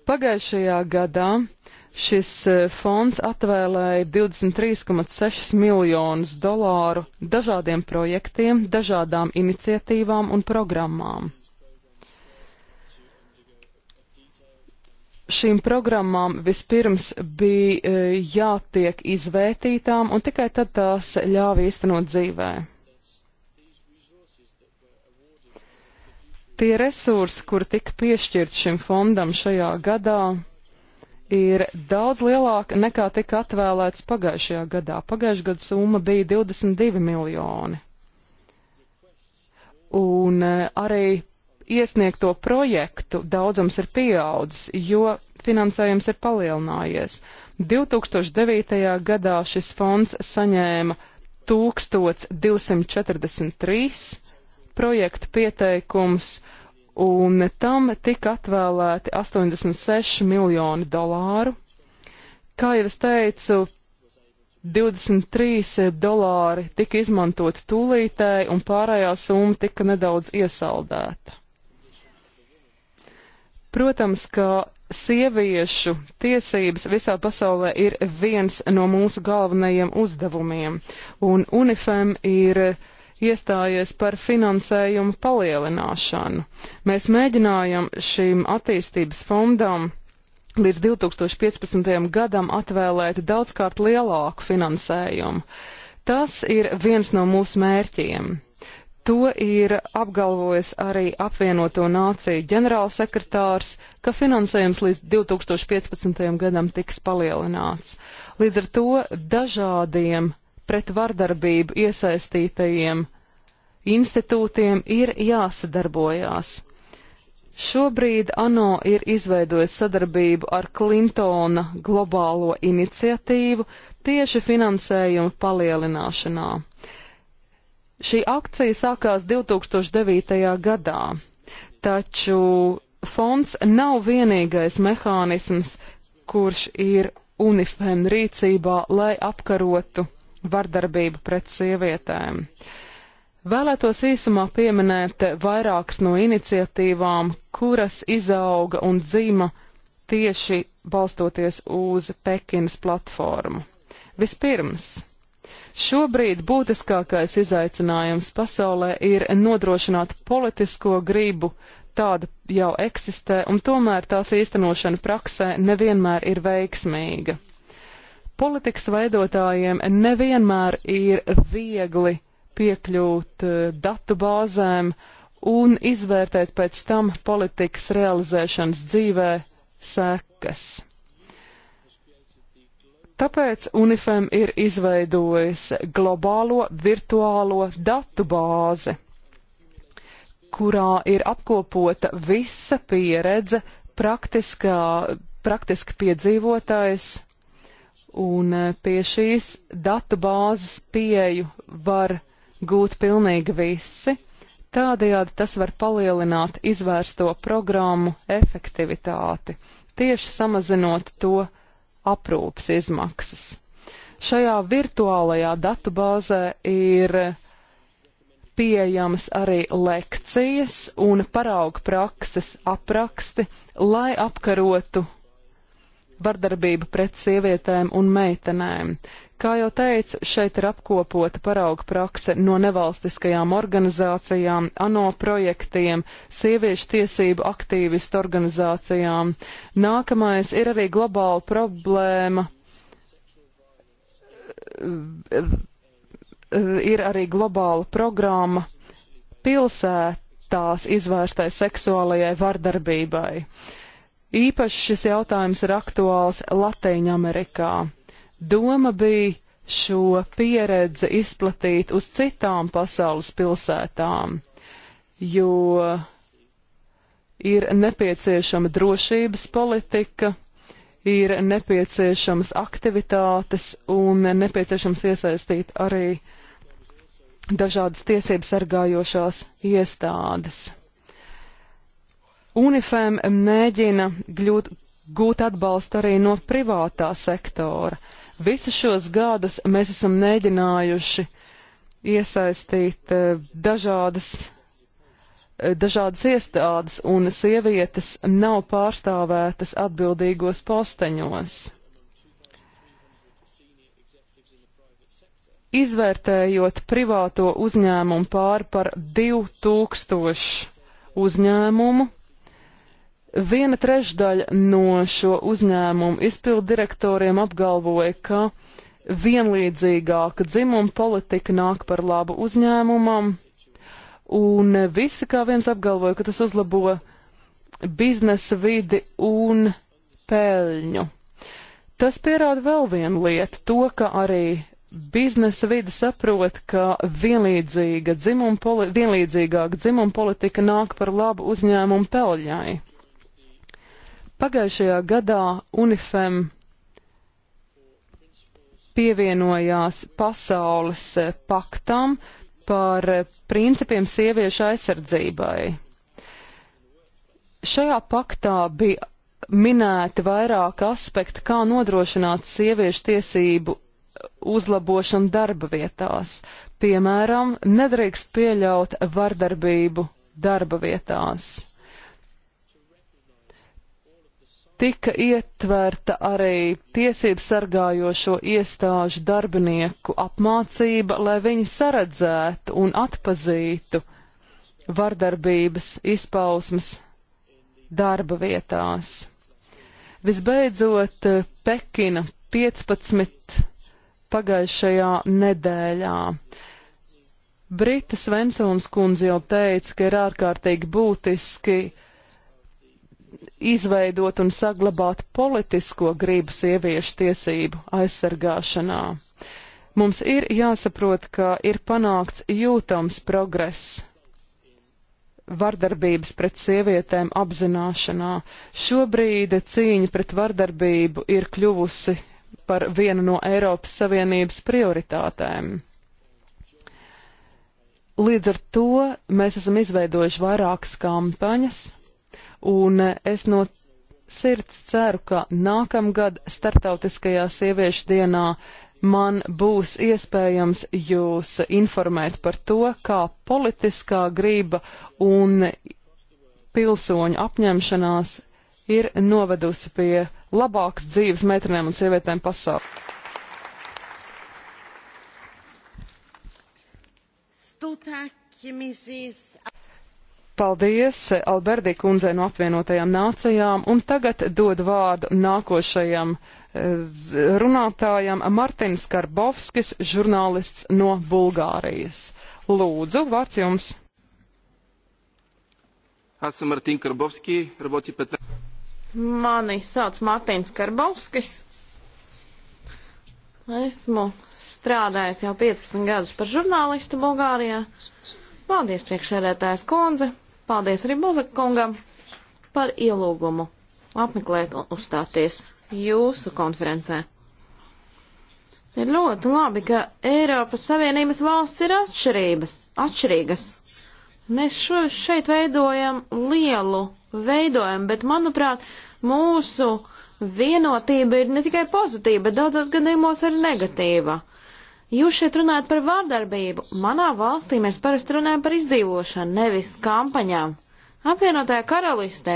Pagājušajā gadā šis e, fonds atvēlēja 23,6 miljonus dolāru dažādiem projektiem, dažādām iniciatīvām un programmām. Šīm programmām vispirms bija e, jātiek izvērtītām un tikai tad tās ļāva īstenot dzīvē. Tie resursi, kur tika piešķirts šim fondam šajā gadā, ir daudz lielāka nekā tika atvēlēts pagājušajā gadā. Pagājušajā gadā summa bija 22 miljoni. Un e, arī iesniegto projektu daudzums ir pieaudzis, jo finansējums ir palielinājies. 2009. gadā šis fonds saņēma 1243 projektu pieteikums un tam tika atvēlēti 86 miljoni dolāru. Kā jau es teicu, 23 dolāri tika izmantot tūlītēji, un pārējā summa tika nedaudz iesaldēta. Protams, ka sieviešu tiesības visā pasaulē ir viens no mūsu galvenajiem uzdevumiem, un UNIFEM ir uh, iestājies par finansējumu palielināšanu. Mēs mēģinājam šīm attīstības fondam līdz 2015. gadam atvēlēt daudzkārt lielāku finansējumu. Tas ir viens no mūsu mērķiem. To ir apgalvojis arī apvienoto nāciju ģenerālsekretārs, ka finansējums līdz 2015. gadam tiks palielināts. Līdz ar to dažādiem pret vardarbību iesaistītajiem institūtiem ir jāsadarbojās. Šobrīd ANO ir izveidojis sadarbību ar Klintona globālo iniciatīvu tieši finansējuma palielināšanā. Šī akcija sākās 2009. gadā, taču fonds nav vienīgais mehānisms, kurš ir UNIFEM rīcībā, lai apkarotu vardarbību pret sievietēm. Vēlētos īsumā pieminēt vairākas no iniciatīvām, kuras izauga un dzima tieši balstoties uz Pekinas platformu. Vispirms, šobrīd būtiskākais izaicinājums pasaulē ir nodrošināt politisko gribu, tāda jau eksistē, un tomēr tās īstenošana praksē nevienmēr ir veiksmīga. Politikas veidotājiem nevienmēr ir viegli piekļūt eh, datu bāzēm un izvērtēt pēc tam politikas realizēšanas dzīvē sekas. Tāpēc UNIFEM ir izveidojis globālo virtuālo datu bāzi, kurā ir apkopota visa pieredze praktiskā, praktiski piedzīvotais un eh, pie šīs datu bāzes pieju var gūt pilnīgi visi. Tādējādi tas var palielināt izvērsto programmu efektivitāti, tieši samazinot to aprūpas izmaksas. Šajā virtuālajā datubāzē ir pieejamas arī lekcijas un parauga prakses apraksti, lai apkarotu vardarbību pret sievietēm un meitenēm. Kā jau teicu, šeit ir apkopota parauga prakse no nevalstiskajām organizācijām, ANO projektiem, sieviešu tiesību aktīvistu organizācijām. Nākamais ir arī globāla problēma. Ir arī globāla programma pilsētās izvērstai seksuālajai vardarbībai. Uh, Īpaši šis jautājums ir aktuāls Latīņa Amerikā. Doma bija šo pieredzi izplatīt uz citām pasaules pilsētām, jo ir nepieciešama drošības politika, ir nepieciešamas aktivitātes un nepieciešams iesaistīt arī dažādas tiesības sargājošās iestādes. UNIFEM mēģina gļūt, gūt atbalstu arī no privātā sektora. Visus šos gadus mēs esam mēģinājuši iesaistīt eh, dažādas, eh, dažādas iestādes, un sievietes nav pārstāvētas atbildīgos posteņos. Izvērtējot privāto uzņēmumu pāri par 2000 uzņēmumu, Viena trešdaļa no šo uzņēmumu izpildu direktoriem apgalvoja, ka vienlīdzīgāka dzimuma politika nāk par labu uzņēmumam, un visi kā viens apgalvoja, ka tas uzlabo biznesa vidi un peļņu. Tas pierāda vēl vienu lietu, to, ka arī biznesa vide saprot, ka vienlīdzīga dzimuma, poli vienlīdzīgāka dzimuma politika nāk par labu uzņēmumu peļņai. Pagājušajā gadā UNIFEM pievienojās pasaules paktam par principiem sieviešu aizsardzībai. Šajā paktā bija minēti vairāki aspekti, kā nodrošināt sieviešu tiesību uzlabošanu darba vietās. Piemēram, nedrīkst pieļaut vardarbību darba vietās. tika ietverta arī tiesību sargājošo iestāžu darbinieku apmācība, lai viņi saredzētu un atpazītu vardarbības izpausmes darba vietās. Visbeidzot, Pekina 15 pagājušajā nedēļā. Brita Svensons kundze jau teica, ka ir ārkārtīgi būtiski uh, izveidot un saglabāt politisko gribu sieviešu tiesību aizsargāšanā. Mums ir jāsaprot, ka ir panākts jūtams progress vardarbības pret sievietēm apzināšanā. Šobrīd cīņa pret vardarbību ir kļuvusi par vienu no Eiropas Savienības prioritātēm. Līdz ar to mēs esam izveidojuši vairākas kampaņas, un es no sirds ceru, ka nākamgad starptautiskajā sieviešu dienā man būs iespējams jūs informēt par to, kā politiskā grība un pilsoņu apņemšanās ir novedusi pie labākas dzīves meitenēm un sievietēm pasaulē. Paldies Alberdi kundzei no apvienotajām nācijām, un tagad dod vārdu nākošajam eh, runātājam Martins Karbovskis, žurnālists no Bulgārijas. Lūdzu, vārds jums. Аз съм Мартин Карбовски, работи 15... Mani sauc Mārtiņš Karbovskis. Esmu strādājis jau 15 gadus par žurnālistu Bulgārijā. Paldies, priekšsēdētājs kundze. Paldies arī Bozakungam par ielūgumu apmeklēt un uzstāties jūsu konferencē. Ir ļoti labi, ka Eiropas Savienības valsts ir atšķirības, atšķirīgas. Mēs šo, šeit veidojam lielu veidojumu, bet, manuprāt, mūsu vienotība ir ne tikai pozitīva, bet daudzos gadījumos arī negatīva. Jūs šeit runājat par vārdarbību. Manā valstī mēs parasti runājam par izdzīvošanu, nevis kampaņām. Apvienotajā karalistē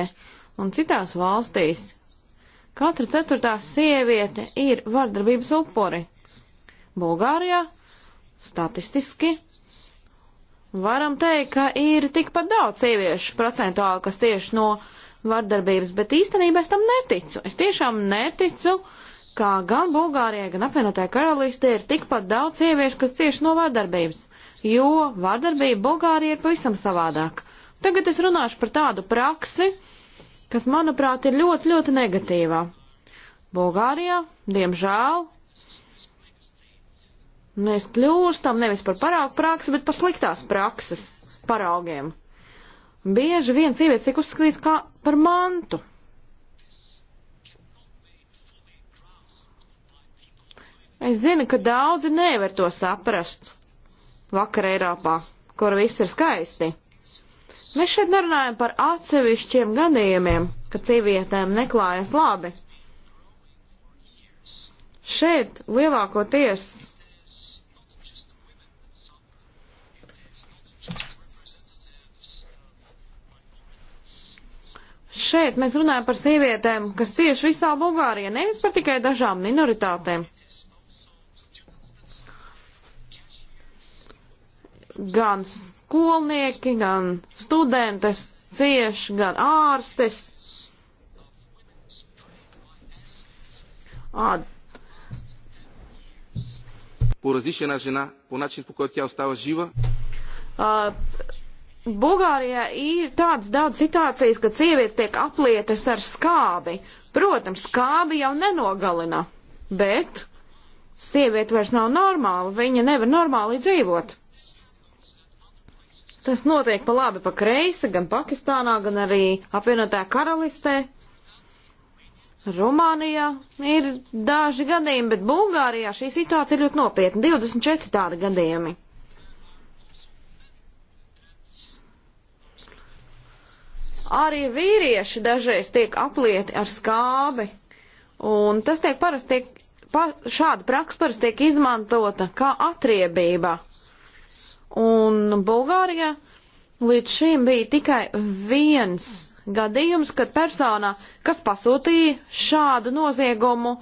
un citās valstīs katra ceturtā sieviete ir vārdarbības upuri. Bulgārijā statistiski varam teikt, ka ir tikpat daudz sieviešu procentuāli, kas tieši no vardarbības, bet īstenībā es tam neticu. Es tiešām neticu ka gan Bulgārijai, gan apvienotajai karalistē ir tikpat daudz sieviešu, kas cieši no vārdarbības, jo vārdarbība Bulgārija ir pavisam savādāk. Tagad es runāšu par tādu praksi, kas, manuprāt, ir ļoti, ļoti negatīvā. Bulgārijā, diemžēl, mēs kļūstam nevis par paraugu praksi, bet par sliktās prakses paraugiem. Bieži viens sievietes tiek uzskatīts kā par mantu. Es zinu, ka daudzi nevar to saprast vakar Eiropā, kur viss ir skaisti. Mēs šeit nerunājam par atsevišķiem gadījumiem, kad sievietēm neklājas labi. Šeit lielākoties Šeit mēs runājam par sievietēm, kas cieši visā Bulgārijā, nevis par tikai dažām minoritātēm. gan skolnieki, gan studentes cieš, gan ārstes. Поразишена жена по начин, по който тя остава жива. А, Bulgārijā ir tādas daudz situācijas, kad sievietes tiek aplietas ar skābi. Protams, skābi jau nenogalina, bet sieviete vairs nav normāla, viņa nevar normāli dzīvot. Tas notiek pa labi, pa kreisi, gan Pakistānā, gan arī apvienotā karalistē. Rumānijā ir daži gadījumi, bet Bulgārijā šī situācija ir ļoti nopietna. 24 tādi gadījumi. Arī vīrieši dažreiz tiek aplieti ar skābi, un tas tiek parasti, tiek, pa, šāda praksa parasti tiek izmantota kā atriebība un Bulgārijā līdz šim bija tikai viens gadījums, kad persona, kas pasūtīja šādu noziegumu,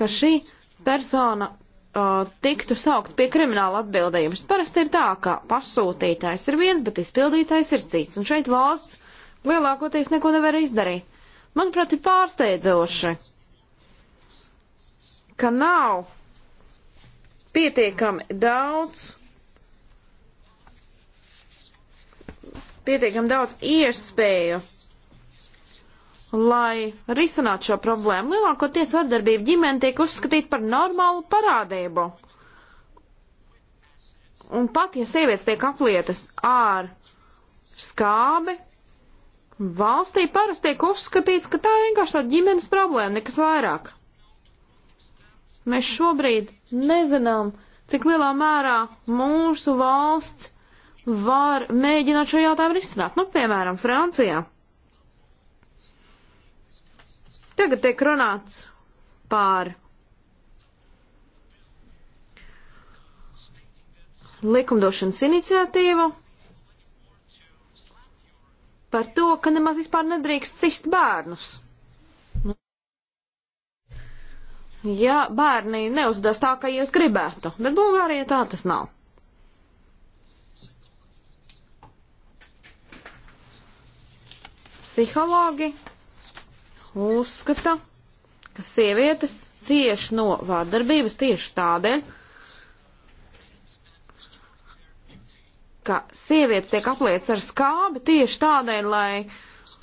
ka šī persona uh, tiktu saukt pie krimināla atbildības. Parasti ir tā, ka pasūtītājs ir viens, bet izpildītājs ir cits, un šeit valsts lielākoties neko nevar izdarīt. Manuprāt, ir pārsteidzoši, ka nav pietiekami daudz pietiekam daudz iespēju, lai risinātu šo problēmu. Lielākoties vardarbība ģimene tiek uzskatīta par normālu parādību. Un pat, ja sievietes tiek aplietas ar skābi, valstī parasti tiek uzskatīts, ka tā ir vienkārši tāda ģimenes problēma, nekas vairāk. Mēs šobrīd nezinām, cik lielā mērā mūsu valsts var mēģināt šo jautājumu risināt. Nu, piemēram, Francijā. Tagad tiek runāts par likumdošanas iniciatīvu, par to, ka nemaz vispār nedrīkst cist bērnus. Nu, ja bērni neuzdās tā, kā jūs gribētu, bet Bulgārijā tā tas nav. Psihologi uzskata, ka sievietes cieši no vārdarbības tieši tādēļ, ka sievietes tiek aplietas ar skābi tieši tādēļ, lai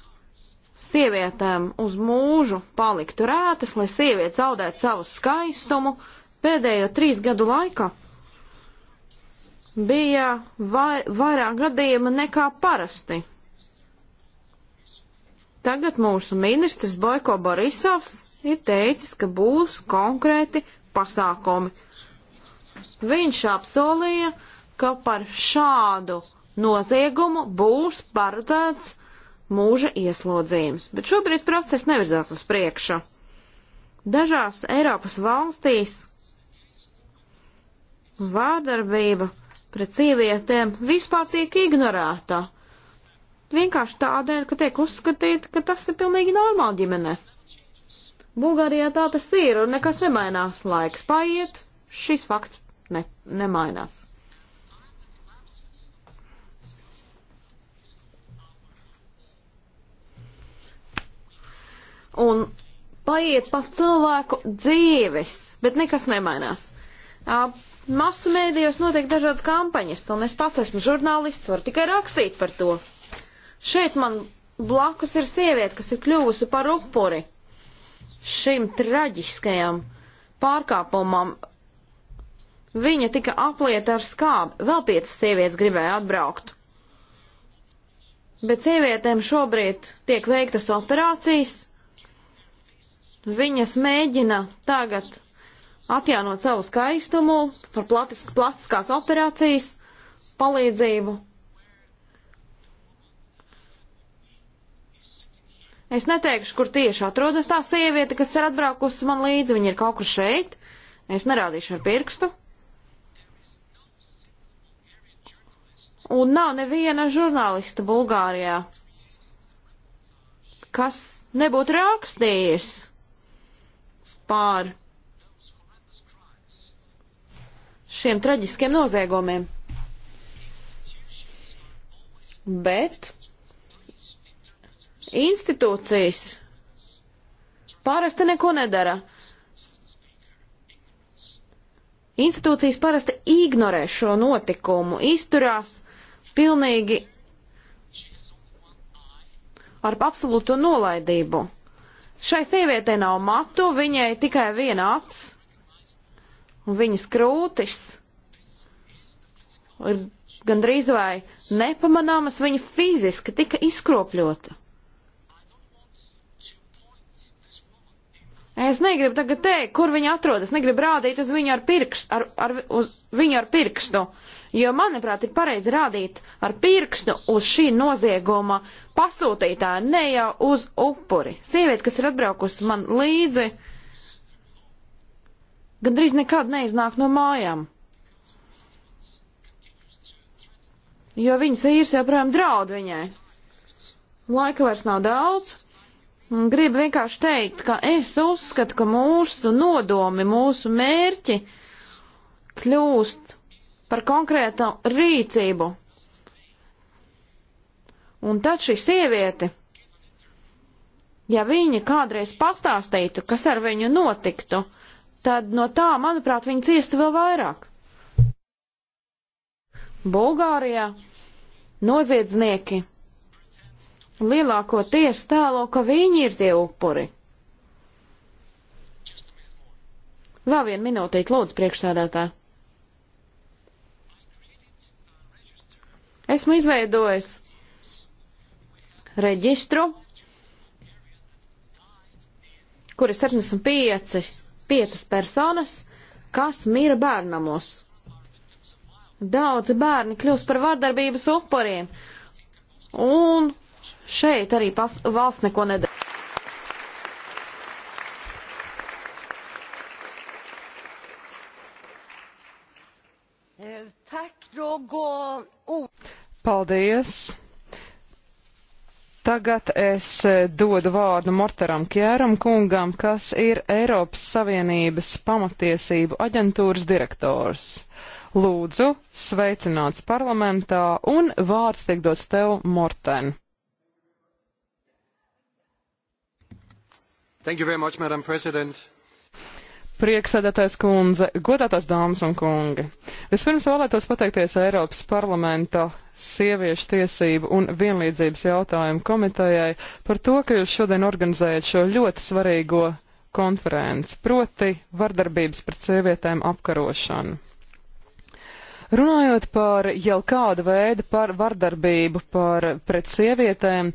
sievietēm uz mūžu paliktu rētas, lai sieviete zaudētu savu skaistumu. Pēdējo trīs gadu laikā bija vai, vairāk gadījuma nekā parasti. Tagad mūsu ministrs Boiko Borisovs ir teicis, ka būs konkrēti pasākumi. Viņš apsolīja, ka par šādu noziegumu būs paredzēts mūža ieslodzījums, bet šobrīd process nevirzās uz priekšu. Dažās Eiropas valstīs vārdarbība pret sievietēm vispār tiek ignorēta vienkārši tādēļ, ka tiek uzskatīt, ka tas ir pilnīgi normāli ģimene. Bulgārijā tā tas ir, un nekas nemainās. Laiks paiet, šis fakts ne, nemainās. Un paiet pat cilvēku dzīves, bet nekas nemainās. Uh, masu mēdījos notiek dažādas kampaņas, un es pats esmu žurnālists, varu tikai rakstīt par to. Šeit man blakus ir sieviete, kas ir kļuvusi par upuri šim traģiskajam pārkāpumam. Viņa tika aplieta ar skābi, vēl piecas sievietes gribēja atbraukt. Bet sievietēm šobrīd tiek veiktas operācijas. Viņas mēģina tagad atjaunot savu skaistumu par platis, plastiskās operācijas palīdzību. Es neteikšu, kur tieši atrodas tā sieviete, kas ir atbraukusi man līdzi. Viņa ir kaut kur šeit. Es nerādīšu ar pirkstu. Un nav neviena žurnālista Bulgārijā, kas nebūtu rakstījis pār šiem traģiskiem noziegumiem. Bet Institūcijas parasti neko nedara. Institūcijas parasti ignorē šo notikumu, izturās pilnīgi ar absolūto nolaidību. Šai sievietei nav matu, viņai tikai viena acs un viņas krūtis ir gandrīz vai nepamanāmas, viņa fiziski tika izkropļota. Es negribu tagad teikt, kur viņi atrodas, negribu rādīt uz viņu ar pirkstu, ar, ar, uz viņu ar pirkstu, jo, manuprāt, ir pareizi rādīt ar pirkstu uz šī nozieguma pasūtītāju, ne jau uz upuri. Sieviete, kas ir atbraukusi man līdzi, gandrīz nekad neiznāk no mājām. Jo viņas vīrs joprojām draud viņai. Laika vairs nav daudz. Gribu vienkārši teikt, ka es uzskatu, ka mūsu nodomi, mūsu mērķi kļūst par konkrētu rīcību. Un tad šī sieviete, ja viņa kādreiz pastāstītu, kas ar viņu notiktu, tad no tā, manuprāt, viņa ciestu vēl vairāk. Bulgārijā noziedznieki lielākoties tēlo, ka viņi ir tie upuri. Vēl vienu minūtīt, lūdzu, priekšsēdētā. Esmu izveidojis reģistru, kur ir 75 piecas personas, kas mira bērnamos. Daudzi bērni kļūst par vardarbības upuriem, un šeit arī pas, valsts neko nedara. Paldies! Tagad es eh, dodu vārdu Morteram Kjēram kungam, kas ir Eiropas Savienības pamatiesību aģentūras direktors. Lūdzu, sveicināts parlamentā un vārds tiek dots tev, Morten. Thank you very much, Madam President. Prieksēdētais kundze, godātās dāmas un kungi. Vispirms vēlētos pateikties Eiropas parlamenta sieviešu tiesību un vienlīdzības jautājumu komitejai par to, ka jūs šodien organizējat šo ļoti svarīgo konferenci, proti vardarbības pret sievietēm apkarošanu. Runājot par jau kādu veidu par vardarbību par, pret sievietēm,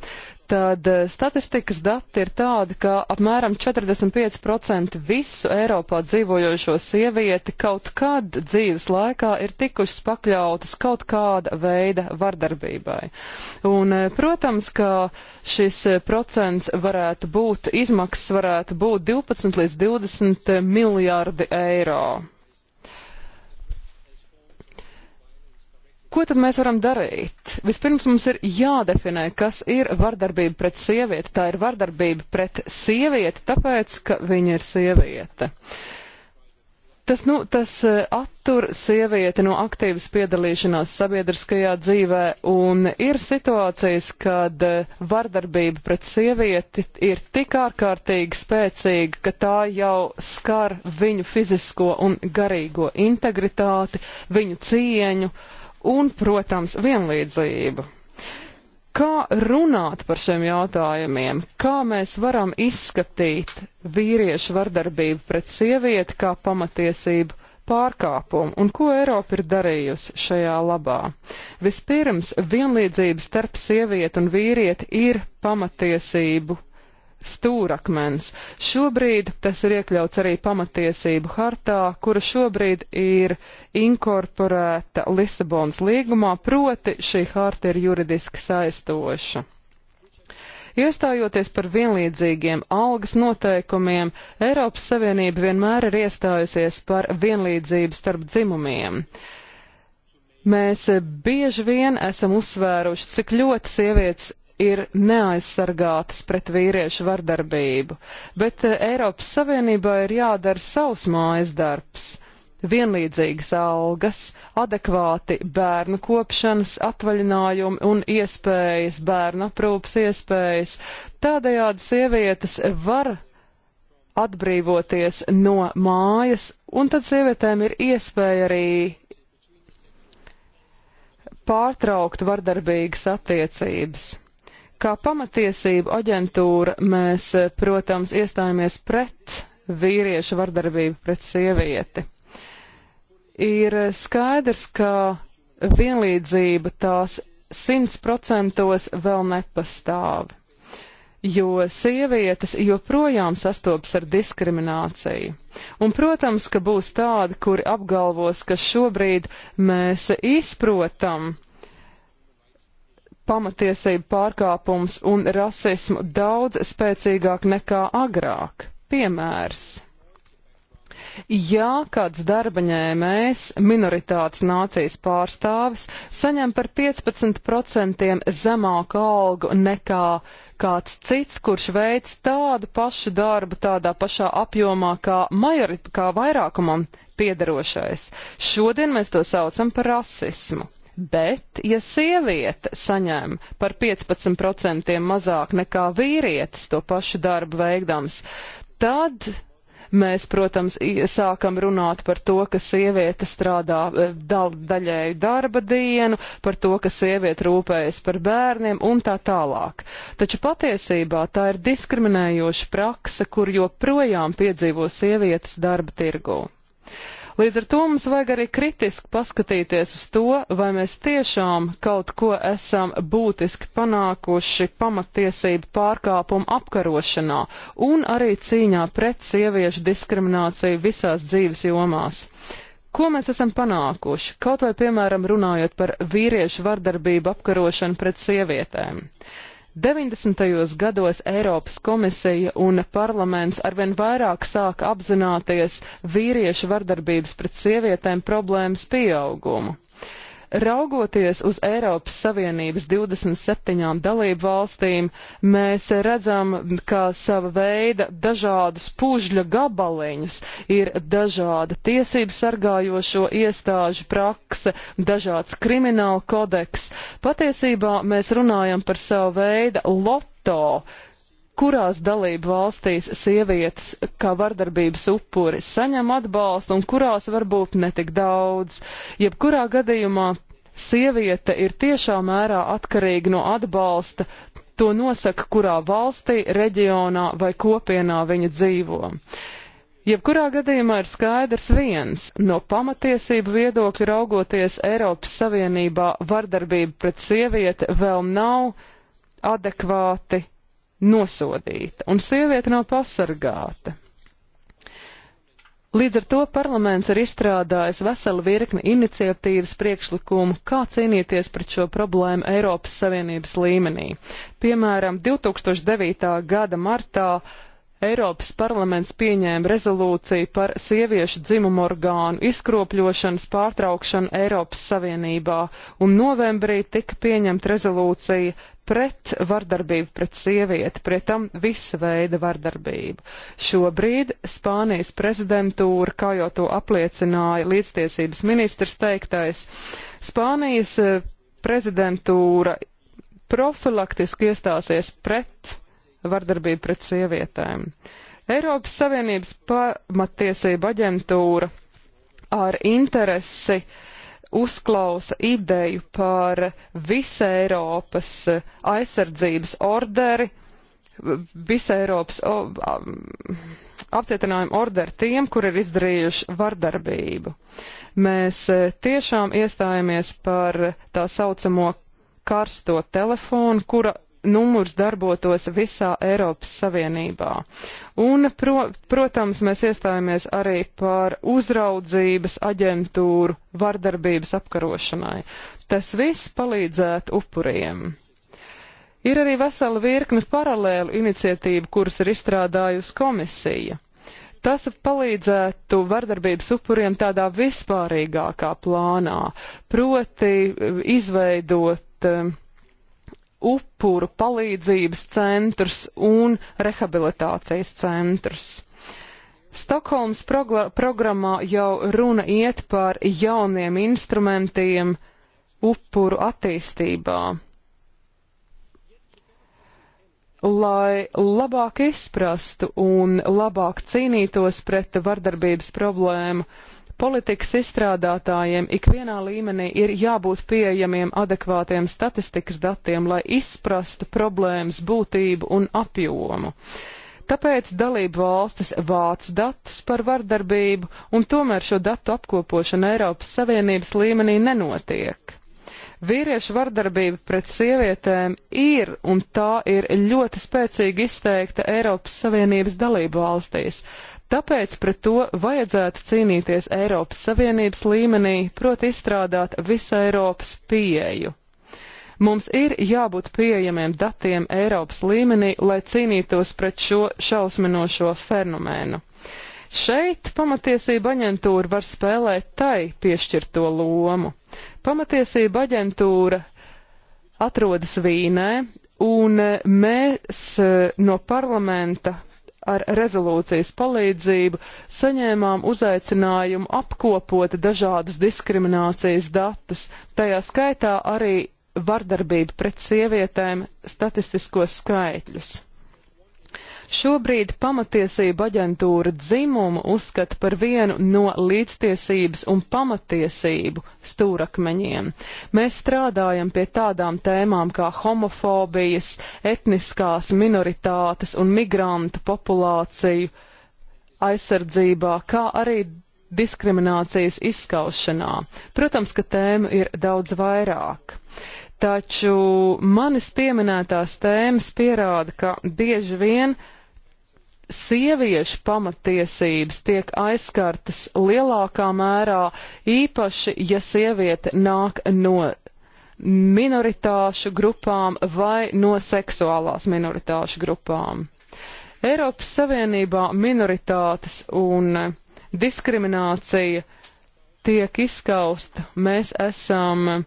Tātad eh, statistikas dati ir tādi, ka apmēram 45% visu Eiropā dzīvojošo sievieti kaut kad dzīves laikā ir tikušas pakļautas kaut kāda veida vardarbībai. Un, eh, protams, ka šis eh, procents varētu būt, izmaksas varētu būt 12 līdz 20 miljārdi eiro. Ko tad mēs varam darīt? Vispirms mums ir jādefinē, kas ir vardarbība pret sievieti. Tā ir vardarbība pret sievieti, tāpēc, ka viņa ir sieviete. Tas, nu, tas e, attur sievieti no aktīvas piedalīšanās sabiedriskajā dzīvē, un ir situācijas, kad e, vardarbība pret sievieti ir tik ārkārtīgi spēcīga, ka tā jau skar viņu fizisko un garīgo integritāti, viņu cieņu, uh, un, protams, vienlīdzību. Kā runāt par šiem jautājumiem? Kā mēs varam izskatīt vīriešu vardarbību pret sievieti kā pamatiesību pārkāpumu un ko Eiropa ir darījusi šajā labā? Vispirms, vienlīdzība starp sievieti un vīrieti ir pamatiesību stūrakmens. Šobrīd tas ir iekļauts arī pamatiesību hartā, kura šobrīd ir inkorporēta Lisabonas līgumā, proti šī harta ir juridiski saistoša. Iestājoties par vienlīdzīgiem algas noteikumiem, Eiropas Savienība vienmēr ir iestājusies par vienlīdzību starp dzimumiem. Mēs bieži vien esam uzsvēruši, cik ļoti sievietes ir neaizsargātas pret vīriešu vardarbību, bet eh, Eiropas Savienībā ir jādara savs mājas darbs vienlīdzīgas algas, adekvāti bērnu kopšanas atvaļinājumi un iespējas, bērnu aprūpas iespējas. Tādējādi sievietes var atbrīvoties no mājas, un tad sievietēm ir iespēja arī pārtraukt vardarbīgas attiecības. Kā pamatiesību aģentūra mēs, protams, iestājāmies pret vīriešu vardarbību pret sievieti. Ir skaidrs, ka vienlīdzība tās simts procentos vēl nepastāv, jo sievietes joprojām sastopas ar diskrimināciju. Un, protams, ka būs tādi, kuri apgalvos, ka šobrīd mēs izprotam pamatiesību pārkāpums un rasismu daudz spēcīgāk nekā agrāk. Piemērs. Ja kāds darbaņēmējs, minoritātes nācijas pārstāvis, saņem par 15% zemāku algu nekā kāds cits, kurš veic tādu pašu darbu tādā pašā apjomā kā, majori, kā vairākumam piedarošais, šodien mēs to saucam par rasismu. Bet, ja sieviete saņem par 15% mazāk nekā vīrietis to pašu darbu veikdams, tad mēs, protams, sākam runāt par to, ka sieviete strādā e, daļēju darba dienu, par to, ka sieviete rūpējas par bērniem un tā tālāk. Taču patiesībā tā ir diskriminējoša prakse, kur joprojām piedzīvo sievietes darba tirgū. Līdz ar to mums vajag arī kritiski paskatīties uz to, vai mēs tiešām kaut ko esam būtiski panākuši pamatiesību pārkāpumu apkarošanā un arī cīņā pret sieviešu diskrimināciju visās dzīves jomās. Ko mēs esam panākuši, kaut vai piemēram runājot par vīriešu vardarbību apkarošanu pret sievietēm? 90. gados Eiropas komisija un parlaments arvien vairāk sāka apzināties vīriešu vardarbības pret sievietēm problēmas pieaugumu. Raugoties uz Eiropas Savienības 27 dalību valstīm, mēs redzam, ka sava veida dažādus pužļa gabaliņus ir dažāda tiesību sargājošo iestāžu prakse, dažāds krimināla kodeks. Patiesībā mēs runājam par savu veidu loto kurās dalību valstīs sievietes kā vardarbības upuri saņem atbalstu un kurās varbūt netik daudz. Jebkurā gadījumā sieviete ir tiešā mērā atkarīga no atbalsta, to nosaka, kurā valstī, reģionā vai kopienā viņa dzīvo. Jebkurā gadījumā ir skaidrs viens - no pamatiesību viedokļa raugoties Eiropas Savienībā vardarbība pret sievieti vēl nav adekvāti nosodīta, un sieviete nav pasargāta. Līdz ar to parlaments ir izstrādājis veselu virkni iniciatīvas priekšlikumu, kā cīnīties pret šo problēmu Eiropas Savienības līmenī. Piemēram, 2009. gada martā uh, Eiropas parlaments pieņēma rezolūciju par sieviešu dzimumu orgānu izkropļošanas pārtraukšanu Eiropas Savienībā, un novembrī tika pieņemta rezolūcija pret vardarbību pret sievieti, pret tam visa veida vardarbību. Šobrīd Spānijas prezidentūra, kā jau to apliecināja līdztiesības ministrs teiktais, Spānijas eh, prezidentūra profilaktiski iestāsies pret vardarbību pret sievietēm. Eiropas Savienības pamatiesība aģentūra ar interesi uzklausa ideju par visu Eiropas aizsardzības orderi, visu Eiropas apcietinājumu orderu tiem, kur ir izdarījuši vardarbību. Mēs e, tiešām iestājamies par tā saucamo karsto telefonu, kura numurs darbotos visā Eiropas Savienībā. Un, pro, protams, mēs iestājāmies arī par uzraudzības aģentūru vardarbības apkarošanai. Tas viss palīdzētu upuriem. Ir arī vesela virkne paralēlu iniciatīvu, kuras ir izstrādājusi komisija. Tas palīdzētu vardarbības upuriem tādā vispārīgākā plānā, proti izveidot uh, upuru palīdzības centrs un rehabilitācijas centrs. Stokholmas programmā jau runa iet par jauniem instrumentiem upuru attīstībā. Lai labāk izprastu un labāk cīnītos pret vardarbības problēmu, Politikas izstrādātājiem ikvienā līmenī ir jābūt pieejamiem adekvātiem statistikas datiem, lai izprastu problēmas būtību un apjomu. Tāpēc dalību valstis vāc datus par vardarbību, un tomēr šo datu apkopošana Eiropas Savienības līmenī nenotiek. Vīriešu vardarbība pret sievietēm ir, un tā ir ļoti spēcīgi izteikta Eiropas Savienības dalību valstīs. Tāpēc pret to vajadzētu cīnīties Eiropas Savienības līmenī, proti izstrādāt visu Eiropas pieeju. Mums ir jābūt pieejamiem datiem Eiropas līmenī, lai cīnītos pret šo šausminošo fenomenu. Šeit pamatiesība aģentūra var spēlēt tai piešķirto lomu. Pamatiesība aģentūra atrodas Vīnē, un mēs eh, no parlamenta ar rezolūcijas palīdzību saņēmām uzaicinājumu apkopot dažādus diskriminācijas datus, tajā skaitā arī vardarbību pret sievietēm statistiskos skaitļus. Šobrīd pamatiesība aģentūra dzimumu uzskata par vienu no līdztiesības un pamatiesību stūrakmeņiem. Mēs strādājam pie tādām tēmām kā homofobijas, etniskās minoritātes un migrantu populāciju aizsardzībā, kā arī diskriminācijas izskaušanā. Protams, ka tēma ir daudz vairāk. Taču manis pieminētās tēmas pierāda, ka bieži vien uh, sieviešu pamatiesības tiek aizskartas lielākā mērā, īpaši, ja sieviete nāk no minoritāšu grupām vai no seksuālās minoritāšu grupām. Eiropas Savienībā minoritātes un diskriminācija tiek izskausta. Mēs esam uh,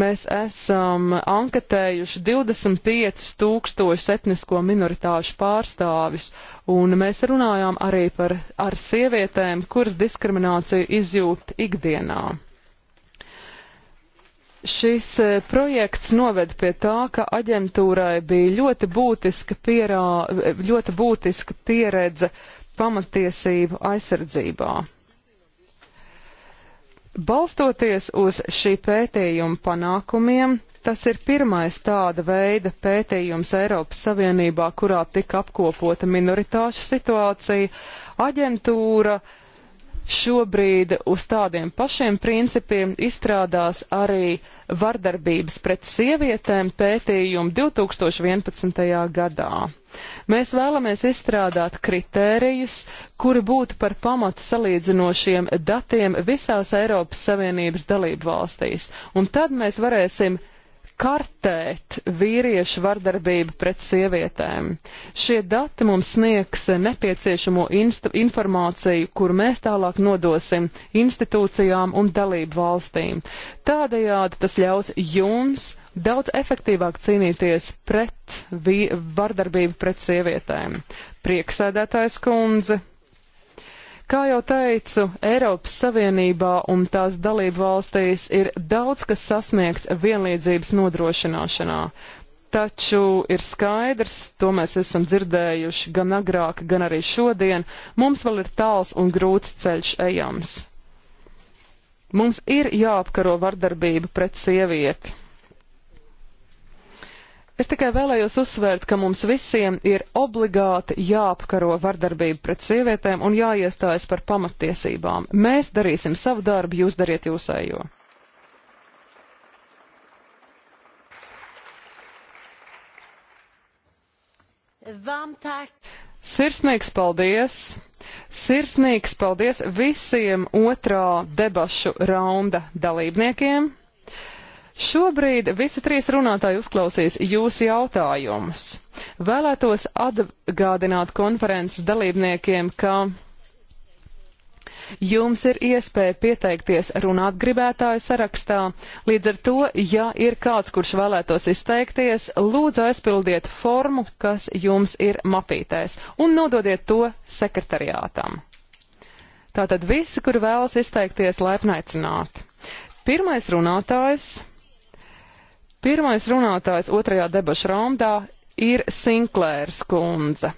mēs esam anketējuši 25 tūkstošu etnisko minoritāšu pārstāvis, un mēs runājām arī par ar sievietēm, kuras diskrimināciju izjūt ikdienā. Šis projekts noved pie tā, ka aģentūrai bija ļoti būtiska, pierā, ļoti būtiska pieredze pamatiesību aizsardzībā. Balstoties uz šī pētījuma panākumiem, tas ir pirmais tāda veida pētījums Eiropas Savienībā, kurā tika apkopota minoritāšu situācija. Aģentūra uh, šobrīd uz tādiem pašiem principiem izstrādās arī vardarbības pret sievietēm pētījumu 2011. gadā. Mēs vēlamies izstrādāt kritērijus, kuri būtu par pamatu salīdzinošiem datiem visās Eiropas Savienības dalību valstīs, un tad mēs varēsim kartēt vīriešu vardarbību pret sievietēm. Šie dati mums sniegs nepieciešamo informāciju, kur mēs tālāk nodosim institūcijām un dalību valstīm. Tādējādi tas ļaus jums daudz efektīvāk cīnīties pret vardarbību pret sievietēm. Prieksēdētājs kundze, Kā jau teicu, Eiropas Savienībā un tās dalību valstīs ir daudz kas sasniegts vienlīdzības nodrošināšanā. Taču ir skaidrs, to mēs esam dzirdējuši gan agrāk, gan arī šodien, mums vēl ir tāls un grūts ceļš ejams. Mums ir jāapkaro vardarbība pret sievieti. Es tikai vēlējos uzsvērt, ka mums visiem ir obligāti jāapkaro vardarbība pret sievietēm un jāiestājas par pamattiesībām. Mēs darīsim savu darbu, jūs dariet jūsējo. Sirsnīgs paldies! Sirsnīgs paldies visiem otrā debašu raunda dalībniekiem! Šobrīd visi trīs runātāji uzklausīs jūsu jautājumus. Vēlētos atgādināt konferences dalībniekiem, ka jums ir iespēja pieteikties runāt gribētāju sarakstā. Līdz ar to, ja ir kāds, kurš vēlētos izteikties, lūdzu aizpildiet formu, kas jums ir mapītēs, un nododiet to sekretariātam. Tātad visi, kuri vēlas izteikties, laipni aicināti. Pirmais runātājs Pirmais runātājs otrajā debašu raundā ir Sinklērs kundze,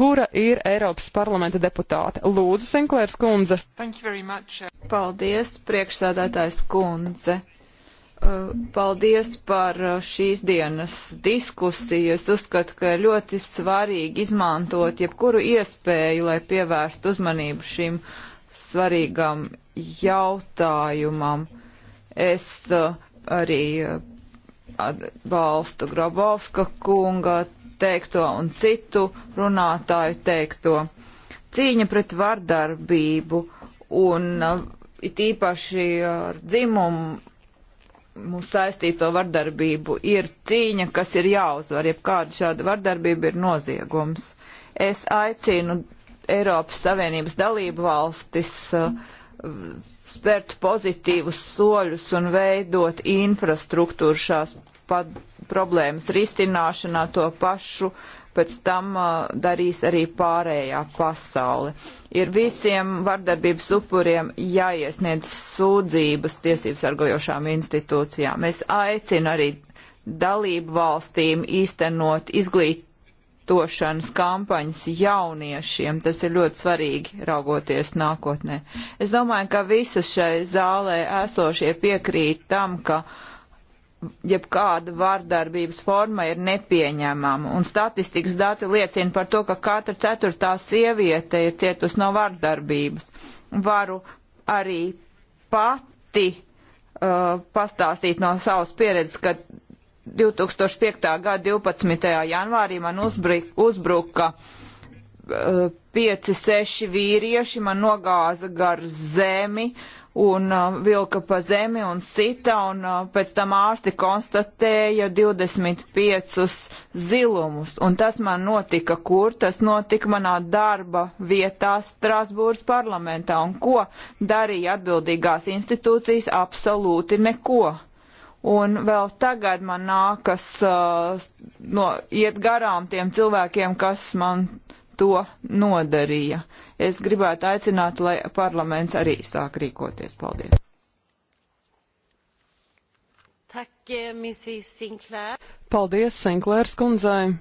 kura ir Eiropas parlamenta deputāte. Lūdzu, Sinklērs kundze. Uh, paldies, priekšsēdētājs kundze. Uh, paldies par uh, šīs dienas diskusiju. Es uzskatu, ka ļoti svarīgi izmantot jebkuru iespēju, lai pievērstu uzmanību šim svarīgam jautājumam. Es uh, arī uh, atbalstu Grabovska kunga teikto un citu runātāju teikto. Cīņa pret vardarbību un uh, it īpaši ar dzimumu saistīto vardarbību ir cīņa, kas ir jāuzvar, jebkāda šāda vardarbība ir noziegums. Es aicinu Eiropas Savienības dalību valstis uh, spērt pozitīvus soļus un veidot infrastruktūru šās problēmas risināšanā to pašu pēc tam uh, darīs arī pārējā pasaule. Ir visiem vardarbības upuriem jāiesniedz sūdzības tiesības argojošām institūcijām. Es aicinu arī dalību valstīm īstenot izglīt, izglītošanas kampaņas jauniešiem. Tas ir ļoti svarīgi raugoties nākotnē. Es domāju, ka visas šai zālē esošie piekrīt tam, ka jebkāda vārdarbības forma ir nepieņemama, un statistikas dati liecina par to, ka katra ceturtā sieviete ir cietusi no vārdarbības. Varu arī pati uh, pastāstīt no savas pieredzes, ka 2005. gada 12. janvārī man uzbrika, uzbruka eh, pieci, seši vīrieši, man nogāza gar zemi un eh, vilka pa zemi un sita, un eh, pēc tam ārsti konstatēja 25 zilumus. Un tas man notika kur? Tas notika manā darba vietā Strasbūras parlamentā. Un ko darīja atbildīgās institūcijas? Absolūti neko Un vēl tagad man nākas uh, no, iet garām tiem cilvēkiem, kas man to nodarīja. Es gribētu aicināt, lai parlaments arī sāk rīkoties. Paldies! Eh, Paldies, Sinklērs kundzei!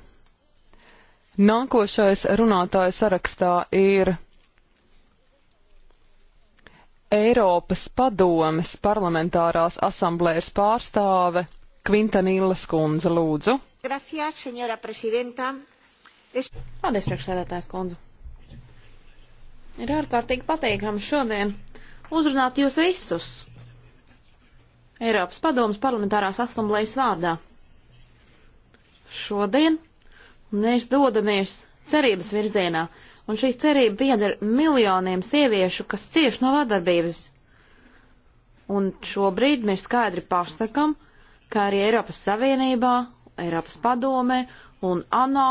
Nākošais runātāja sarakstā ir Eiropas padomes parlamentārās asamblējas pārstāve Kvintanīlas kundze, lūdzu. Gracias, senora presidenta. Es... Paldies, priekšsēdētājs kundze. Ir ārkārtīgi pateikami šodien uzrunāt jūs visus Eiropas padomas parlamentārās asamblējas vārdā. Šodien mēs dodamies cerības virzienā un šī cerība pieder miljoniem sieviešu, kas cieš no vardarbības. Un šobrīd mēs skaidri pasakam, ka arī Eiropas Savienībā, Eiropas padomē un ANO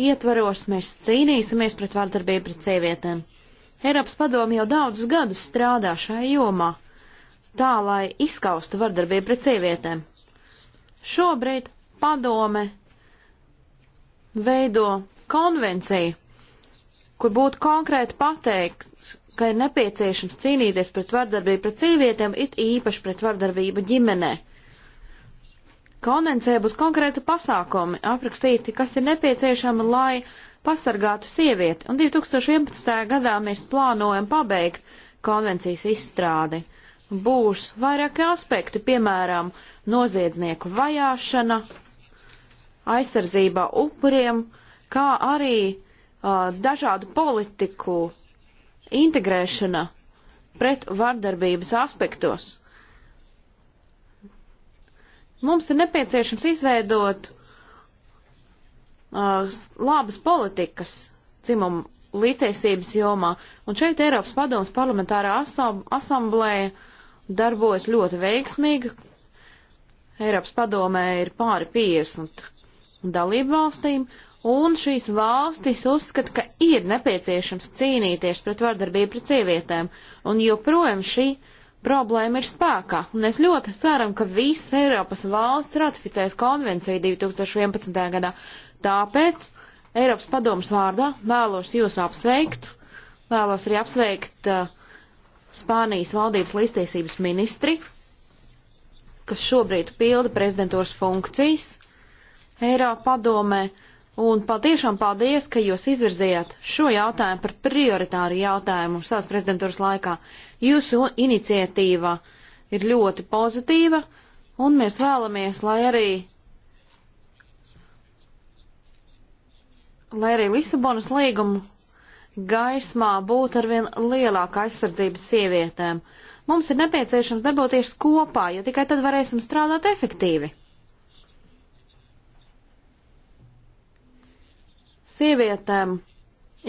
ietvaros mēs cīnīsimies pret vardarbību pret sievietēm. Eiropas padomi jau daudzus gadus strādā šajā jomā, tā lai izskaustu vardarbību pret sievietēm. Šobrīd padome veido konvenciju kur būtu konkrēti pateikts, ka ir nepieciešams cīnīties pret vardarbību pret sievietēm, it īpaši pret vardarbību ģimenē. Konvencijā būs konkrēti pasākumi aprakstīti, kas ir nepieciešama, lai pasargātu sievieti, un 2011. gadā mēs plānojam pabeigt konvencijas izstrādi. Būs vairāki aspekti, piemēram, noziedznieku vajāšana, aizsardzībā upuriem, kā arī dažādu politiku integrēšana pret vardarbības aspektos. Mums ir nepieciešams izveidot uh, labas politikas dzimumu līdztiesības jomā, un šeit Eiropas padomas parlamentārā asamblēja darbojas ļoti veiksmīgi. Eiropas padomē ir pāri 50 dalību valstīm, Un šīs valstis uzskata, ka ir nepieciešams cīnīties pret vardarbību pret sievietēm, un joprojām šī problēma ir spēkā. Un es ļoti ceram, ka visas Eiropas valsts ratificēs konvenciju 2011. gadā. Tāpēc Eiropas padomas vārdā vēlos jūs apsveikt, vēlos arī apsveikt uh, Spānijas valdības līdztiesības ministri, kas šobrīd pilda prezidentūras funkcijas Eiropa padomē. Uh, Un patiešām paldies, ka jūs izvirzījāt šo jautājumu par prioritāru jautājumu savas prezidentūras laikā. Jūsu iniciatīva ir ļoti pozitīva, un mēs vēlamies, lai arī, lai arī Lisabonas līguma gaismā būtu arvien lielāka aizsardzības sievietēm. Mums ir nepieciešams darboties kopā, jo tikai tad varēsim strādāt efektīvi. Sievietēm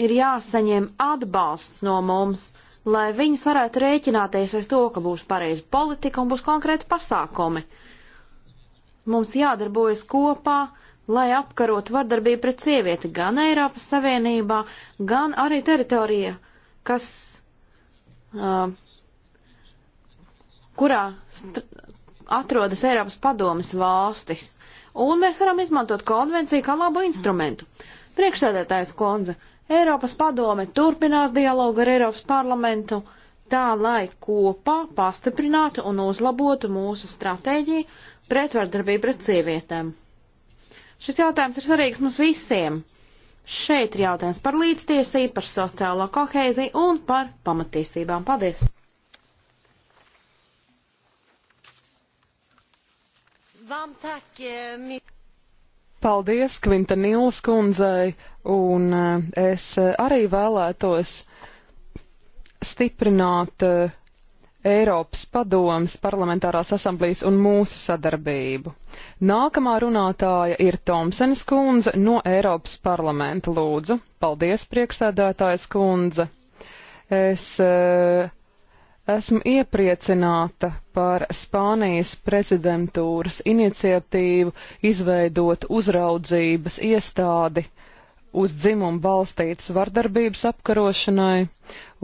ir jāsaņem atbalsts no mums, lai viņas varētu rēķināties ar to, ka būs pareiza politika un būs konkrēti pasākumi. Mums jādarbojas kopā, lai apkarot vardarbību pret sievieti gan Eiropas Savienībā, gan arī teritorija, kas, uh, kurā atrodas Eiropas padomas valstis. Un mēs varam izmantot konvenciju kā labu instrumentu. Mm. Priekšsēdētājs Konze, Eiropas padome turpinās dialogu ar Eiropas parlamentu tā, lai kopā pastiprinātu un uzlabotu mūsu stratēģiju pretvardarbību pret sievietēm. Šis jautājums ir svarīgs mums visiem. Šeit ir jautājums par līdztiesību, par sociālo kohēziju un par pamatiesībām. Paldies! Paldies Kvinta Nīlas kundzei, un eh, es eh, arī vēlētos stiprināt eh, Eiropas padomas, parlamentārās asamblijas un mūsu sadarbību. Nākamā runātāja ir Tomsenes kundze no Eiropas parlamenta lūdzu. Paldies, prieksēdētājas kundze. Es uh, Esmu iepriecināta par Spānijas prezidentūras iniciatīvu izveidot uzraudzības iestādi uz dzimumu balstītas vardarbības apkarošanai,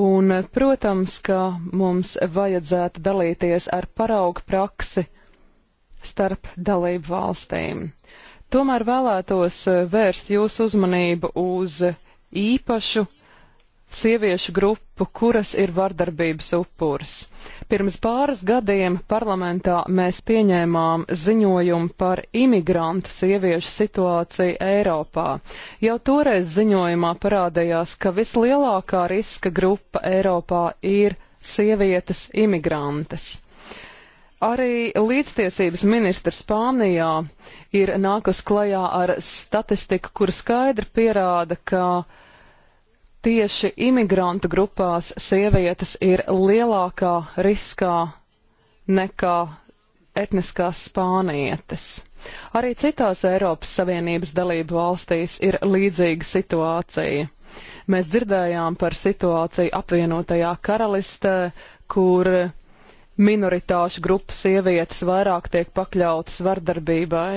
un, protams, ka mums vajadzētu dalīties ar paraugu praksi starp dalību valstīm. Tomēr vēlētos vērst jūsu uzmanību uz īpašu sieviešu grupu, kuras ir vardarbības upurs. Pirms pāris gadiem parlamentā mēs pieņēmām ziņojumu par imigrantu sieviešu situāciju Eiropā. Jau toreiz ziņojumā parādījās, ka vislielākā riska grupa Eiropā ir sievietes imigrantes. Arī līdztiesības ministra Spānijā ir nākus klajā ar statistiku, kur skaidri pierāda, ka uh, tieši imigrantu grupās sievietes ir lielākā riskā nekā etniskās spānietes. Arī citās Eiropas Savienības dalību valstīs ir līdzīga situācija. Mēs dzirdējām par situāciju apvienotajā karalistē, kur minoritāšu grupu sievietes vairāk tiek pakļautas vardarbībai.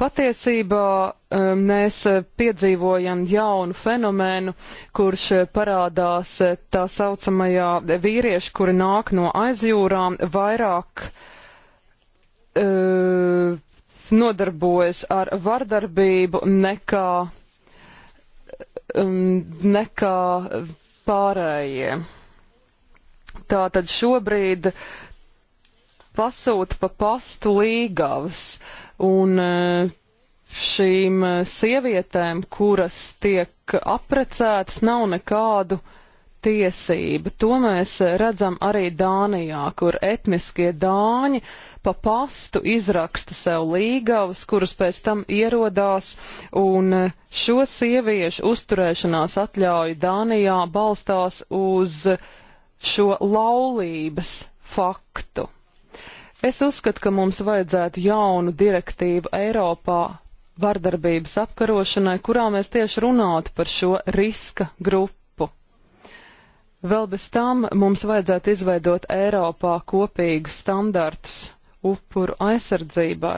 Patiesībā um, mēs uh, piedzīvojam jaunu fenomenu, kurš uh, parādās uh, tā saucamajā vīrieši, kuri nāk no aizjūrām, vairāk uh, nodarbojas ar vardarbību nekā, um, nekā pārējie. Tātad šobrīd pasūta pa pastu līgavas. Uh, Un eh, šīm eh, sievietēm, kuras tiek aprecētas, nav nekādu tiesību. To mēs eh, redzam arī Dānijā, kur etniskie dāņi pa pastu izraksta sev līgavas, kuras pēc tam ierodās, un šo sieviešu uzturēšanās atļauja Dānijā balstās uz šo laulības faktu. Es uzskatu, ka mums vajadzētu jaunu direktīvu Eiropā vardarbības apkarošanai, kurā mēs tieši runātu par šo riska grupu. Vēl bez tam mums vajadzētu izveidot Eiropā kopīgus standartus upuru aizsardzībai,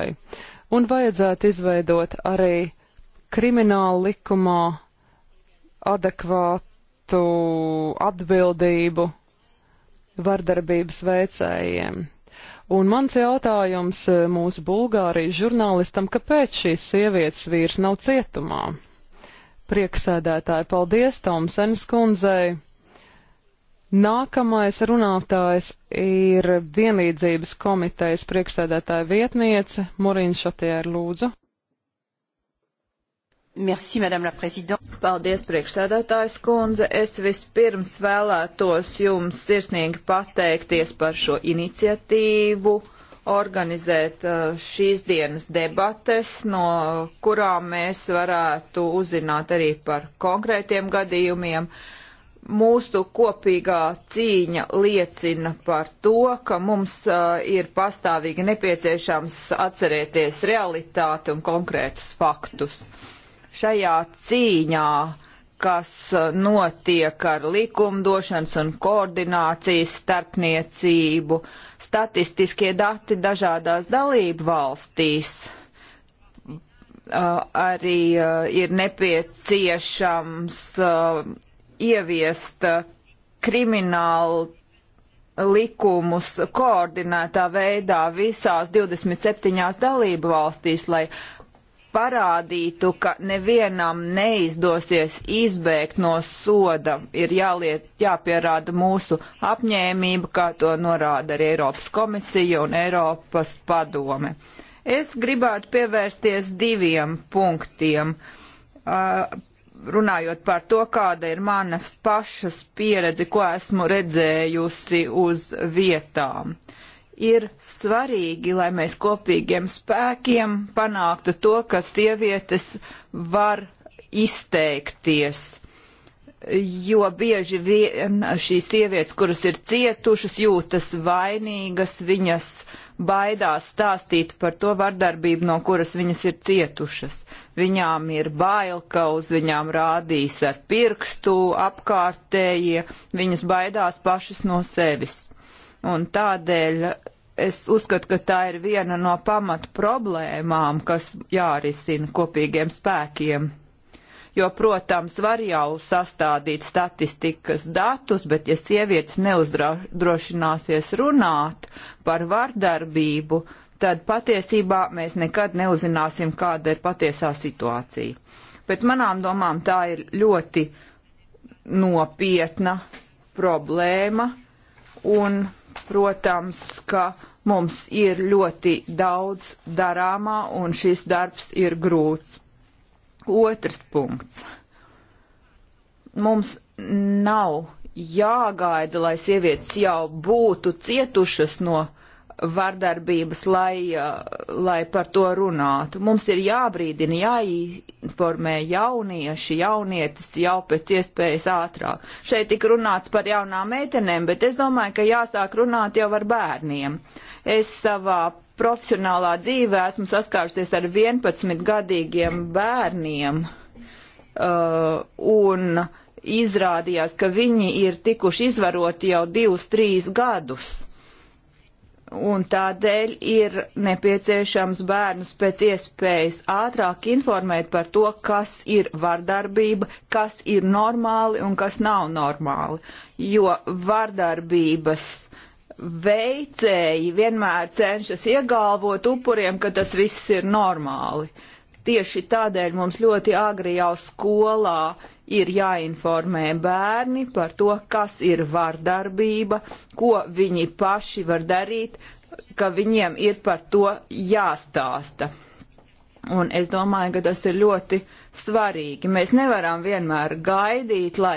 un vajadzētu izveidot arī krimināla likumā adekvātu atbildību vardarbības veicējiem. Un mans jautājums e, mūsu Bulgārijas žurnālistam, kāpēc šīs sievietes vīrs nav cietumā? Prieksēdētāji, paldies Tomsenes kundzei. Nākamais runātājs ir vienlīdzības komitejas priekšsēdētāja vietniece Morīna Šatjēra Lūdzu. Merci, Madame la Présidente. Paldies, priekšsēdētājs kundze. Es vispirms vēlētos jums sirsnīgi pateikties par šo iniciatīvu organizēt uh, šīs dienas debates, no kurām mēs varētu uzzināt arī par konkrētiem gadījumiem. Mūsu kopīgā cīņa liecina par to, ka mums uh, ir pastāvīgi nepieciešams atcerēties realitāti un konkrētus faktus. Uh, šajā cīņā, kas uh, notiek ar likumdošanas un koordinācijas starpniecību, statistiskie dati dažādās dalību valstīs. Uh, arī uh, ir nepieciešams ieviest kriminālu likumus koordinētā veidā visās 27 dalību valstīs, lai parādītu, ka nevienam neizdosies izbēgt no soda, ir jāliet, jāpierāda mūsu apņēmība, kā to norāda arī Eiropas komisija un Eiropas padome. Es gribētu pievērsties diviem punktiem, runājot par to, kāda ir manas pašas pieredze, ko esmu redzējusi uz vietām. Uh, ir svarīgi, lai mēs kopīgiem spēkiem panāktu to, ka sievietes var izteikties. Jo bieži vien šīs sievietes, kuras ir cietušas, jūtas vainīgas, viņas baidās stāstīt par to vardarbību, no kuras viņas ir cietušas. Viņām ir bail, ka uz viņām rādīs ar pirkstu apkārtējie, viņas baidās pašas no sevis. Un tādēļ es uzskatu, ka tā ir viena no pamatu problēmām, kas jārisina kopīgiem spēkiem. Jo, protams, var jau sastādīt statistikas datus, bet ja sievietes neuzdrošināsies runāt par vardarbību, tad patiesībā mēs nekad neuzzināsim, kāda ir patiesā situācija. Pēc manām domām tā ir ļoti nopietna problēma un Protams, ka mums ir ļoti daudz darāmā un šis darbs ir grūts. Otrs punkts. Mums nav jāgaida, lai sievietes jau būtu cietušas no vardarbības, lai, eh, lai par to runātu. Mums ir jābrīdina, jāinformē jaunieši, jaunietis jau pēc iespējas ātrāk. Šeit tik runāts par jaunām meitenēm, bet es domāju, ka jāsāk runāt jau ar bērniem. Es savā profesionālā dzīvē esmu saskārusies ar 11-gadīgiem bērniem. Uh, un izrādījās, ka viņi ir tikuši izvaroti jau divus, trīs gadus un tādēļ ir nepieciešams bērnus pēc iespējas ātrāk informēt par to, kas ir vardarbība, kas ir normāli un kas nav normāli. Jo vardarbības veicēji vienmēr cenšas iegalvot upuriem, ka tas viss ir normāli. Uh, Tieši tādēļ mums ļoti agri jau skolā ir jāinformē bērni par to, kas ir vardarbība, ko viņi paši var darīt, ka viņiem ir par to jāstāsta. Un es domāju, ka tas ir ļoti svarīgi. Mēs nevaram vienmēr gaidīt, lai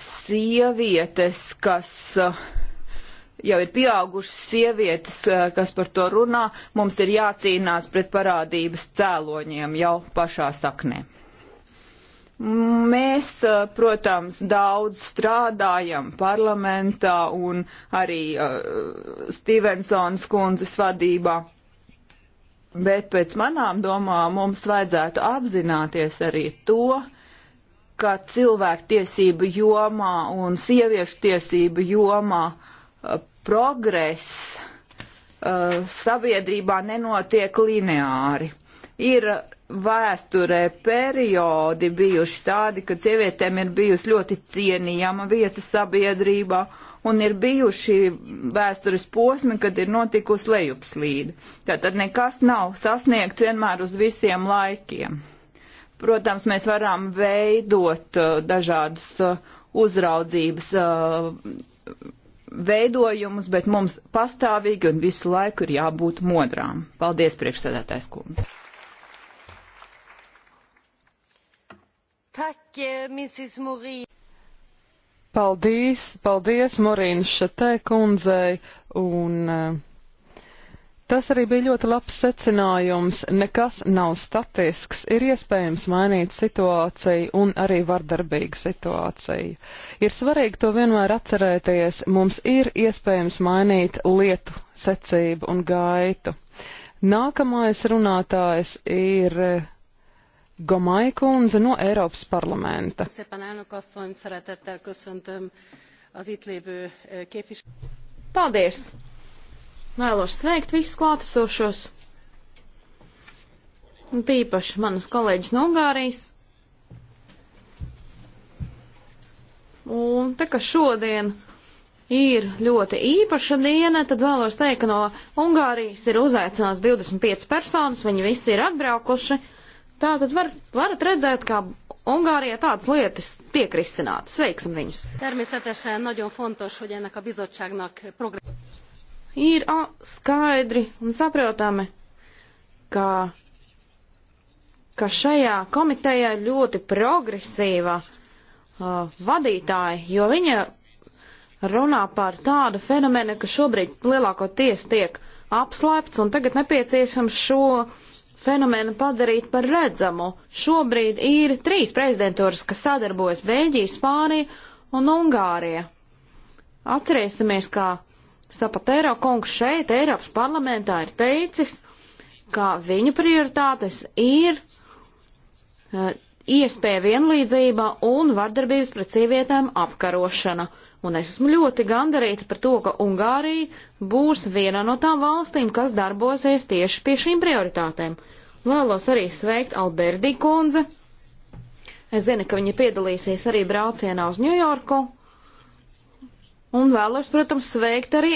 sievietes, kas uh, jau ir pieaugušas sievietes, eh, kas par to runā, mums ir jācīnās pret parādības cēloņiem jau pašā saknē. Mēs, eh, protams, daudz strādājam parlamentā un arī uh, Stevensons kundzes vadībā, bet pēc manām domām mums vajadzētu apzināties arī to, ka cilvēku tiesību jomā un sieviešu tiesību jomā uh, progress eh, sabiedrībā nenotiek lineāri. Ir vēsturē periodi bijuši tādi, kad sievietēm ir bijusi ļoti cienījama vieta sabiedrībā, un ir bijuši vēstures posmi, kad ir notikusi lejupslīde. Tātad nekas nav sasniegts vienmēr uz visiem laikiem. Protams, mēs varam veidot eh, dažādas eh, uzraudzības veidojumus, bet mums pastāvīgi un visu laiku ir jābūt modrām. Paldies, priekšsēdētājs kundze. Eh, paldies, paldies Morīna Šatē kundzei un uh, Tas arī bija ļoti labs secinājums. Nekas nav statisks, ir iespējams mainīt situāciju un arī vardarbīgu situāciju. Ir svarīgi to vienmēr atcerēties, mums ir iespējams mainīt lietu secību un gaitu. Nākamais runātājs ir eh, Gomai kundze no Eiropas parlamenta. Eh, Paldies! Vēlos sveikt visus klātesošos, un tīpaši manus kolēģus no Ungārijas. Un tā kā šodien ir ļoti īpaša diena, tad vēlos teikt, ka no Ungārijas ir uzaicināts 25 personas, viņi visi ir atbraukuši. Tā tad var, varat redzēt, kā Ungārijā tādas lietas tiek risinātas. Sveiksim viņus! Természetesen nagyon fontos, hogy ennek a bizottságnak program ir skaidri un saprotami, ka, ka šajā komitejā ļoti progresīva uh, vadītāja, jo viņa runā par tādu fenomenu, ka šobrīd lielākoties tiek apslēpts un tagad nepieciešams šo fenomenu padarīt par redzamu. Šobrīd ir trīs prezidentūras, kas sadarbojas - Beļģija, Spānija un Ungārija. Atcerēsimies, kā Sapatēro kungs šeit, Eiropas parlamentā, ir teicis, ka viņa prioritātes ir uh, iespēja vienlīdzība un vardarbības pret sievietēm apkarošana. Un es esmu ļoti gandarīta par to, ka Ungārija būs viena no tām valstīm, kas darbosies tieši pie šīm prioritātēm. Vēlos arī sveikt Alberdi kundze. Es zinu, ka viņa piedalīsies arī braucienā uz Ņujorku. Un vēlos, protams, sveikt arī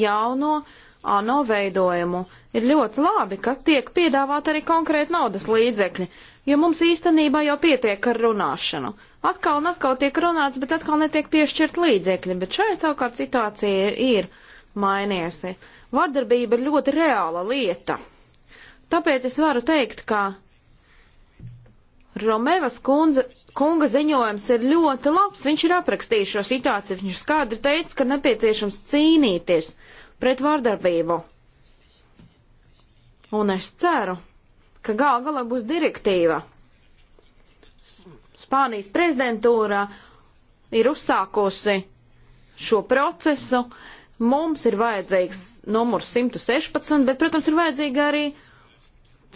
jauno ANO veidojumu. Ir ļoti labi, ka tiek piedāvāt arī konkrēti naudas līdzekļi, jo mums īstenībā jau pietiek ar runāšanu. Atkal un atkal tiek runāts, bet atkal netiek piešķirt līdzekļi, bet šeit savukārt situācija ir, ir mainījusi. Vardarbība ir ļoti reāla lieta. Tāpēc es varu teikt, ka Romevas kundze kunga ziņojums ir ļoti labs. Viņš ir aprakstījis šo situāciju. Viņš skaidri teica, ka nepieciešams cīnīties pret vārdarbību. Un es ceru, ka gal galā būs direktīva. Spānijas prezidentūra ir uzsākusi šo procesu. Mums ir vajadzīgs numurs 116, bet, protams, ir vajadzīgi arī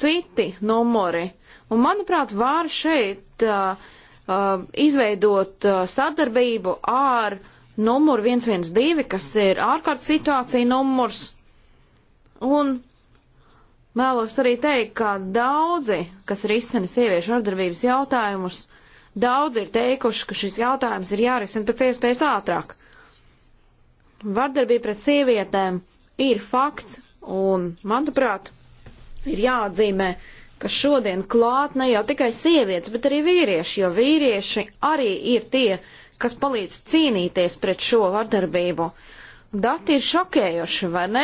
citi numuri. Un, manuprāt, var šeit uh, uh, izveidot uh, sadarbību ar numuru 112, kas ir ārkārtas situācija numurs. Un vēlos arī teikt, ka daudzi, kas ir izceni sieviešu vardarbības jautājumus, daudzi ir teikuši, ka šis jautājums ir jārisina pēc iespējas ātrāk. Vardarbība pret sievietēm ir fakts, un, manuprāt, ir jāatzīmē, uh, ka šodien klāt ne jau tikai sievietes, bet arī vīrieši, jo vīrieši arī ir tie, kas palīdz cīnīties pret šo vardarbību. Dati ir šokējoši, vai ne?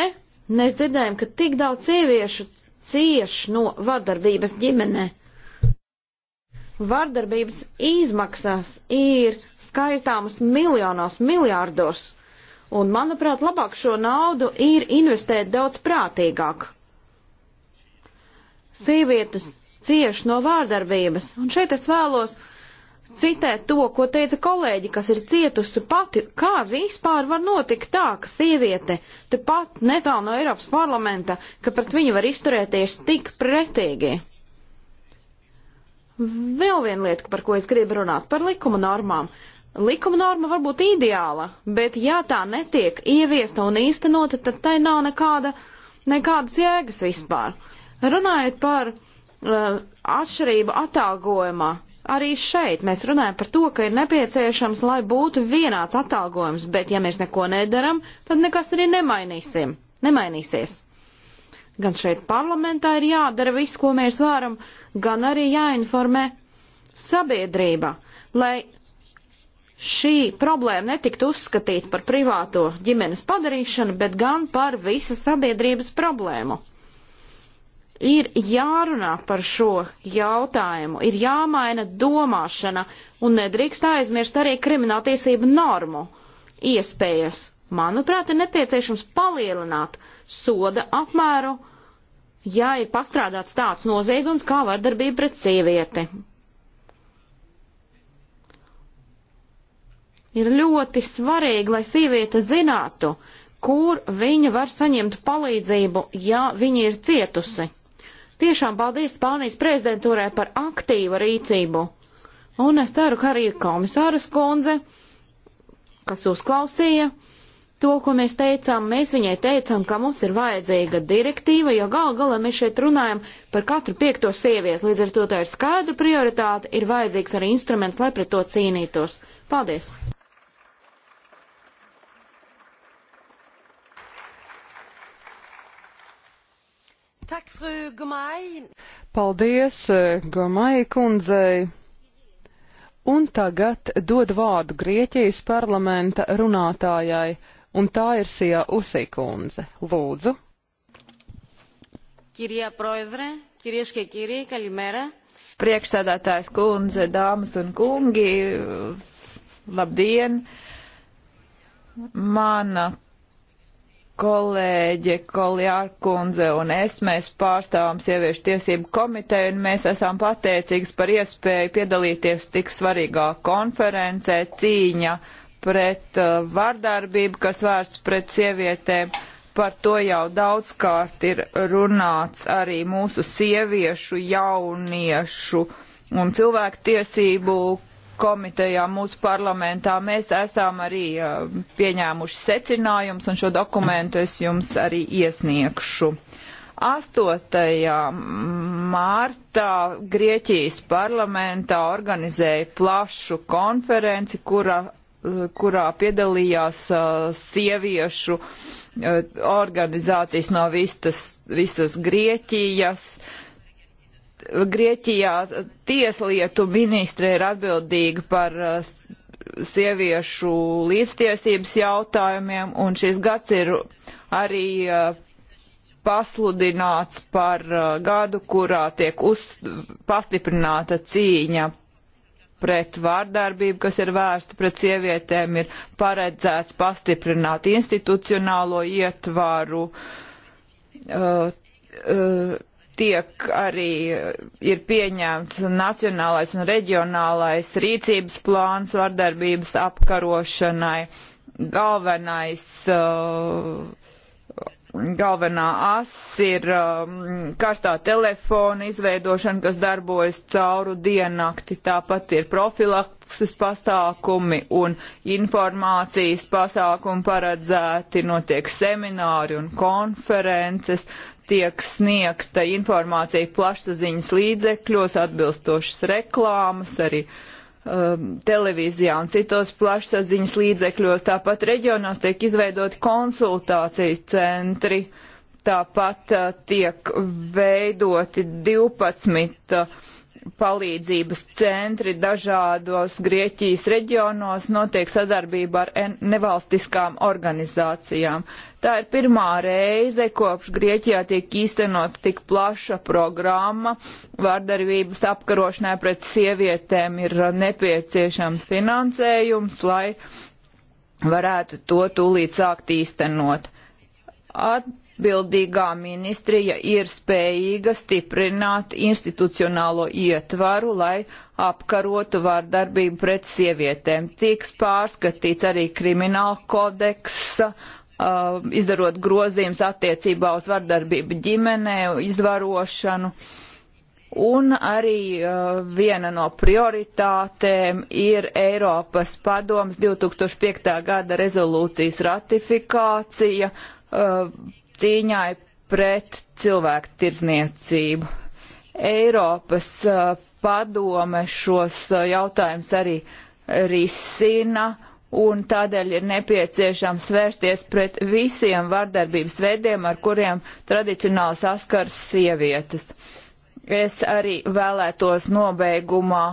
Mēs dzirdējam, ka tik daudz sieviešu cieš no vardarbības ģimenē. Vardarbības izmaksas ir skaitāmas miljonos, miljārdos, un, manuprāt, labāk šo naudu ir investēt daudz prātīgāk sievietes cieši no vārdarbības. Un šeit es vēlos citēt to, ko teica kolēģi, kas ir cietusi pati. Kā vispār var notikt tā, ka sieviete te pat netālu no Eiropas parlamenta, ka pret viņu var izturēties tik pretīgi? Vēl viena lieta, par ko es gribu runāt, par likuma normām. Likuma norma var būt ideāla, bet ja tā netiek ieviesta un īstenota, tad tai nav nekāda, nekādas jēgas vispār. Uh, Runājot par uh, atšķirību atalgojumā, arī šeit mēs runājam par to, ka ir nepieciešams, lai būtu vienāds atalgojums, bet ja mēs neko nedaram, tad nekas arī nemainīsim, nemainīsies. Gan šeit parlamentā ir jādara viss, ko mēs varam, gan arī jāinformē sabiedrība, lai šī problēma netiktu uzskatīta par privāto ģimenes padarīšanu, bet gan par visas sabiedrības problēmu ir jārunā par šo jautājumu, ir jāmaina domāšana un nedrīkst aizmirst arī krimināltiesību normu iespējas. Manuprāt, ir nepieciešams palielināt soda apmēru, ja ir pastrādāts tāds noziegums kā vardarbība pret sievieti. Ir ļoti svarīgi, lai sieviete zinātu, kur viņa var saņemt palīdzību, ja viņa ir cietusi. Tiešām paldies Spānijas prezidentūrē par aktīvu rīcību. Un es ceru, ka arī komisāras kundze, kas uzklausīja to, ko mēs teicām, mēs viņai teicām, ka mums ir vajadzīga direktīva, jo gal galā mēs šeit runājam par katru piekto sievieti. Līdz ar to tā ir skaidra prioritāte, ir vajadzīgs arī instruments, lai pret to cīnītos. Paldies! Tak, fru Gomai! Paldies, eh, Gomai kundzei! Un tagad dod vārdu Grieķijas parlamenta runātājai, un tā ir Sijā Usikundze. Lūdzu! Kirija Proedre, Kirijas un Kirija, Kalimēra! Priekšstādātājs kundze, dāmas un kungi, labdien! Mana kolēģe Koljārkundze un es, mēs pārstāvam sieviešu tiesību komiteju un mēs esam pateicīgas par iespēju piedalīties tik svarīgā konferencē cīņa pret uh, vardarbību, kas vērsts pret sievietēm. Par to jau daudzkārt ir runāts arī mūsu sieviešu, jauniešu un cilvēku tiesību komitejā mūsu parlamentā. Mēs esam arī pieņēmuši secinājumus, un šo dokumentu es jums arī iesniegšu. 8. mārtā Grieķijas parlamentā organizēja plašu konferenci, kura, kurā piedalījās sieviešu organizācijas no vistas, visas Grieķijas Grieķijā tieslietu ministre ir atbildīga par eh, sieviešu līdztiesības jautājumiem, un šis gads ir arī eh, pasludināts par eh, gadu, kurā tiek uz, pastiprināta cīņa pret vārdarbību, kas ir vērsta pret sievietēm, ir paredzēts pastiprināt institucionālo ietvaru. Uh, uh, tiek arī eh, ir pieņemts nacionālais un reģionālais rīcības plāns vardarbības apkarošanai. Galvenais, eh, galvenā as ir eh, karstā telefona izveidošana, kas darbojas cauru diennakti. Tāpat ir profilakses pasākumi un informācijas pasākumi paredzēti, notiek semināri un konferences tiek sniegta informācija plašsaziņas līdzekļos, atbilstošas reklāmas, arī um, televīzijā un citos plašsaziņas līdzekļos. Tāpat reģionos tiek izveidoti konsultāciju centri, tāpat uh, tiek veidoti 12 uh, palīdzības centri dažādos Grieķijas reģionos notiek sadarbība ar nevalstiskām organizācijām. Tā ir pirmā reize, kopš Grieķijā tiek īstenots tik plaša programma. Vardarbības apkarošanai pret sievietēm ir nepieciešams finansējums, lai varētu to tūlīt sākt īstenot. At atbildīgā ministrija ir spējīga stiprināt institucionālo ietvaru, lai apkarotu vārdarbību pret sievietēm. Tiks pārskatīts arī krimināla kodeksa, uh, izdarot grozījums attiecībā uz vardarbību ģimenē, izvarošanu. Un arī uh, viena no prioritātēm ir Eiropas padomas 2005. gada rezolūcijas ratifikācija, uh, cīņai pret cilvēku tirzniecību. Eiropas uh, padome šos uh, jautājumus arī risina un tādēļ ir nepieciešams vērsties pret visiem vardarbības veidiem, ar kuriem tradicionāli saskars sievietes. Es arī vēlētos nobeigumā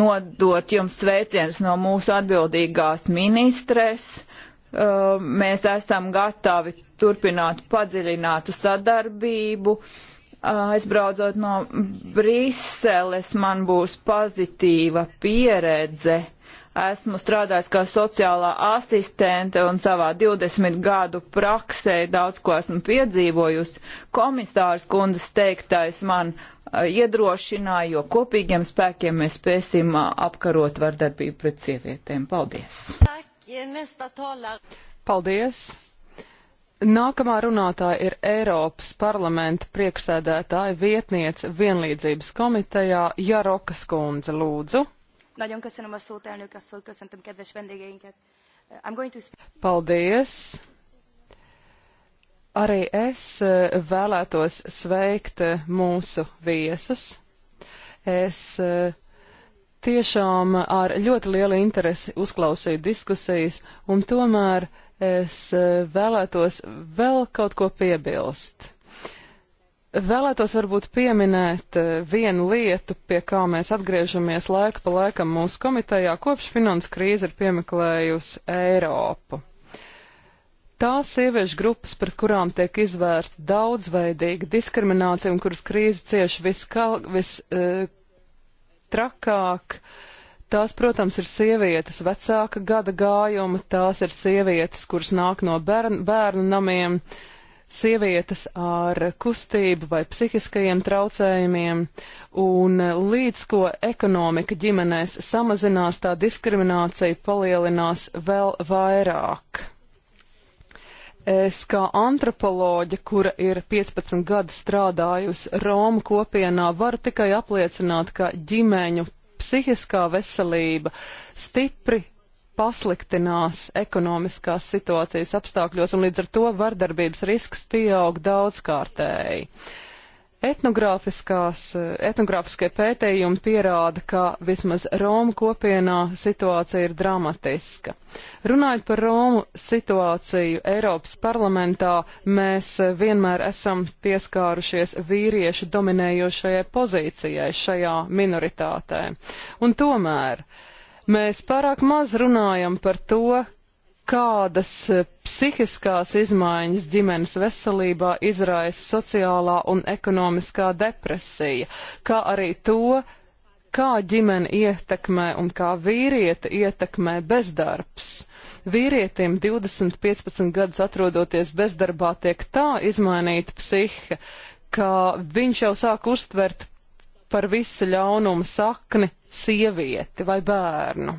nodot jums sveicienus no mūsu atbildīgās ministres. Uh, mēs esam gatavi turpināt padziļinātu sadarbību. Aizbraucot no Briseles, man būs pozitīva pieredze. Esmu strādājis kā sociālā asistente un savā 20 gadu praksē daudz ko esmu piedzīvojusi. Komisārs kundzes teiktais man uh, iedrošināja, jo kopīgiem spēkiem mēs spēsim uh, apkarot vardarbību pret sievietēm. Paldies! Paldies! Nākamā runātāja ir Eiropas parlamenta priekšsēdētāja vietniece vienlīdzības komitejā Jaroka Skundze, lūdzu. Paldies! Arī es eh, vēlētos sveikt eh, mūsu viesus. Es eh, tiešām ar ļoti lielu interesi uzklausīju diskusijas un tomēr es eh, vēlētos vēl kaut ko piebilst. Vēlētos varbūt pieminēt eh, vienu lietu, pie kā mēs atgriežamies laika pa laikam mūsu komitejā, kopš finanses krīze ir piemeklējusi Eiropu. Tās sieviešu grupas, pret kurām tiek izvērsta daudzveidīga diskriminācija un kuras krīze cieši viskal, vis, uh, trakāk, uh, Tās, protams, ir sievietes vecāka gada gājuma, tās ir sievietes, kuras nāk no bērnu, bērnu namiem, sievietes ar kustību vai psihiskajiem traucējumiem, un līdz ko ekonomika ģimenēs samazinās, tā diskriminācija palielinās vēl vairāk. Es kā antropoloģa, kura ir 15 gadus strādājusi Roma kopienā, varu tikai apliecināt, ka ģimeņu psihiskā veselība stipri pasliktinās ekonomiskās situācijas apstākļos, un līdz ar to vardarbības risks pieaug daudzkārtēji. Uh, Etnogrāfiskie pētījumi pierāda, ka vismaz Romu kopienā situācija ir dramatiska. Runājot par Romu situāciju Eiropas parlamentā, mēs vienmēr esam pieskārušies vīriešu dominējošajai pozīcijai šajā minoritātē. Un tomēr mēs pārāk maz runājam par to, kādas e, psihiskās izmaiņas ģimenes veselībā izraisa sociālā un ekonomiskā depresija, kā arī to, kā ģimene ietekmē un kā vīrieti ietekmē bezdarbs. Vīrietim 20-15 gadus atrodoties bezdarbā tiek tā izmainīta psihe, ka viņš jau sāk uztvert par visu ļaunumu sakni sievieti vai bērnu.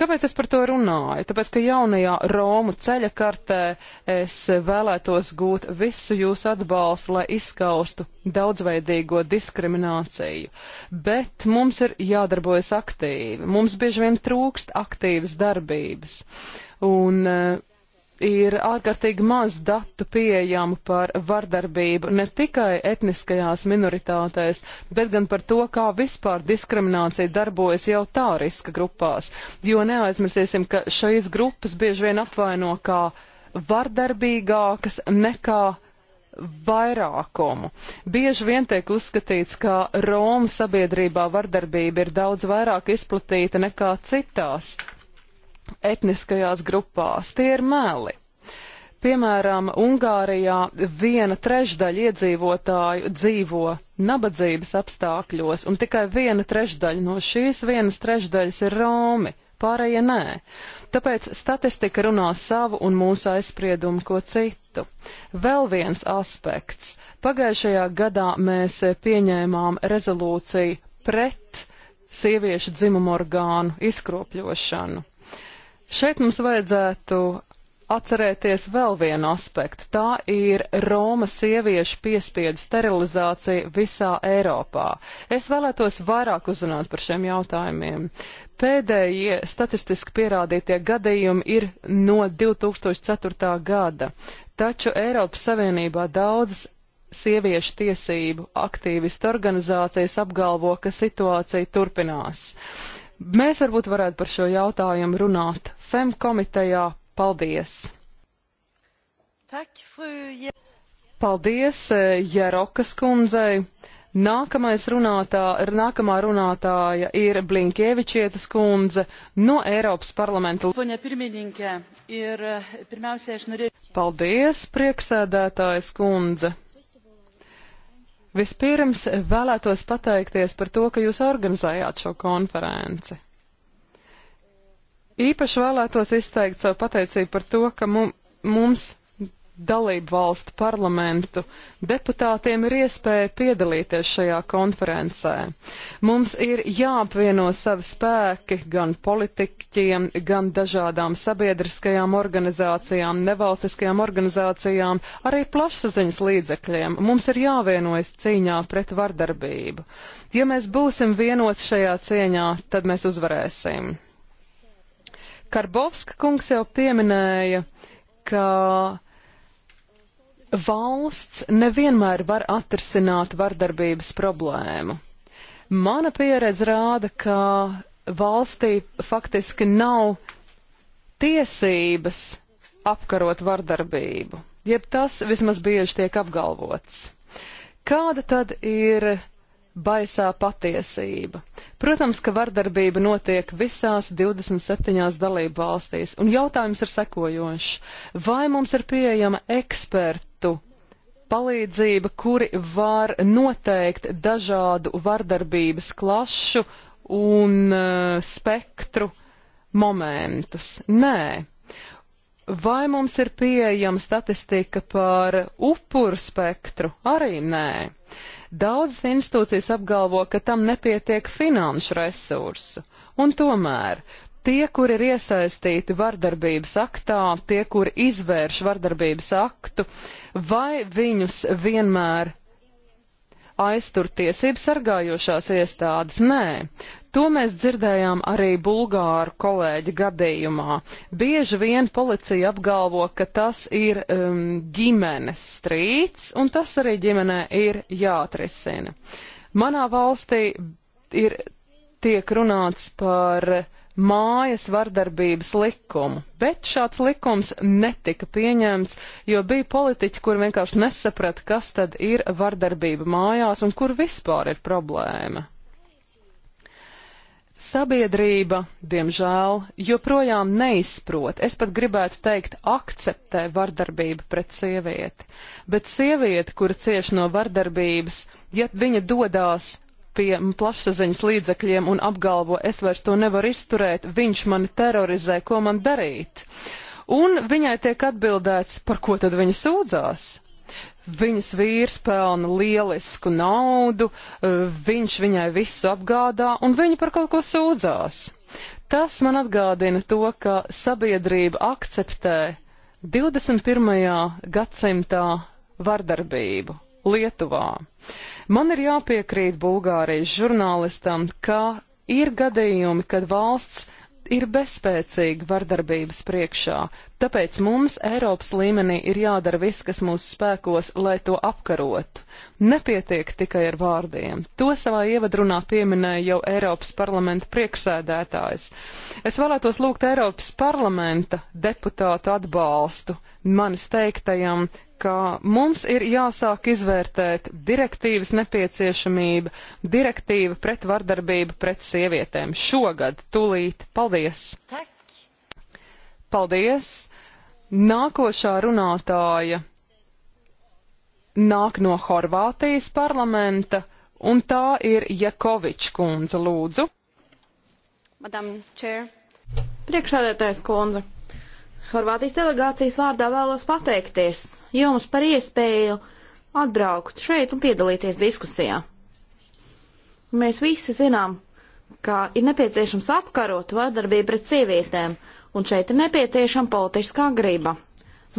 Kāpēc es par to runāju? Tāpēc, ka jaunajā Romu ceļa kartē es vēlētos gūt visu jūsu atbalstu, lai izskaustu daudzveidīgo diskrimināciju. Bet mums ir jādarbojas aktīvi. Mums bieži vien trūkst aktīvas darbības. Un, uh, ir ārkārtīgi maz datu pieejamu par vardarbību ne tikai etniskajās minoritātēs, bet gan par to, kā vispār diskriminācija darbojas jau tā riska grupās. Jo neaizmirsīsim, ka šīs grupas bieži vien apvaino kā vardarbīgākas nekā vairākumu. Bieži vien tiek uzskatīts, ka Romas sabiedrībā vardarbība ir daudz vairāk izplatīta nekā citās etniskajās grupās. Tie ir meli. Piemēram, Ungārijā viena trešdaļa iedzīvotāju dzīvo nabadzības apstākļos, un tikai viena trešdaļa no šīs vienas trešdaļas ir Romi, pārējie nē. Tāpēc statistika runā savu un mūsu aizspriedumu ko citu. Vēl viens aspekts. Pagājušajā gadā mēs pieņēmām rezolūciju pret sieviešu dzimumorgānu izkropļošanu. Šeit mums vajadzētu atcerēties vēl vienu aspektu. Tā ir Romas sieviešu piespiedu sterilizācija visā Eiropā. Es vēlētos vairāk uzzināt par šiem jautājumiem. Pēdējie statistiski pierādītie gadījumi ir no 2004. gada, taču Eiropas Savienībā daudzas sieviešu tiesību aktīvistu organizācijas apgalvo, ka situācija turpinās. Mēs varbūt varētu par šo jautājumu runāt FEM komitejā. Paldies! Paldies e, Jarokas kundzei! Nākamais runātā, nākamā runātāja ir Blinkievičietas kundze no Eiropas parlamenta. E, Paldies, prieksēdētājas kundze! Vispirms vēlētos pateikties par to, ka jūs organizējāt šo konferenci. Īpaši vēlētos izteikt savu pateicību par to, ka mums dalību valstu parlamentu deputātiem ir iespēja piedalīties šajā konferencē. Mums ir jāapvieno savi spēki gan politiķiem, gan dažādām sabiedriskajām organizācijām, nevalstiskajām organizācijām, arī plašsaziņas līdzekļiem. Mums ir jāvienojas cīņā pret vardarbību. Ja mēs būsim vienoti šajā cīņā, tad mēs uzvarēsim. Karbovska kungs jau pieminēja, ka valsts nevienmēr var atrisināt vardarbības problēmu. Mana pieredze rāda, ka valstī faktiski nav tiesības apkarot vardarbību, jeb tas vismaz bieži tiek apgalvots. Kāda tad ir baisā patiesība. Protams, ka vardarbība notiek visās 27 dalību valstīs, un jautājums ir sekojošs. Vai mums ir pieejama ekspertu palīdzība, kuri var noteikt dažādu vardarbības klašu un uh, spektru momentus? Nē. Vai mums ir pieejama statistika par upuru spektru? Arī nē. Uh, Daudzas institūcijas apgalvo, ka tam nepietiek finanšu resursu. Un tomēr tie, kur ir iesaistīti vardarbības aktā, tie, kur izvērš vardarbības aktu, vai viņus vienmēr aiztur tiesību sargājošās iestādes? Nē. To mēs dzirdējām arī bulgāru kolēģi gadījumā. Bieži vien policija apgalvo, ka tas ir um, ģimenes strīds, un tas arī ģimenē ir jāatrisina. Manā valstī ir tiek runāts par mājas vardarbības likumu, bet šāds likums netika pieņemts, jo bija politiķi, kur vienkārši nesaprata, kas tad ir vardarbība mājās un kur vispār ir problēma. Sabiedrība, diemžēl, joprojām neizprot, es pat gribētu teikt, akceptē vardarbību pret sievieti. Bet sieviete, kura cieši no vardarbības, ja viņa dodās pie plašsaziņas līdzekļiem un apgalvo, es vairs to nevaru izturēt, viņš mani terorizē, ko man darīt? Un viņai tiek atbildēts, par ko tad viņa sūdzās? Viņas vīrs pelna lielisku naudu, eh, viņš viņai visu apgādā un viņa par kaut ko sūdzās. Tas man atgādina to, ka sabiedrība akceptē 21. gadsimtā vardarbību Lietuvā. Man ir jāpiekrīt Bulgārijas žurnālistam, ka ir gadījumi, kad valsts ir bezspēcīgi vardarbības priekšā, tāpēc mums Eiropas līmenī ir jādara viss, kas mūsu spēkos, lai to apkarotu. Nepietiek tikai ar vārdiem. To savā ievadrunā pieminēja jau Eiropas parlamenta priekšsēdētājs. Es vēlētos lūgt Eiropas parlamenta deputātu atbalstu manis teiktajam, ka mums ir jāsāk izvērtēt direktīvas nepieciešamība, direktīva pret vardarbību pret sievietēm šogad, tūlīt. Paldies! Paldies! Nākošā runātāja nāk no Horvātijas parlamenta, un tā ir Jakoviča kundze, lūdzu. Madam Chair. Priekšādētājs kundze. Horvātijas delegācijas vārdā vēlos pateikties jums par iespēju atbraukt šeit un piedalīties diskusijā. Mēs visi zinām, ka ir nepieciešams apkarot vardarbību pret sievietēm, un šeit ir nepieciešama politiskā griba.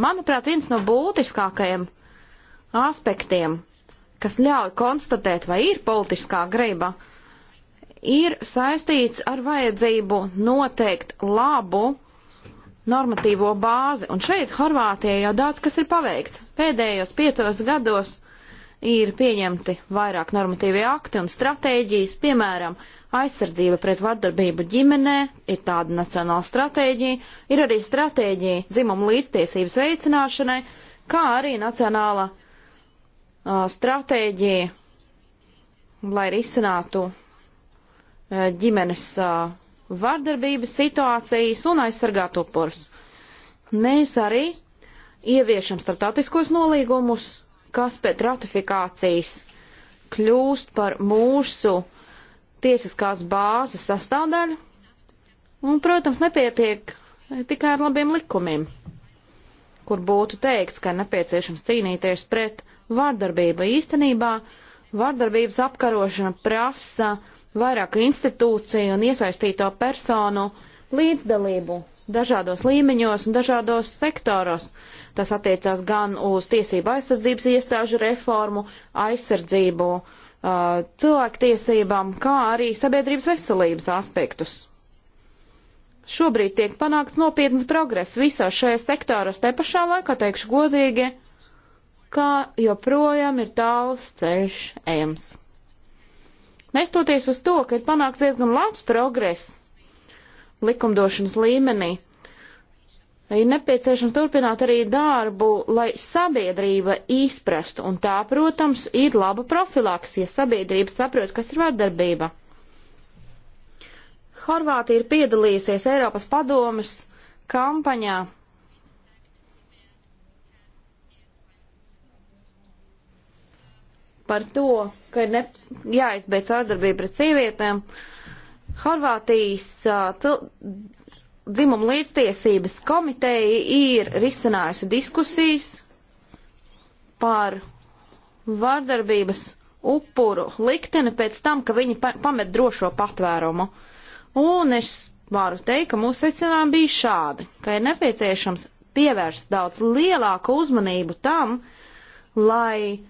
Manuprāt, viens no būtiskākajiem aspektiem, kas ļauj konstatēt, vai ir politiskā griba, ir saistīts ar vajadzību noteikt labu normatīvo bāzi. Un šeit Horvātijai jau daudz kas ir paveikts. Pēdējos piecos gados ir pieņemti vairāk normatīvie akti un stratēģijas, piemēram, aizsardzība pret vardarbību ģimenē, ir tāda nacionāla stratēģija, ir arī stratēģija dzimumu līdztiesības veicināšanai, kā arī nacionāla uh, stratēģija, lai risinātu uh, ģimenes uh, vardarbības situācijas un aizsargāt upurus. Mēs arī ieviešam startautiskos nolīgumus, kas pēc ratifikācijas kļūst par mūsu tiesiskās bāzes sastāvdaļu, un, protams, nepietiek tikai ar labiem likumiem, kur būtu teikts, ka nepieciešams cīnīties pret vārdarbību. Īstenībā vārdarbības apkarošana prasa uh, vairāku institūciju un iesaistīto personu līdzdalību dažādos līmeņos un dažādos sektoros. Tas attiecās gan uz tiesību aizsardzības iestāžu reformu, aizsardzību uh, cilvēktiesībām, kā arī sabiedrības veselības aspektus. Šobrīd tiek panākts nopietns progress visā šajā sektoros, te pašā laikā teikšu godīgi, ka joprojām ir tāls ceļš ejams. Nestoties uz to, ka ir panāks diezgan labs progress likumdošanas līmenī, ir nepieciešams turpināt arī darbu, lai sabiedrība izprastu, un tā, protams, ir laba profilaks, ja sabiedrība saprot, kas ir vardarbība. Horvātija ir piedalījusies Eiropas padomas kampaņā par to, ka ir ne, jāizbeidz vardarbība pret sievietēm. Horvātijas uh, dzimuma līdztiesības komiteja ir risinājusi diskusijas par vardarbības upuru likteni pēc tam, ka viņi pa pamet drošo patvērumu. Un es varu teikt, ka mūsu secinājumi bija šādi, ka ir nepieciešams pievērst daudz lielāku uzmanību tam, lai uh,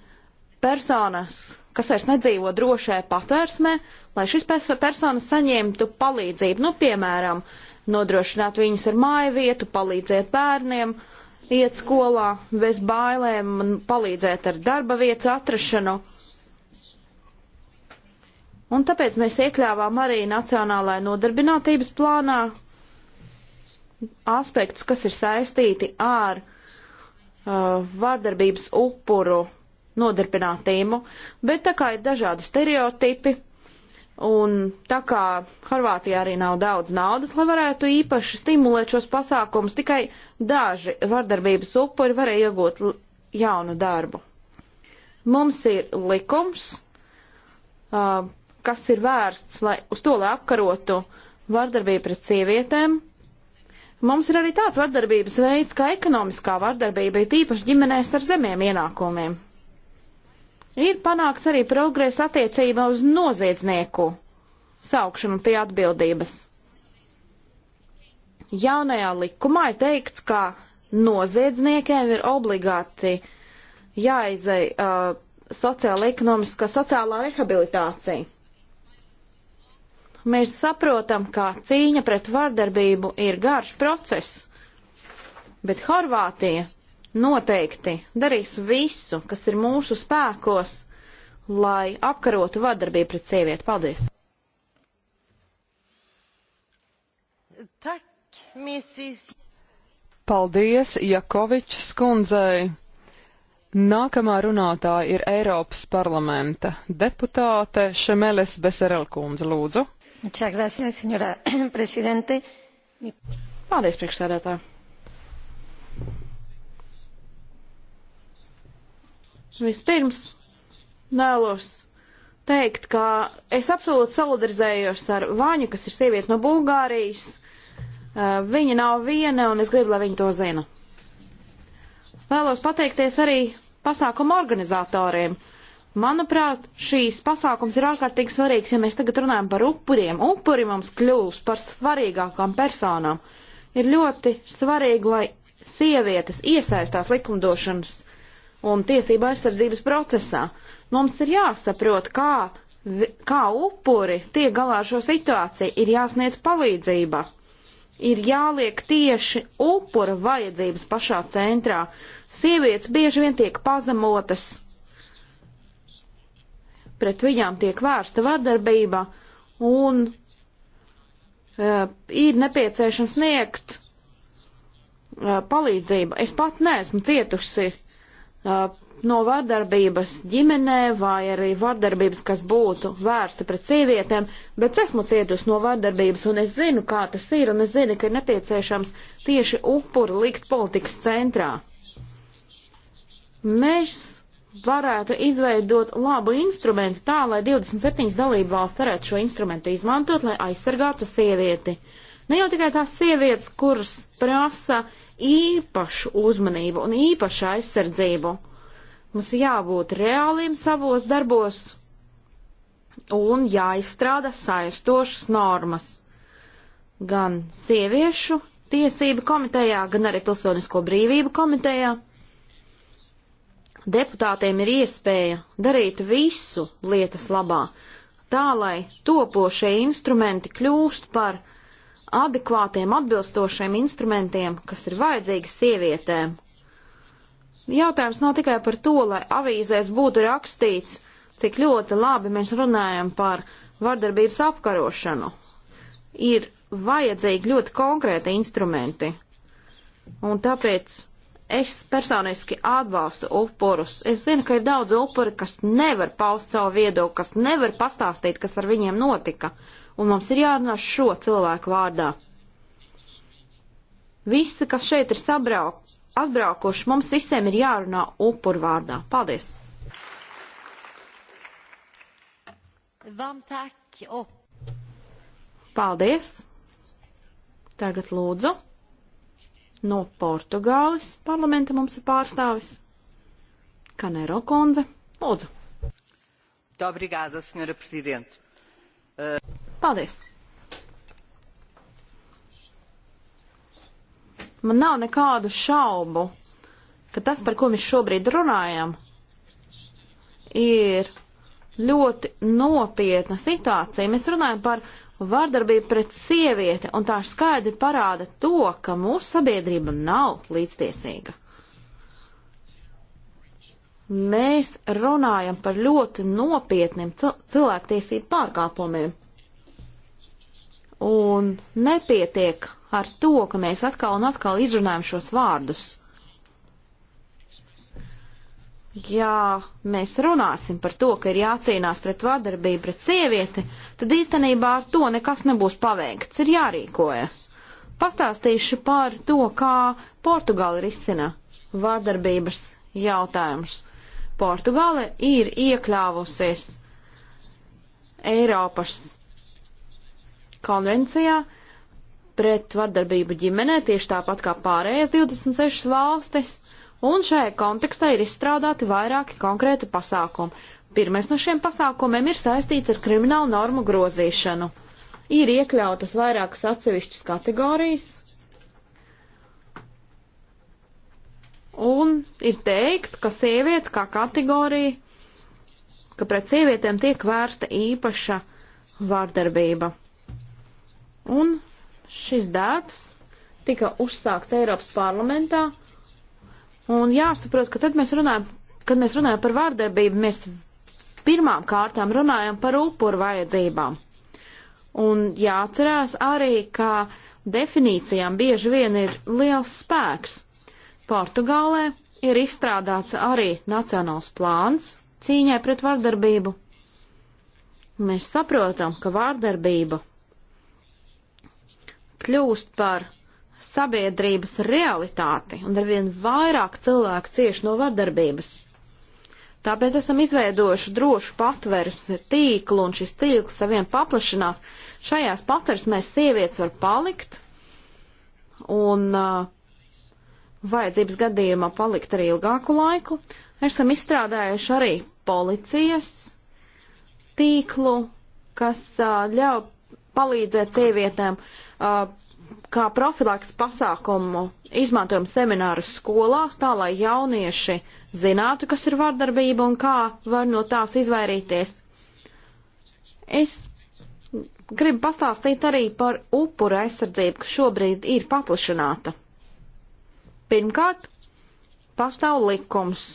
personas, kas vairs nedzīvo drošajā patvērsmē, lai šis personas saņemtu palīdzību, nu, piemēram, nodrošināt viņus ar māju vietu, palīdzēt bērniem, iet skolā bez bailēm, palīdzēt ar darba vietas atrašanu. Un tāpēc mēs iekļāvām arī Nacionālajā nodarbinātības plānā aspektus, kas ir saistīti ar uh, vārdarbības upuru nodarbinātību, bet tā kā ir dažādi stereotipi, un tā kā Horvātijā arī nav daudz naudas, lai varētu īpaši stimulēt šos pasākumus, tikai daži vardarbības upuri varēja iegūt jaunu darbu. Mums ir likums, uh, kas ir vērsts lai, uz to, lai apkarotu vardarbību pret sievietēm. Mums ir arī tāds vardarbības veids, kā ekonomiskā vardarbība, ir tīpaši ģimenēs ar zemiem ienākumiem. Ir panākts arī progress attiecībā uz noziedznieku saukšanu pie atbildības. Jaunajā likumā ir teikts, ka noziedzniekiem ir obligāti jāizai uh, sociāla ekonomiskā sociālā rehabilitācija. Mēs saprotam, ka cīņa pret vardarbību ir garš process, bet Horvātija noteikti darīs visu, kas ir mūsu spēkos, lai apkarotu vardarbību pret sievieti. Paldies! Tak, misis. Paldies Jakovičs kundzei! Nākamā runātāja ir Eiropas parlamenta deputāte Šemeles Beserel kundze, lūdzu. Muchas gracias, señora presidente. Paldies, priekšsēdētāji. Vispirms vēlos teikt, ka es absolūti solidarizējos ar Vāņu, kas ir sieviete no Bulgārijas. Uh, viņa nav viena, un es gribu, lai viņa to zina. Vēlos pateikties arī pasākuma organizatoriem. Manuprāt, šīs pasākums ir ārkārtīgi svarīgs, ja mēs tagad runājam par upuriem. Upuri mums kļūs par svarīgākām personām. Ir ļoti svarīgi, lai sievietes iesaistās likumdošanas un tiesība aizsardzības procesā. Mums ir jāsaprot, kā, kā upuri tiek galā ar šo situāciju, ir jāsniedz palīdzība, ir jāliek tieši upura vajadzības pašā centrā. Sievietes bieži vien tiek pazemotas, pret viņām tiek vērsta vardarbība un uh, ir nepieciešams sniegt uh, palīdzību. Es pat neesmu cietusi no vardarbības ģimenē vai arī vardarbības, kas būtu vērsta pret sievietēm, bet esmu cietusi no vardarbības un es zinu, kā tas ir, un es zinu, ka ir nepieciešams tieši upuri likt politikas centrā. Mēs varētu izveidot labu instrumentu tā, lai 27 dalību valsts varētu šo instrumentu izmantot, lai aizsargātu sievieti. Ne jau tikai tās sievietes, kuras prasa uh, īpašu uzmanību un īpašu aizsardzību. Mums jābūt reāliem savos darbos un jāizstrāda saistošas normas. Gan sieviešu tiesību komitejā, gan arī pilsonisko brīvību komitejā. Deputātiem ir iespēja darīt visu lietas labā, tā lai topošie instrumenti kļūst par adekvātiem, atbilstošiem instrumentiem, kas ir vajadzīgi sievietēm. Jautājums nav tikai par to, lai avīzēs būtu rakstīts, cik ļoti labi mēs runājam par vardarbības apkarošanu. Ir vajadzīgi ļoti konkrēti instrumenti. Un tāpēc es personiski atbalstu upurus. Es zinu, ka ir daudz upuri, kas nevar paust savu viedokli, kas nevar pastāstīt, kas ar viņiem notika. Uh, un mums ir jārunā šo cilvēku vārdā. Visi, kas šeit ir sabrauk, atbraukuši, mums visiem ir jārunā upur vārdā. Paldies! Paldies! Tagad lūdzu no Portugāles parlamenta mums ir pārstāvis Kanero Konze. Lūdzu! Obrigada, senhora Presidente. Uh... Paldies! Man nav nekādu šaubu, ka tas, par ko mēs šobrīd runājam, ir ļoti nopietna situācija. Mēs runājam par vardarbību pret sievieti, un tā skaidri parāda to, ka mūsu sabiedrība nav līdztiesīga. Mēs runājam par ļoti nopietniem cilvēktiesību pārkāpumiem. Un nepietiek ar to, ka mēs atkal un atkal izrunājam šos vārdus. Ja mēs runāsim par to, ka ir jācīnās pret vardarbību pret sievieti, tad īstenībā ar to nekas nebūs paveikts, ir jārīkojas. Pastāstīšu par to, kā Portugāla risina vārdarbības jautājumus. Portugāle ir iekļāvusies Eiropas konvencijā pret vardarbību ģimenē, tieši tāpat kā pārējās 26 valstis, un šajā kontekstā ir izstrādāti vairāki konkrēti pasākumi. Pirmais no šiem pasākumiem ir saistīts ar kriminālu normu grozīšanu. Ir iekļautas vairākas atsevišķas kategorijas, un ir teikt, ka sieviete kā kategorija, ka pret sievietēm tiek vērsta īpaša vārdarbība. Un šis darbs tika uzsākts Eiropas parlamentā. Un jāsaprot, ka tad mēs runājam, kad mēs runājam par vārdarbību, mēs pirmām kārtām runājam par upuru vajadzībām. Un jāatcerās arī, ka definīcijām bieži vien ir liels spēks. Portugālē ir izstrādāts arī nacionāls plāns cīņai pret vārdarbību. Mēs saprotam, ka vārdarbība kļūst par sabiedrības realitāti un arvien vairāk cilvēku cieši no vardarbības. Tāpēc esam izveidojuši drošu patversmi tīklu un šis tīkls saviem paplašinās. Šajās patversmēs sievietes var palikt un uh, vajadzības gadījumā palikt arī ilgāku laiku. Esam izstrādājuši arī policijas tīklu, kas uh, ļauj palīdzēt sievietēm uh, Uh, kā profilaks pasākumu izmantojam seminārus skolās, tā lai jaunieši zinātu, kas ir vardarbība un kā var no tās izvairīties. Es gribu pastāstīt arī par upura aizsardzību, kas šobrīd ir paplašināta. Pirmkārt, pastāv likums,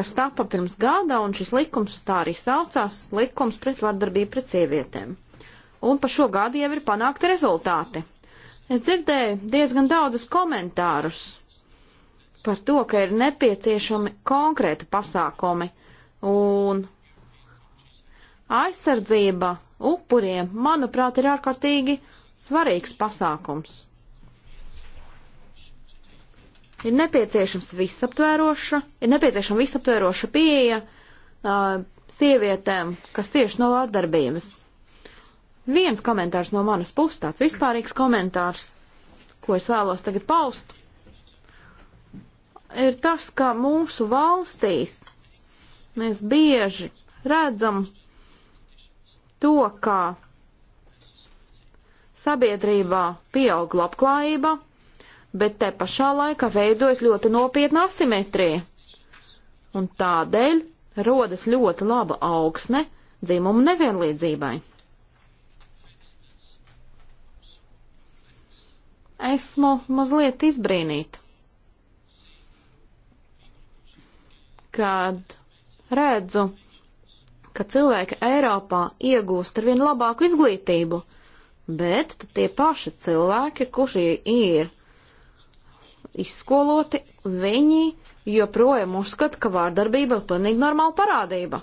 kas tapa pirms gada, un šis likums tā arī saucās - likums pret vardarbību pret sievietēm un pa šo gadu jau ir panākti rezultāti. Es dzirdēju diezgan daudzus komentārus par to, ka ir nepieciešami konkrēti pasākumi un aizsardzība upuriem, manuprāt, ir ārkārtīgi svarīgs pasākums. Ir nepieciešams visaptvēroša, ir nepieciešama visaptvēroša pieeja uh, sievietēm, kas tieši no vārdarbības. Viens komentārs no manas puses, tāds vispārīgs komentārs, ko es vēlos tagad paust, ir tas, ka mūsu valstīs mēs bieži redzam to, kā sabiedrībā pieaug labklājība, bet te pašā laikā veidojas ļoti nopietna asimetrija. Un tādēļ rodas ļoti laba augsne dzimumu nevienlīdzībai. esmu mazliet izbrīnīta, kad redzu, ka cilvēki Eiropā iegūst ar vien labāku izglītību, bet tie paši cilvēki, kuri ir izskoloti, viņi joprojām uzskata, ka vārdarbība ir pilnīgi normāla parādība.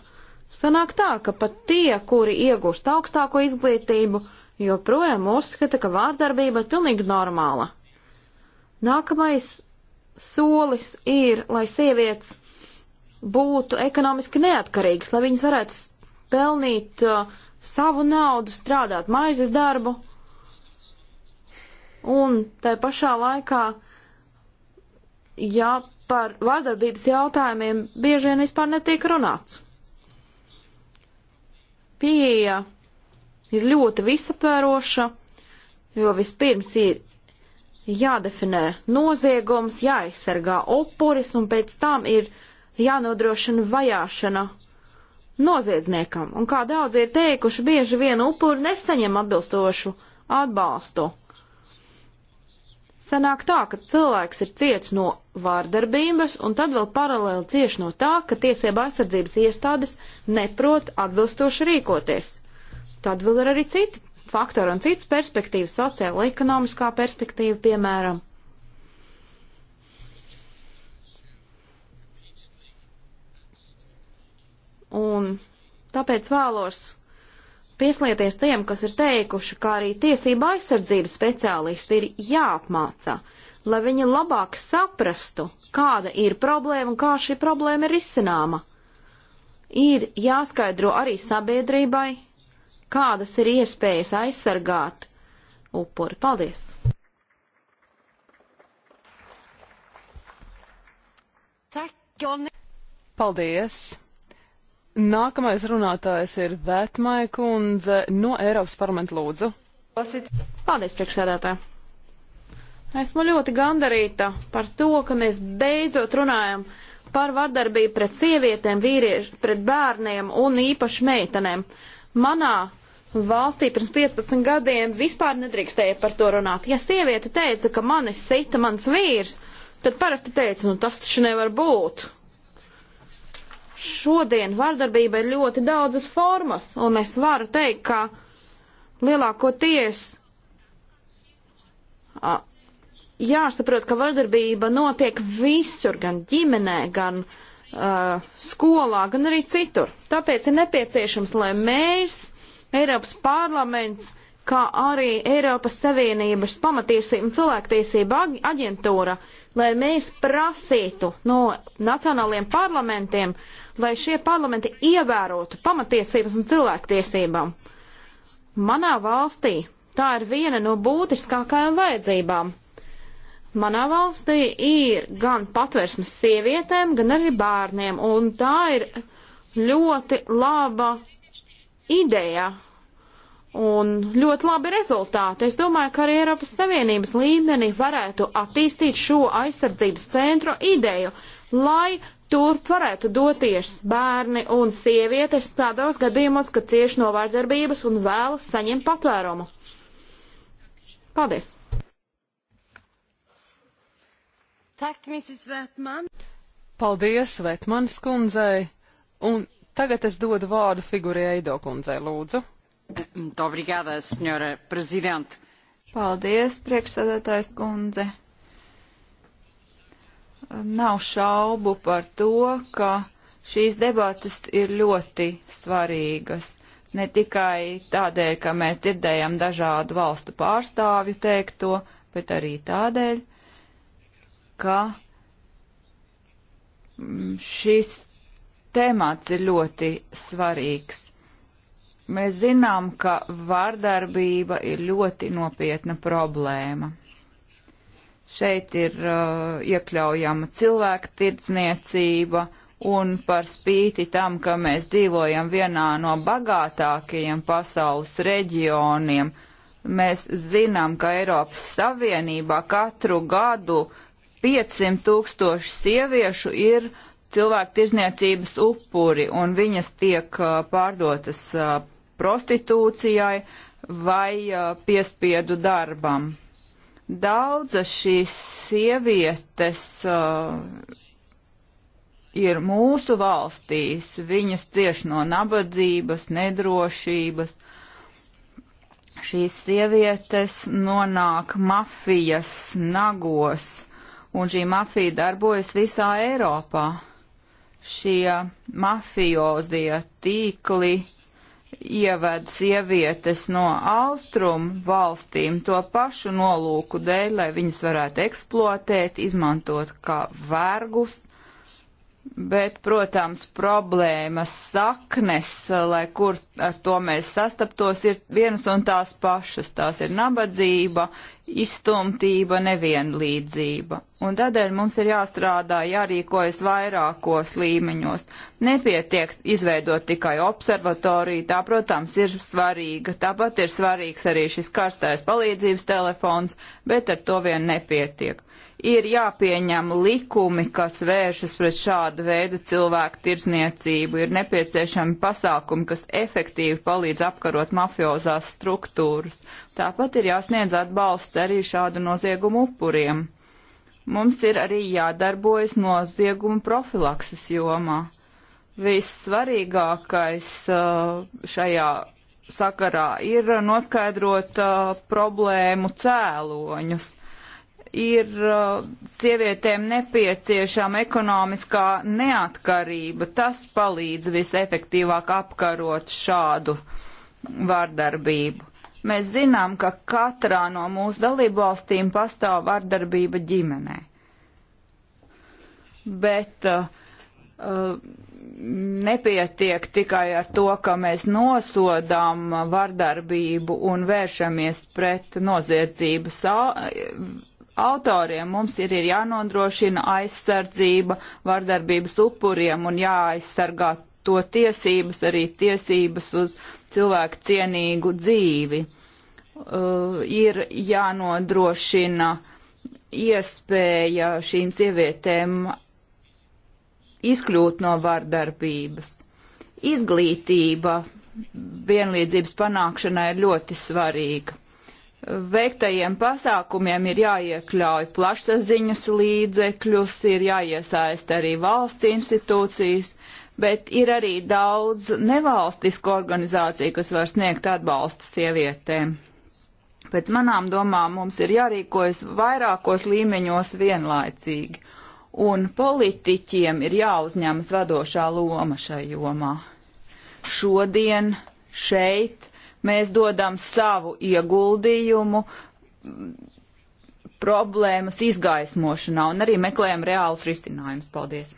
Sanāk tā, ka pat tie, kuri iegūst augstāko izglītību, joprojām uzskata, ka vārdarbība ir pilnīgi normāla. Nākamais solis ir, lai sievietes būtu ekonomiski neatkarīgas, lai viņas varētu pelnīt uh, savu naudu, strādāt maizes darbu. Un tā pašā laikā, ja par vārdarbības jautājumiem bieži vien vispār netiek runāts. Pieeja ir ļoti visaptvēroša, jo vispirms ir jādefinē noziegums, jāaizsargā upuris, un pēc tam ir jānodrošina vajāšana noziedzniekam. Un kā daudzi ir teikuši, bieži vien upuri nesaņem atbilstošu atbalstu. Sanāk tā, ka cilvēks ir ciets no vārdarbības, un tad vēl paralēli cieši no tā, ka tiesība aizsardzības iestādes neprot atbilstoši rīkoties. Tad vēl ir arī citi faktori un citas perspektīvas, sociāla, ekonomiskā perspektīva, piemēram. Un tāpēc vēlos pieslieties tiem, kas ir teikuši, ka arī tiesība aizsardzības speciālisti ir jāapmācā, lai viņi labāk saprastu, kāda ir problēma un kā šī problēma ir izcināma. Ir jāskaidro arī sabiedrībai, kādas ir iespējas aizsargāt upuri. Paldies! Paldies! Nākamais runātājs ir Vētmai kundze no Eiropas parlamenta lūdzu. Paldies, priekšsēdētāji! Esmu ļoti gandarīta par to, ka mēs beidzot runājam par vardarbību pret sievietēm, vīriešiem, pret bērniem un īpaši meitenēm. Manā valstī pirms 15 gadiem vispār nedrīkstēja par to runāt. Ja sieviete teica, ka mani sita mans vīrs, tad parasti teica, nu tas taču nevar būt. Šodien vardarbība ir ļoti daudzas formas, un es varu teikt, ka lielākoties jāsaprot, ka vardarbība notiek visur, gan ģimenē, gan uh, skolā, gan arī citur. Tāpēc ir nepieciešams, lai mēs Eiropas parlaments, kā arī Eiropas Savienības pamatīsība un cilvēktiesība aģentūra, lai mēs prasītu no nacionāliem parlamentiem, lai šie parlamenti ievērotu pamatiesības un cilvēktiesībām. Manā valstī tā ir viena no būtiskākajām vajadzībām. Manā valstī ir gan patversmes sievietēm, gan arī bērniem, un tā ir ļoti laba ideja un ļoti labi rezultāti. Es domāju, ka arī Eiropas Savienības līmenī varētu attīstīt šo aizsardzības centru ideju, lai tur varētu doties bērni un sievietes tādos gadījumos, kad cieši no vardarbības un vēlas saņemt patvērumu. Paldies! Tak, Mrs. Vetman. Paldies Vetmanas kundzei! Un Tagad es dodu vārdu figūrai Eido kundzei, lūdzu. Obrigada, senjora prezidente. Paldies, priekšsēdētājs kundze. Nav šaubu par to, ka šīs debatas ir ļoti svarīgas. Ne tikai tādēļ, ka mēs dzirdējam dažādu valstu pārstāvju teikto, bet arī tādēļ, ka šis temats ir ļoti svarīgs. Mēs zinām, ka vārdarbība ir ļoti nopietna problēma. Šeit ir uh, iekļaujama cilvēku tirdzniecība, un par spīti tam, ka mēs dzīvojam vienā no bagātākajiem pasaules reģioniem, mēs zinām, ka Eiropas Savienībā katru gadu 500 tūkstoši sieviešu ir cilvēku tirzniecības upuri un viņas tiek pārdotas prostitūcijai vai piespiedu darbam. Daudzas šīs sievietes ir mūsu valstīs, viņas cieš no nabadzības, nedrošības. Šīs sievietes nonāk mafijas nagos, un šī mafija darbojas visā Eiropā šie mafiozie tīkli ieved sievietes no austrumu valstīm to pašu nolūku dēļ, lai viņas varētu eksploatēt, izmantot kā vergus, Bet, protams, problēmas saknes, lai kur ar to mēs sastaptos, ir vienas un tās pašas. Tās ir nabadzība, izstumtība, nevienlīdzība. Un tādēļ mums ir jāstrādā, jārīkojas vairākos līmeņos. Nepietiek izveidot tikai observatoriju, tā, protams, ir svarīga. Tāpat ir svarīgs arī šis karstais palīdzības telefons, bet ar to vien nepietiek. Uh, ir jāpieņem likumi, kas vēršas pret šādu veidu cilvēku tirzniecību. Ir nepieciešami pasākumi, kas efektīvi palīdz apkarot mafiozās struktūras. Tāpat ir jāsniedz atbalsts arī šādu noziegumu upuriem. Mums ir arī jādarbojas noziegumu profilakses jomā. Vissvarīgākais uh, šajā sakarā ir noskaidrot uh, problēmu cēloņus ir uh, sievietēm nepieciešama ekonomiskā neatkarība. Tas palīdz visefektīvāk apkarot šādu vardarbību. Mēs zinām, ka katrā no mūsu dalību valstīm pastāv vardarbība ģimenē. Bet uh, uh, nepietiek tikai ar to, ka mēs nosodām vardarbību un vēršamies pret noziedzības autoriem. Mums ir, ir jānodrošina aizsardzība vardarbības upuriem un jāaizsargā to tiesības, arī tiesības uz cilvēku cienīgu dzīvi. Uh, ir jānodrošina iespēja šīm sievietēm izkļūt no vardarbības. Izglītība vienlīdzības panākšanai ir ļoti svarīga veiktajiem pasākumiem ir jāiekļauj plašsaziņas līdzekļus, ir jāiesaist arī valsts institūcijas, bet ir arī daudz nevalstisku organizāciju, kas var sniegt atbalstu sievietēm. Pēc manām domām mums ir jārīkojas vairākos līmeņos vienlaicīgi, un politiķiem ir jāuzņemas vadošā loma šai jomā. Šodien šeit Mēs dodam savu ieguldījumu problēmas izgaismošanā un arī meklējam reālus risinājumus. Paldies!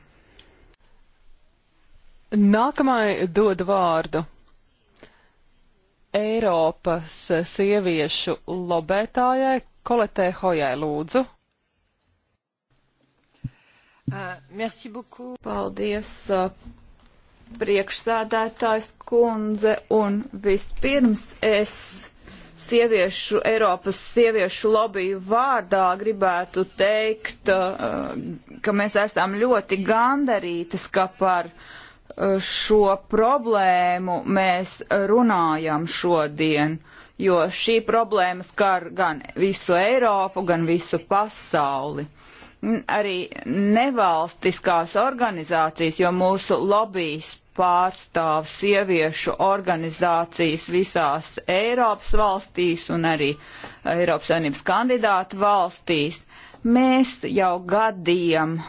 Nākamai dod vārdu Eiropas sieviešu lobētājai Koletē Hojai lūdzu. Uh, Paldies, uh, priekšsēdētājs kundze, un vispirms es sieviešu, Eiropas sieviešu lobiju vārdā gribētu teikt, uh, ka mēs esam ļoti gandarītas, ka par uh, šo problēmu mēs runājam šodien, jo šī problēma skar gan visu Eiropu, gan visu pasauli arī nevalstiskās organizācijas, jo mūsu lobbyis pārstāv sieviešu organizācijas visās Eiropas valstīs un arī Eiropas Savienības kandidātu valstīs. Mēs jau gadiem uh,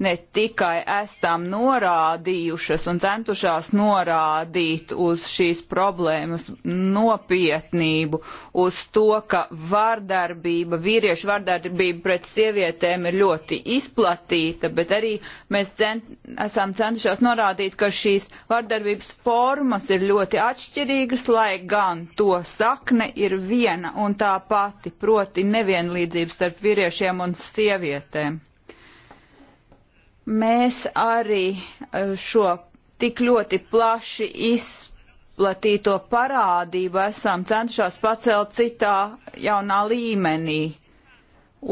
ne tikai esam norādījušas un centušās norādīt uz šīs problēmas nopietnību, uz to, ka vardarbība, vīriešu vardarbība pret sievietēm ir ļoti izplatīta, bet arī mēs cent, esam centušās norādīt, ka šīs vardarbības formas ir ļoti atšķirīgas, lai gan to sakne ir viena un tā pati, proti nevienlīdzības starp vīriešiem un sievietēm mēs arī eh, šo tik ļoti plaši izplatīto parādību esam cenšās pacelt citā jaunā līmenī.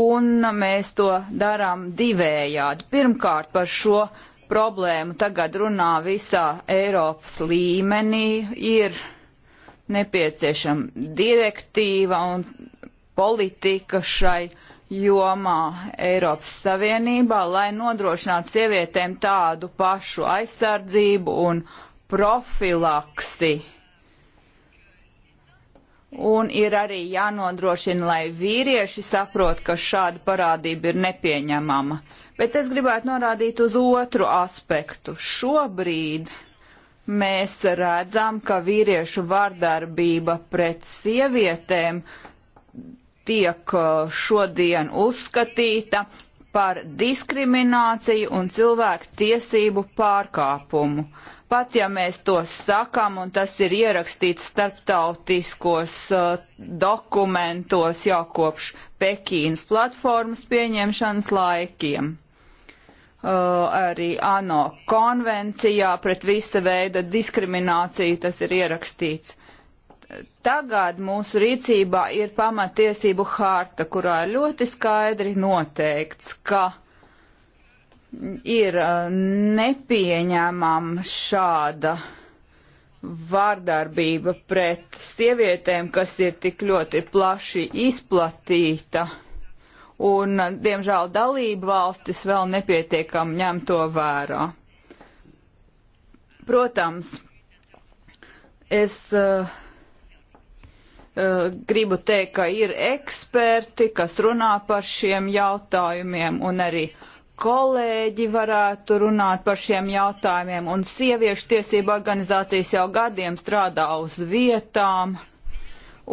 Un mēs to darām divējādi. Pirmkārt, par šo problēmu tagad runā visā Eiropas līmenī. Ir nepieciešama direktīva un politika šai uh, jomā Eiropas Savienībā, lai nodrošinātu sievietēm tādu pašu aizsardzību un profilaksi. Un ir arī jānodrošina, lai vīrieši saprot, ka šāda parādība ir nepieņemama. Bet es gribētu norādīt uz otru aspektu. Šobrīd mēs redzam, ka vīriešu vardarbība pret sievietēm uh, tiek uh, šodien uzskatīta par diskrimināciju un cilvēku tiesību pārkāpumu. Pat ja mēs to sakam, un tas ir ierakstīts starptautiskos uh, dokumentos jau kopš Pekīnas platformas pieņemšanas laikiem. Uh, arī ANO konvencijā pret visa veida diskrimināciju tas ir ierakstīts. Tagad mūsu rīcībā ir pamatiesību hārta, kurā ir ļoti skaidri noteikts, ka ir uh, nepieņemama šāda vārdarbība pret sievietēm, kas ir tik ļoti plaši izplatīta, un, uh, diemžēl, dalība valstis vēl nepietiekam ņem to vērā. Protams, es uh, Eh, gribu teikt, ka ir eksperti, kas runā par šiem jautājumiem un arī kolēģi varētu runāt par šiem jautājumiem, un sieviešu tiesību organizācijas jau gadiem strādā uz vietām,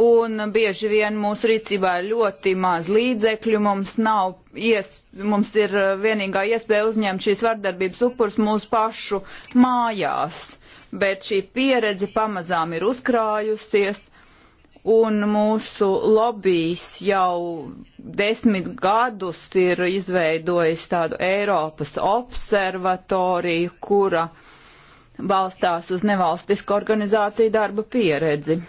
un bieži vien mūsu rīcībā ir ļoti maz līdzekļu, mums nav, ies, mums ir eh, vienīgā iespēja uzņemt šīs vardarbības upurs mūsu pašu mājās, bet šī pieredze pamazām ir uzkrājusies un mūsu lobijs jau desmit gadus ir izveidojis tādu Eiropas observatoriju, kura balstās uz nevalstisku organizāciju darba pieredzi.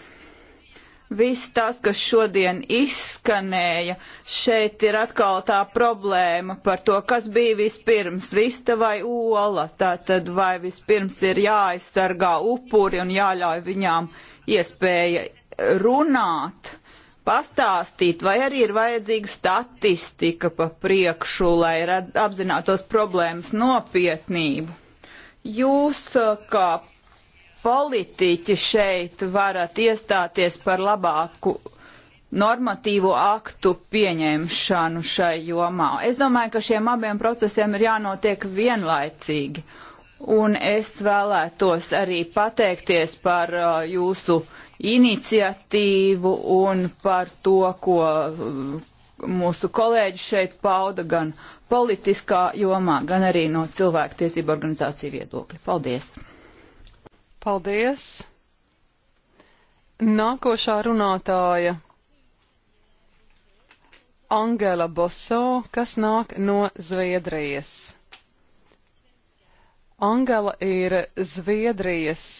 Viss tas, kas šodien izskanēja, šeit ir atkal tā problēma par to, kas bija vispirms - vista vai ola. Tātad vai vispirms ir jāaizsargā upuri un jāļauj viņām iespēja runāt, pastāstīt, vai arī ir vajadzīga statistika pa priekšu, lai rad, apzinātos problēmas nopietnību. Jūs uh, kā politiķi šeit varat iestāties par labāku normatīvu aktu pieņemšanu šai jomā. Es domāju, ka šiem abiem procesiem ir jānotiek vienlaicīgi. Un es vēlētos arī pateikties par uh, jūsu iniciatīvu un par to, ko mm, mūsu kolēģi šeit pauda gan politiskā jomā, gan arī no cilvēktiesību organizāciju viedokļa. Paldies! Paldies! Nākošā runātāja Angela Boso, kas nāk no Zviedrijas. Angela ir Zviedrijas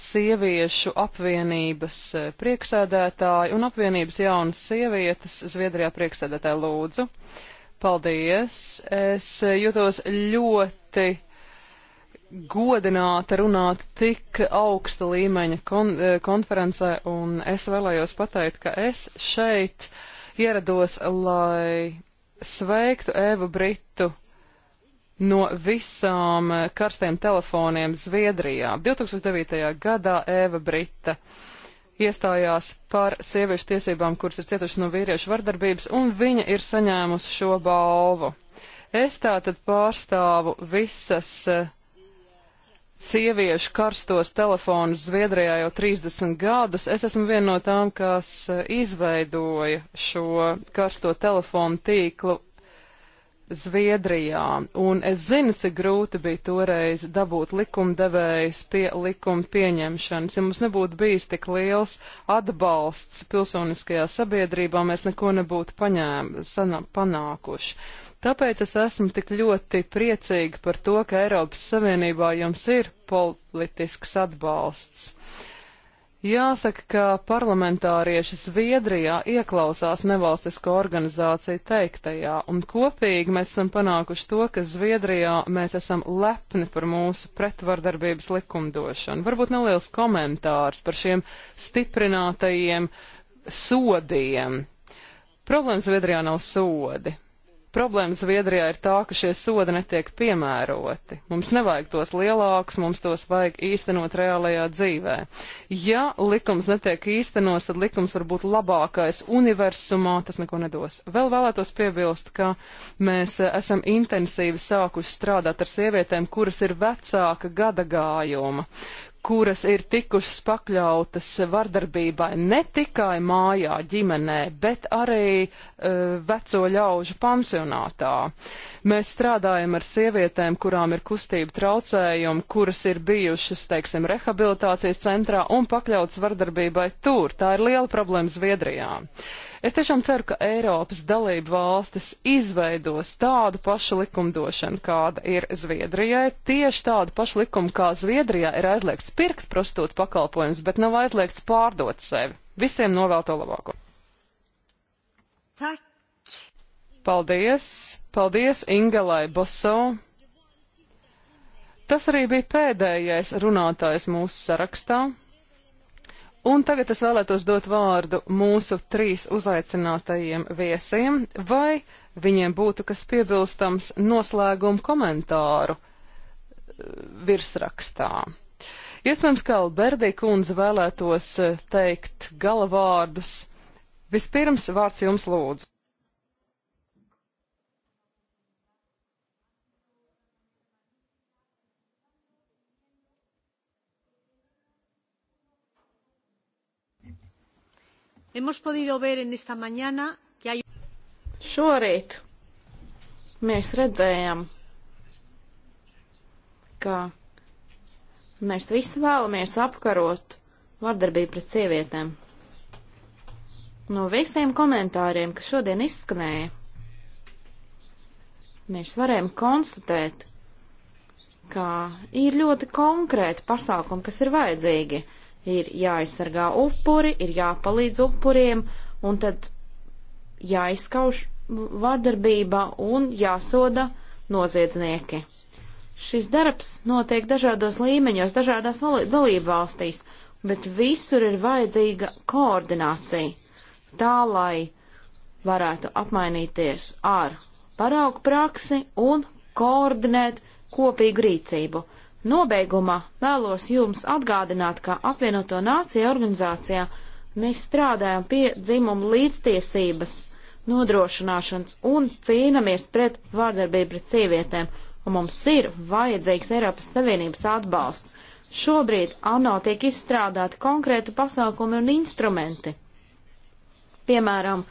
sieviešu apvienības eh, priekšsēdētāju un apvienības jaunas sievietes Zviedrijā priekšsēdētāju lūdzu. Paldies! Es jūtos ļoti godināta runāt tik augsta līmeņa kon eh, konferencē, un es vēlējos pateikt, ka es šeit ierados, lai sveiktu Evu Britu no visām eh, karstiem telefoniem Zviedrijā. 2009. gadā Ēva Brita iestājās par sieviešu tiesībām, kuras ir cietušas no vīriešu vardarbības, un viņa ir saņēmusi šo balvu. Es tātad pārstāvu visas eh, sieviešu karstos telefonus Zviedrijā jau 30 gadus. Es esmu viena no tām, kas eh, izveidoja šo karsto telefonu tīklu Zviedrijā, un es zinu, cik grūti bija toreiz dabūt likumdevējs pie likuma pieņemšanas. Ja mums nebūtu bijis tik liels atbalsts pilsoniskajā sabiedrībā, mēs neko nebūtu paņēm, sana, panākuši. Tāpēc es esmu tik ļoti priecīga par to, ka Eiropas Savienībā jums ir politisks atbalsts. Jāsaka, ka parlamentārieši Zviedrijā ieklausās nevalstisko organizāciju teiktajā, un kopīgi mēs esam panākuši to, ka Zviedrijā mēs esam lepni par mūsu pretvardarbības likumdošanu. Varbūt neliels komentārs par šiem stiprinātajiem sodiem. Problēma Zviedrijā nav sodi. Problēma Zviedrijā ir tā, ka šie sodi netiek piemēroti. Mums nevajag tos lielākus, mums tos vajag īstenot reālajā dzīvē. Ja likums netiek īstenos, tad likums var būt labākais universumā, tas neko nedos. Vēl vēlētos piebilst, ka mēs eh, esam intensīvi sākuši strādāt ar sievietēm, kuras ir vecāka gada gājuma, kuras ir tikušas pakļautas vardarbībai ne tikai mājā, ģimenē, bet arī Eh, veco ļaužu pansionātā. Mēs strādājam ar sievietēm, kurām ir kustība traucējumi, kuras ir bijušas, teiksim, rehabilitācijas centrā un pakļautas vardarbībai tur. Tā ir liela problēma Zviedrijā. Es tiešām ceru, ka Eiropas dalību valstis izveidos tādu pašu likumdošanu, kāda ir Zviedrijai. Tieši tādu pašu likumu, kā Zviedrijā ir aizliegts pirkt prostitūtu pakalpojumus, bet nav aizliegts pārdot sevi. Visiem novēl to labāko. Tak. Paldies! Paldies Ingalai Boso! Tas arī bija pēdējais runātājs mūsu sarakstā. Un tagad es vēlētos dot vārdu mūsu trīs uzaicinātajiem viesiem, vai viņiem būtu kas piebilstams noslēguma komentāru eh, virsrakstā. Iespējams, ka Alberdī kundze vēlētos eh, teikt galavārdus Vispirms vārds jums lūdzu. Hemos podido ver en esta mañana que hay. Šorīt mēs redzējām, ka mēs visi vēlamies apkarot vardarbību pret sievietēm. No visiem komentāriem, kas šodien izskanēja, mēs varējām konstatēt, ka ir ļoti konkrēti pasākumi, kas ir vajadzīgi. Ir jāaizsargā upuri, ir jāpalīdz upuriem, un tad jāizskauž vardarbība un jāsoda noziedznieki. Šis darbs notiek dažādos līmeņos, dažādās dalību valstīs, bet visur ir vajadzīga koordinācija tā, lai varētu apmainīties ar paraugu praksi un koordinēt kopīgu rīcību. Nobeigumā vēlos jums atgādināt, ka apvienoto nāciju organizācijā mēs strādājam pie dzimumu līdztiesības nodrošināšanas un cīnamies pret vārdarbību pret sievietēm, un mums ir vajadzīgs Eiropas Savienības atbalsts. Šobrīd ANO tiek izstrādāti konkrēti pasākumi un instrumenti. Piemēram,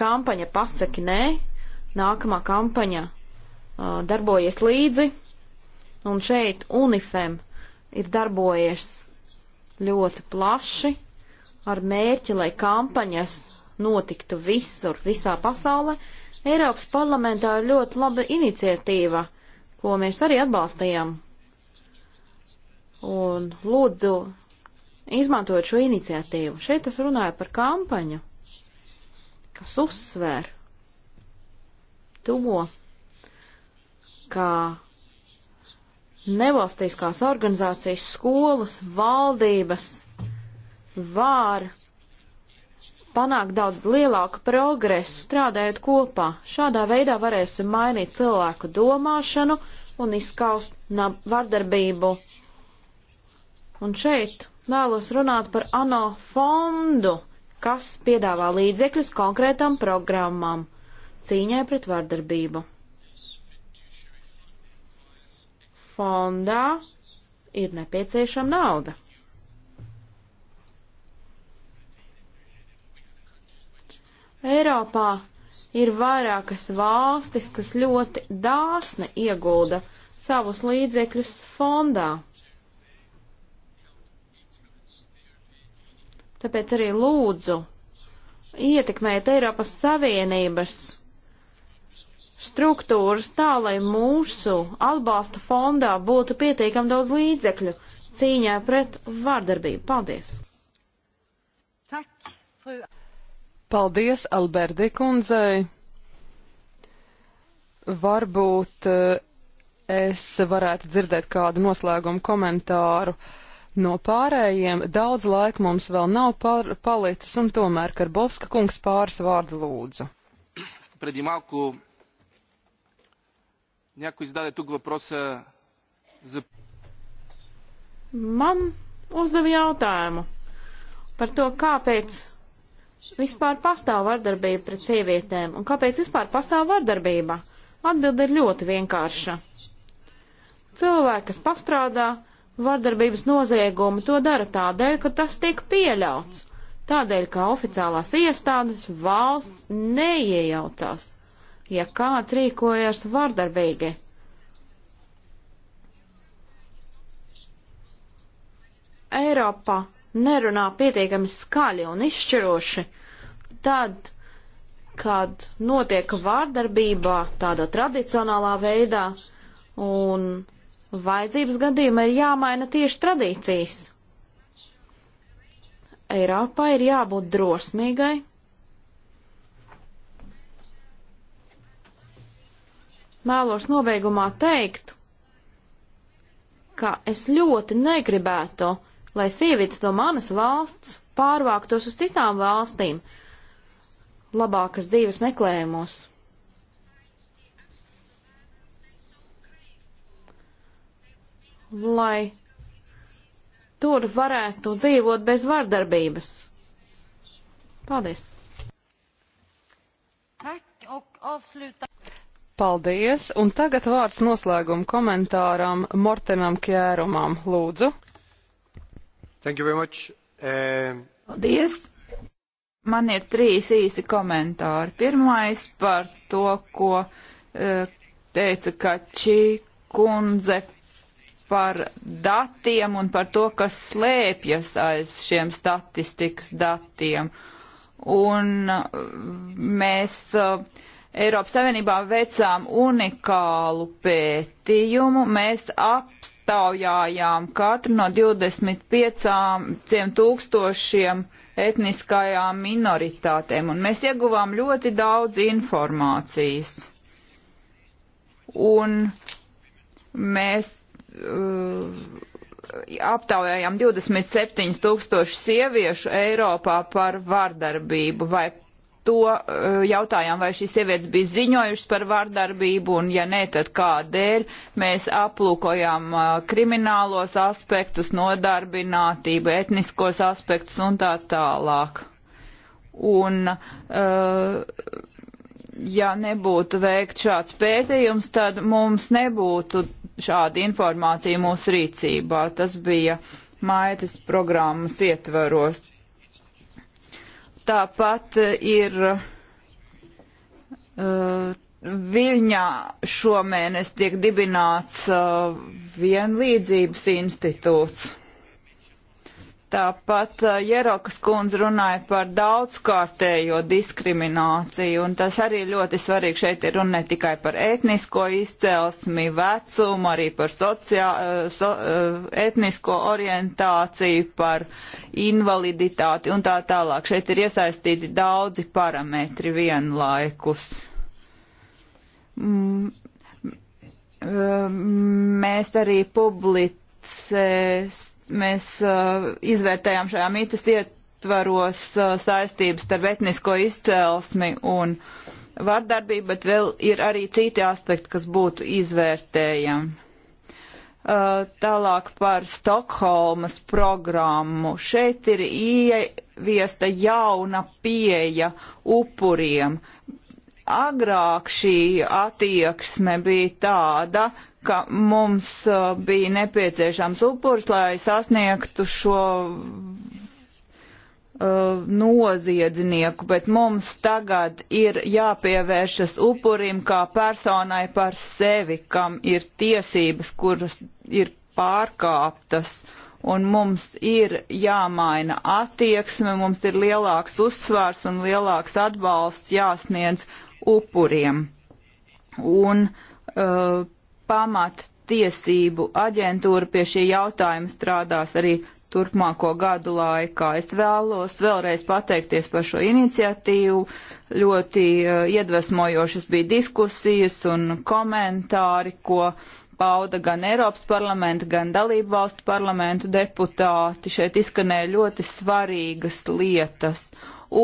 kampaņa pasaki nē, nākamā kampaņa uh, darbojies līdzi, un šeit UNIFEM ir darbojies ļoti plaši ar mērķi, lai kampaņas notiktu visur, visā pasaulē. Eiropas parlamentā ir ļoti laba iniciatīva, ko mēs arī atbalstījām. Un lūdzu, izmantojot šo iniciatīvu. Šeit es runāju par kampaņu kas uzsver to, ka nevalstiskās organizācijas, skolas, valdības var panākt daudz lielāku progresu strādājot kopā. Šādā veidā varēsim mainīt cilvēku domāšanu un izskaust vardarbību. Un šeit vēlos runāt par ANO fondu kas piedāvā līdzekļus konkrētām programmām cīņai pret vardarbību. Fondā ir nepieciešama nauda. Eiropā ir vairākas valstis, kas ļoti dāsni iegulda savus līdzekļus fondā. Tāpēc arī lūdzu ietekmēt Eiropas Savienības struktūras tā, lai mūsu atbalsta fondā būtu pietiekam daudz līdzekļu cīņā pret vārdarbību. Paldies! Paldies, Alberdi kundzei! Varbūt eh, es varētu dzirdēt kādu noslēgumu komentāru. Uh, No pārējiem daudz laika mums vēl nav par, palicis, un tomēr Karbovska kungs pāris vārdu lūdzu. Преди малко някой зададе тук въпроса за. Man uzdeva jautājumu par to, kāpēc vispār pastāv vardarbība pret sievietēm un kāpēc vispār pastāv vardarbība. Atbilde ir ļoti vienkārša. Cilvēki, kas pastrādā, vardarbības noziegumu, to dara tādēļ, ka tas tiek pieļauts. Tādēļ, ka oficiālās iestādes valsts neiejaucās, ja kāds rīkojas vardarbīgi. Eiropa nerunā pietiekami skaļi un izšķiroši, tad, kad notiek vārdarbība tādā tradicionālā veidā, un vajadzības gadījumā ir jāmaina tieši tradīcijas. Eiropā ir jābūt drosmīgai. Mēlos nobeigumā teikt, ka es ļoti negribētu, lai sievietes no manas valsts pārvāktos uz citām valstīm labākas dzīves meklējumos. lai tur varētu dzīvot bez vardarbības. Paldies! Paldies, un tagad vārds noslēguma komentāram Mortenam Kjērumam, lūdzu. Thank you very much. Um... Paldies. Man ir trīs īsi komentāri. Pirmais par to, ko uh, teica Kačī kundze par datiem un par to, kas slēpjas aiz šiem statistikas datiem. Un uh, mēs uh, Eiropas Savienībā veicām unikālu pētījumu. Mēs aptaujājām katru no 25 tūkstošiem etniskajām minoritātēm, un mēs ieguvām ļoti daudz informācijas. Un mēs Uh, aptaujājām 27 tūkstoši sieviešu Eiropā par vardarbību, vai to uh, jautājām, vai šīs sievietes bija ziņojušas par vārdarbību, un ja nē, tad kādēļ. Mēs aplūkojām uh, kriminālos aspektus, nodarbinātību, etniskos aspektus un tā tālāk. Un, ja nebūtu veikt šāds pētījums, tad mums nebūtu šāda informācija mūsu rīcībā. Tas bija maitas programmas ietvaros. Tāpat ir uh, Viļņā šomēnes tiek dibināts uh, vienlīdzības institūts. Tāpat uh, Jerokas kundze runāja par daudzkārtējo diskrimināciju, un tas arī ļoti svarīgi. Šeit ir runa ne tikai par etnisko izcelsmi, vecumu, arī par sociā, uh, so, uh, etnisko orientāciju, par invaliditāti un tā tālāk. Šeit ir iesaistīti daudzi parametri vienlaikus. Mm, mēs arī publicēsim mēs uh, izvērtējām šajā mītas ietvaros uh, saistības starp etnisko izcelsmi un vardarbību, bet vēl ir arī citi aspekti, kas būtu izvērtējami. Uh, tālāk par Stokholmas programmu. Šeit ir ieviesta jauna pieeja upuriem. Uh, agrāk šī attieksme bija tāda, ka mums uh, bija nepieciešams upurs, lai sasniegtu šo uh, noziedznieku, bet mums tagad ir jāpievēršas upurim kā personai par sevi, kam ir tiesības, kuras ir pārkāptas un mums ir jāmaina attieksme, mums ir lielāks uzsvars un lielāks atbalsts jāsniedz upuriem. Un uh, pamat tiesību aģentūra pie šī jautājuma strādās arī turpmāko gadu laikā. Es vēlos vēlreiz pateikties par šo iniciatīvu. Ļoti uh, iedvesmojošas bija diskusijas un komentāri, ko uh, pauda gan Eiropas parlamenta, gan dalību valstu parlamentu deputāti. Šeit izskanēja ļoti svarīgas lietas,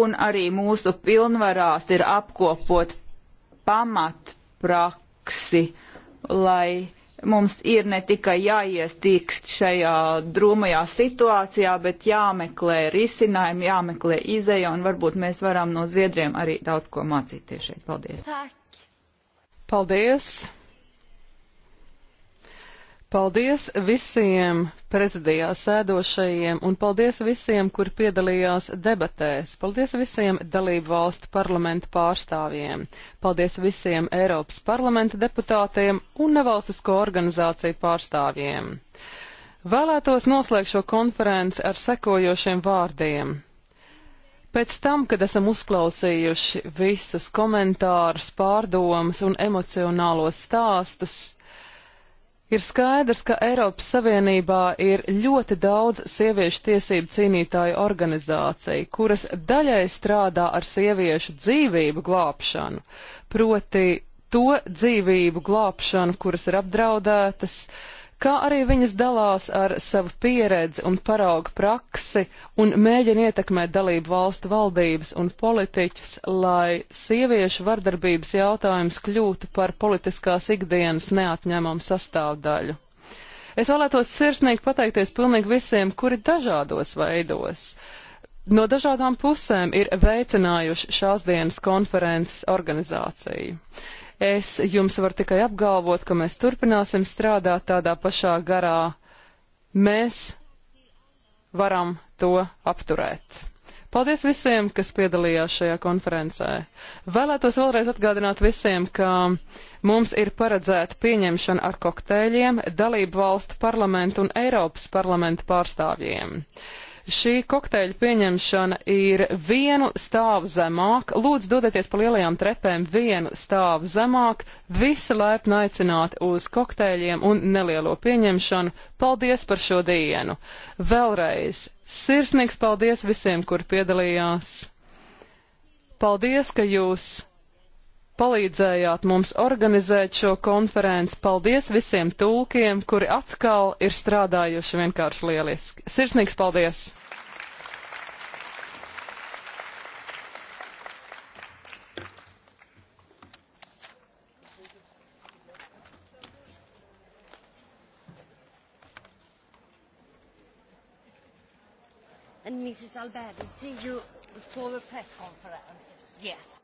un arī mūsu pilnvarās ir apkopot pamatpraksi, lai mums ir ne tikai jāiestīkst šajā drūmajā situācijā, bet jāmeklē risinājumi, jāmeklē izeja, un varbūt mēs varam no Zviedriem arī daudz ko mācīties šeit. Paldies! Paldies! Paldies visiem prezidijā sēdošajiem un paldies visiem, kur piedalījās debatēs. Paldies visiem dalību valstu parlamentu pārstāvjiem. Paldies visiem Eiropas parlamenta deputātiem un nevalstisko organizāciju pārstāvjiem. Vēlētos noslēgt šo konferenci ar sekojošiem vārdiem. Pēc tam, kad esam uzklausījuši visus komentārus, pārdomas un emocionālos stāstus, Ir skaidrs, ka Eiropas Savienībā ir ļoti daudz sieviešu tiesību cīnītāju organizāciju, kuras daļai strādā ar sieviešu dzīvību glābšanu, proti to dzīvību glābšanu, kuras ir apdraudētas, uh, kā arī viņas dalās ar savu pieredzi un parauga praksi un mēģina ietekmēt dalību valstu valdības un politiķus, lai sieviešu vardarbības jautājums kļūtu par politiskās ikdienas neatņemamu sastāvdaļu. Es vēlētos sirsnīgi pateikties pilnīgi visiem, kuri dažādos veidos no dažādām pusēm ir veicinājuši šās dienas konferences organizāciju. Es jums varu tikai apgalvot, ka mēs turpināsim strādāt tādā pašā garā. Mēs varam to apturēt. Paldies visiem, kas piedalījās šajā konferencē. Vēlētos vēlreiz atgādināt visiem, ka mums ir paredzēta pieņemšana ar kokteiļiem dalību valstu parlamentu un Eiropas parlamentu pārstāvjiem. Šī kokteļa pieņemšana ir vienu stāvu zemāk. Lūdzu, dodieties pa lielajām trepēm vienu stāvu zemāk. Visi laipni aicināti uz kokteļiem un nelielo pieņemšanu. Paldies par šo dienu! Vēlreiz sirsnīgs paldies visiem, kur piedalījās! Paldies, ka jūs palīdzējāt mums organizēt šo konferenci. Paldies visiem tulkiem, kuri atkal ir strādājuši vienkārši lieliski. Sirsnīgs paldies! Mrs. Alberti, see you for the press conference. Yes.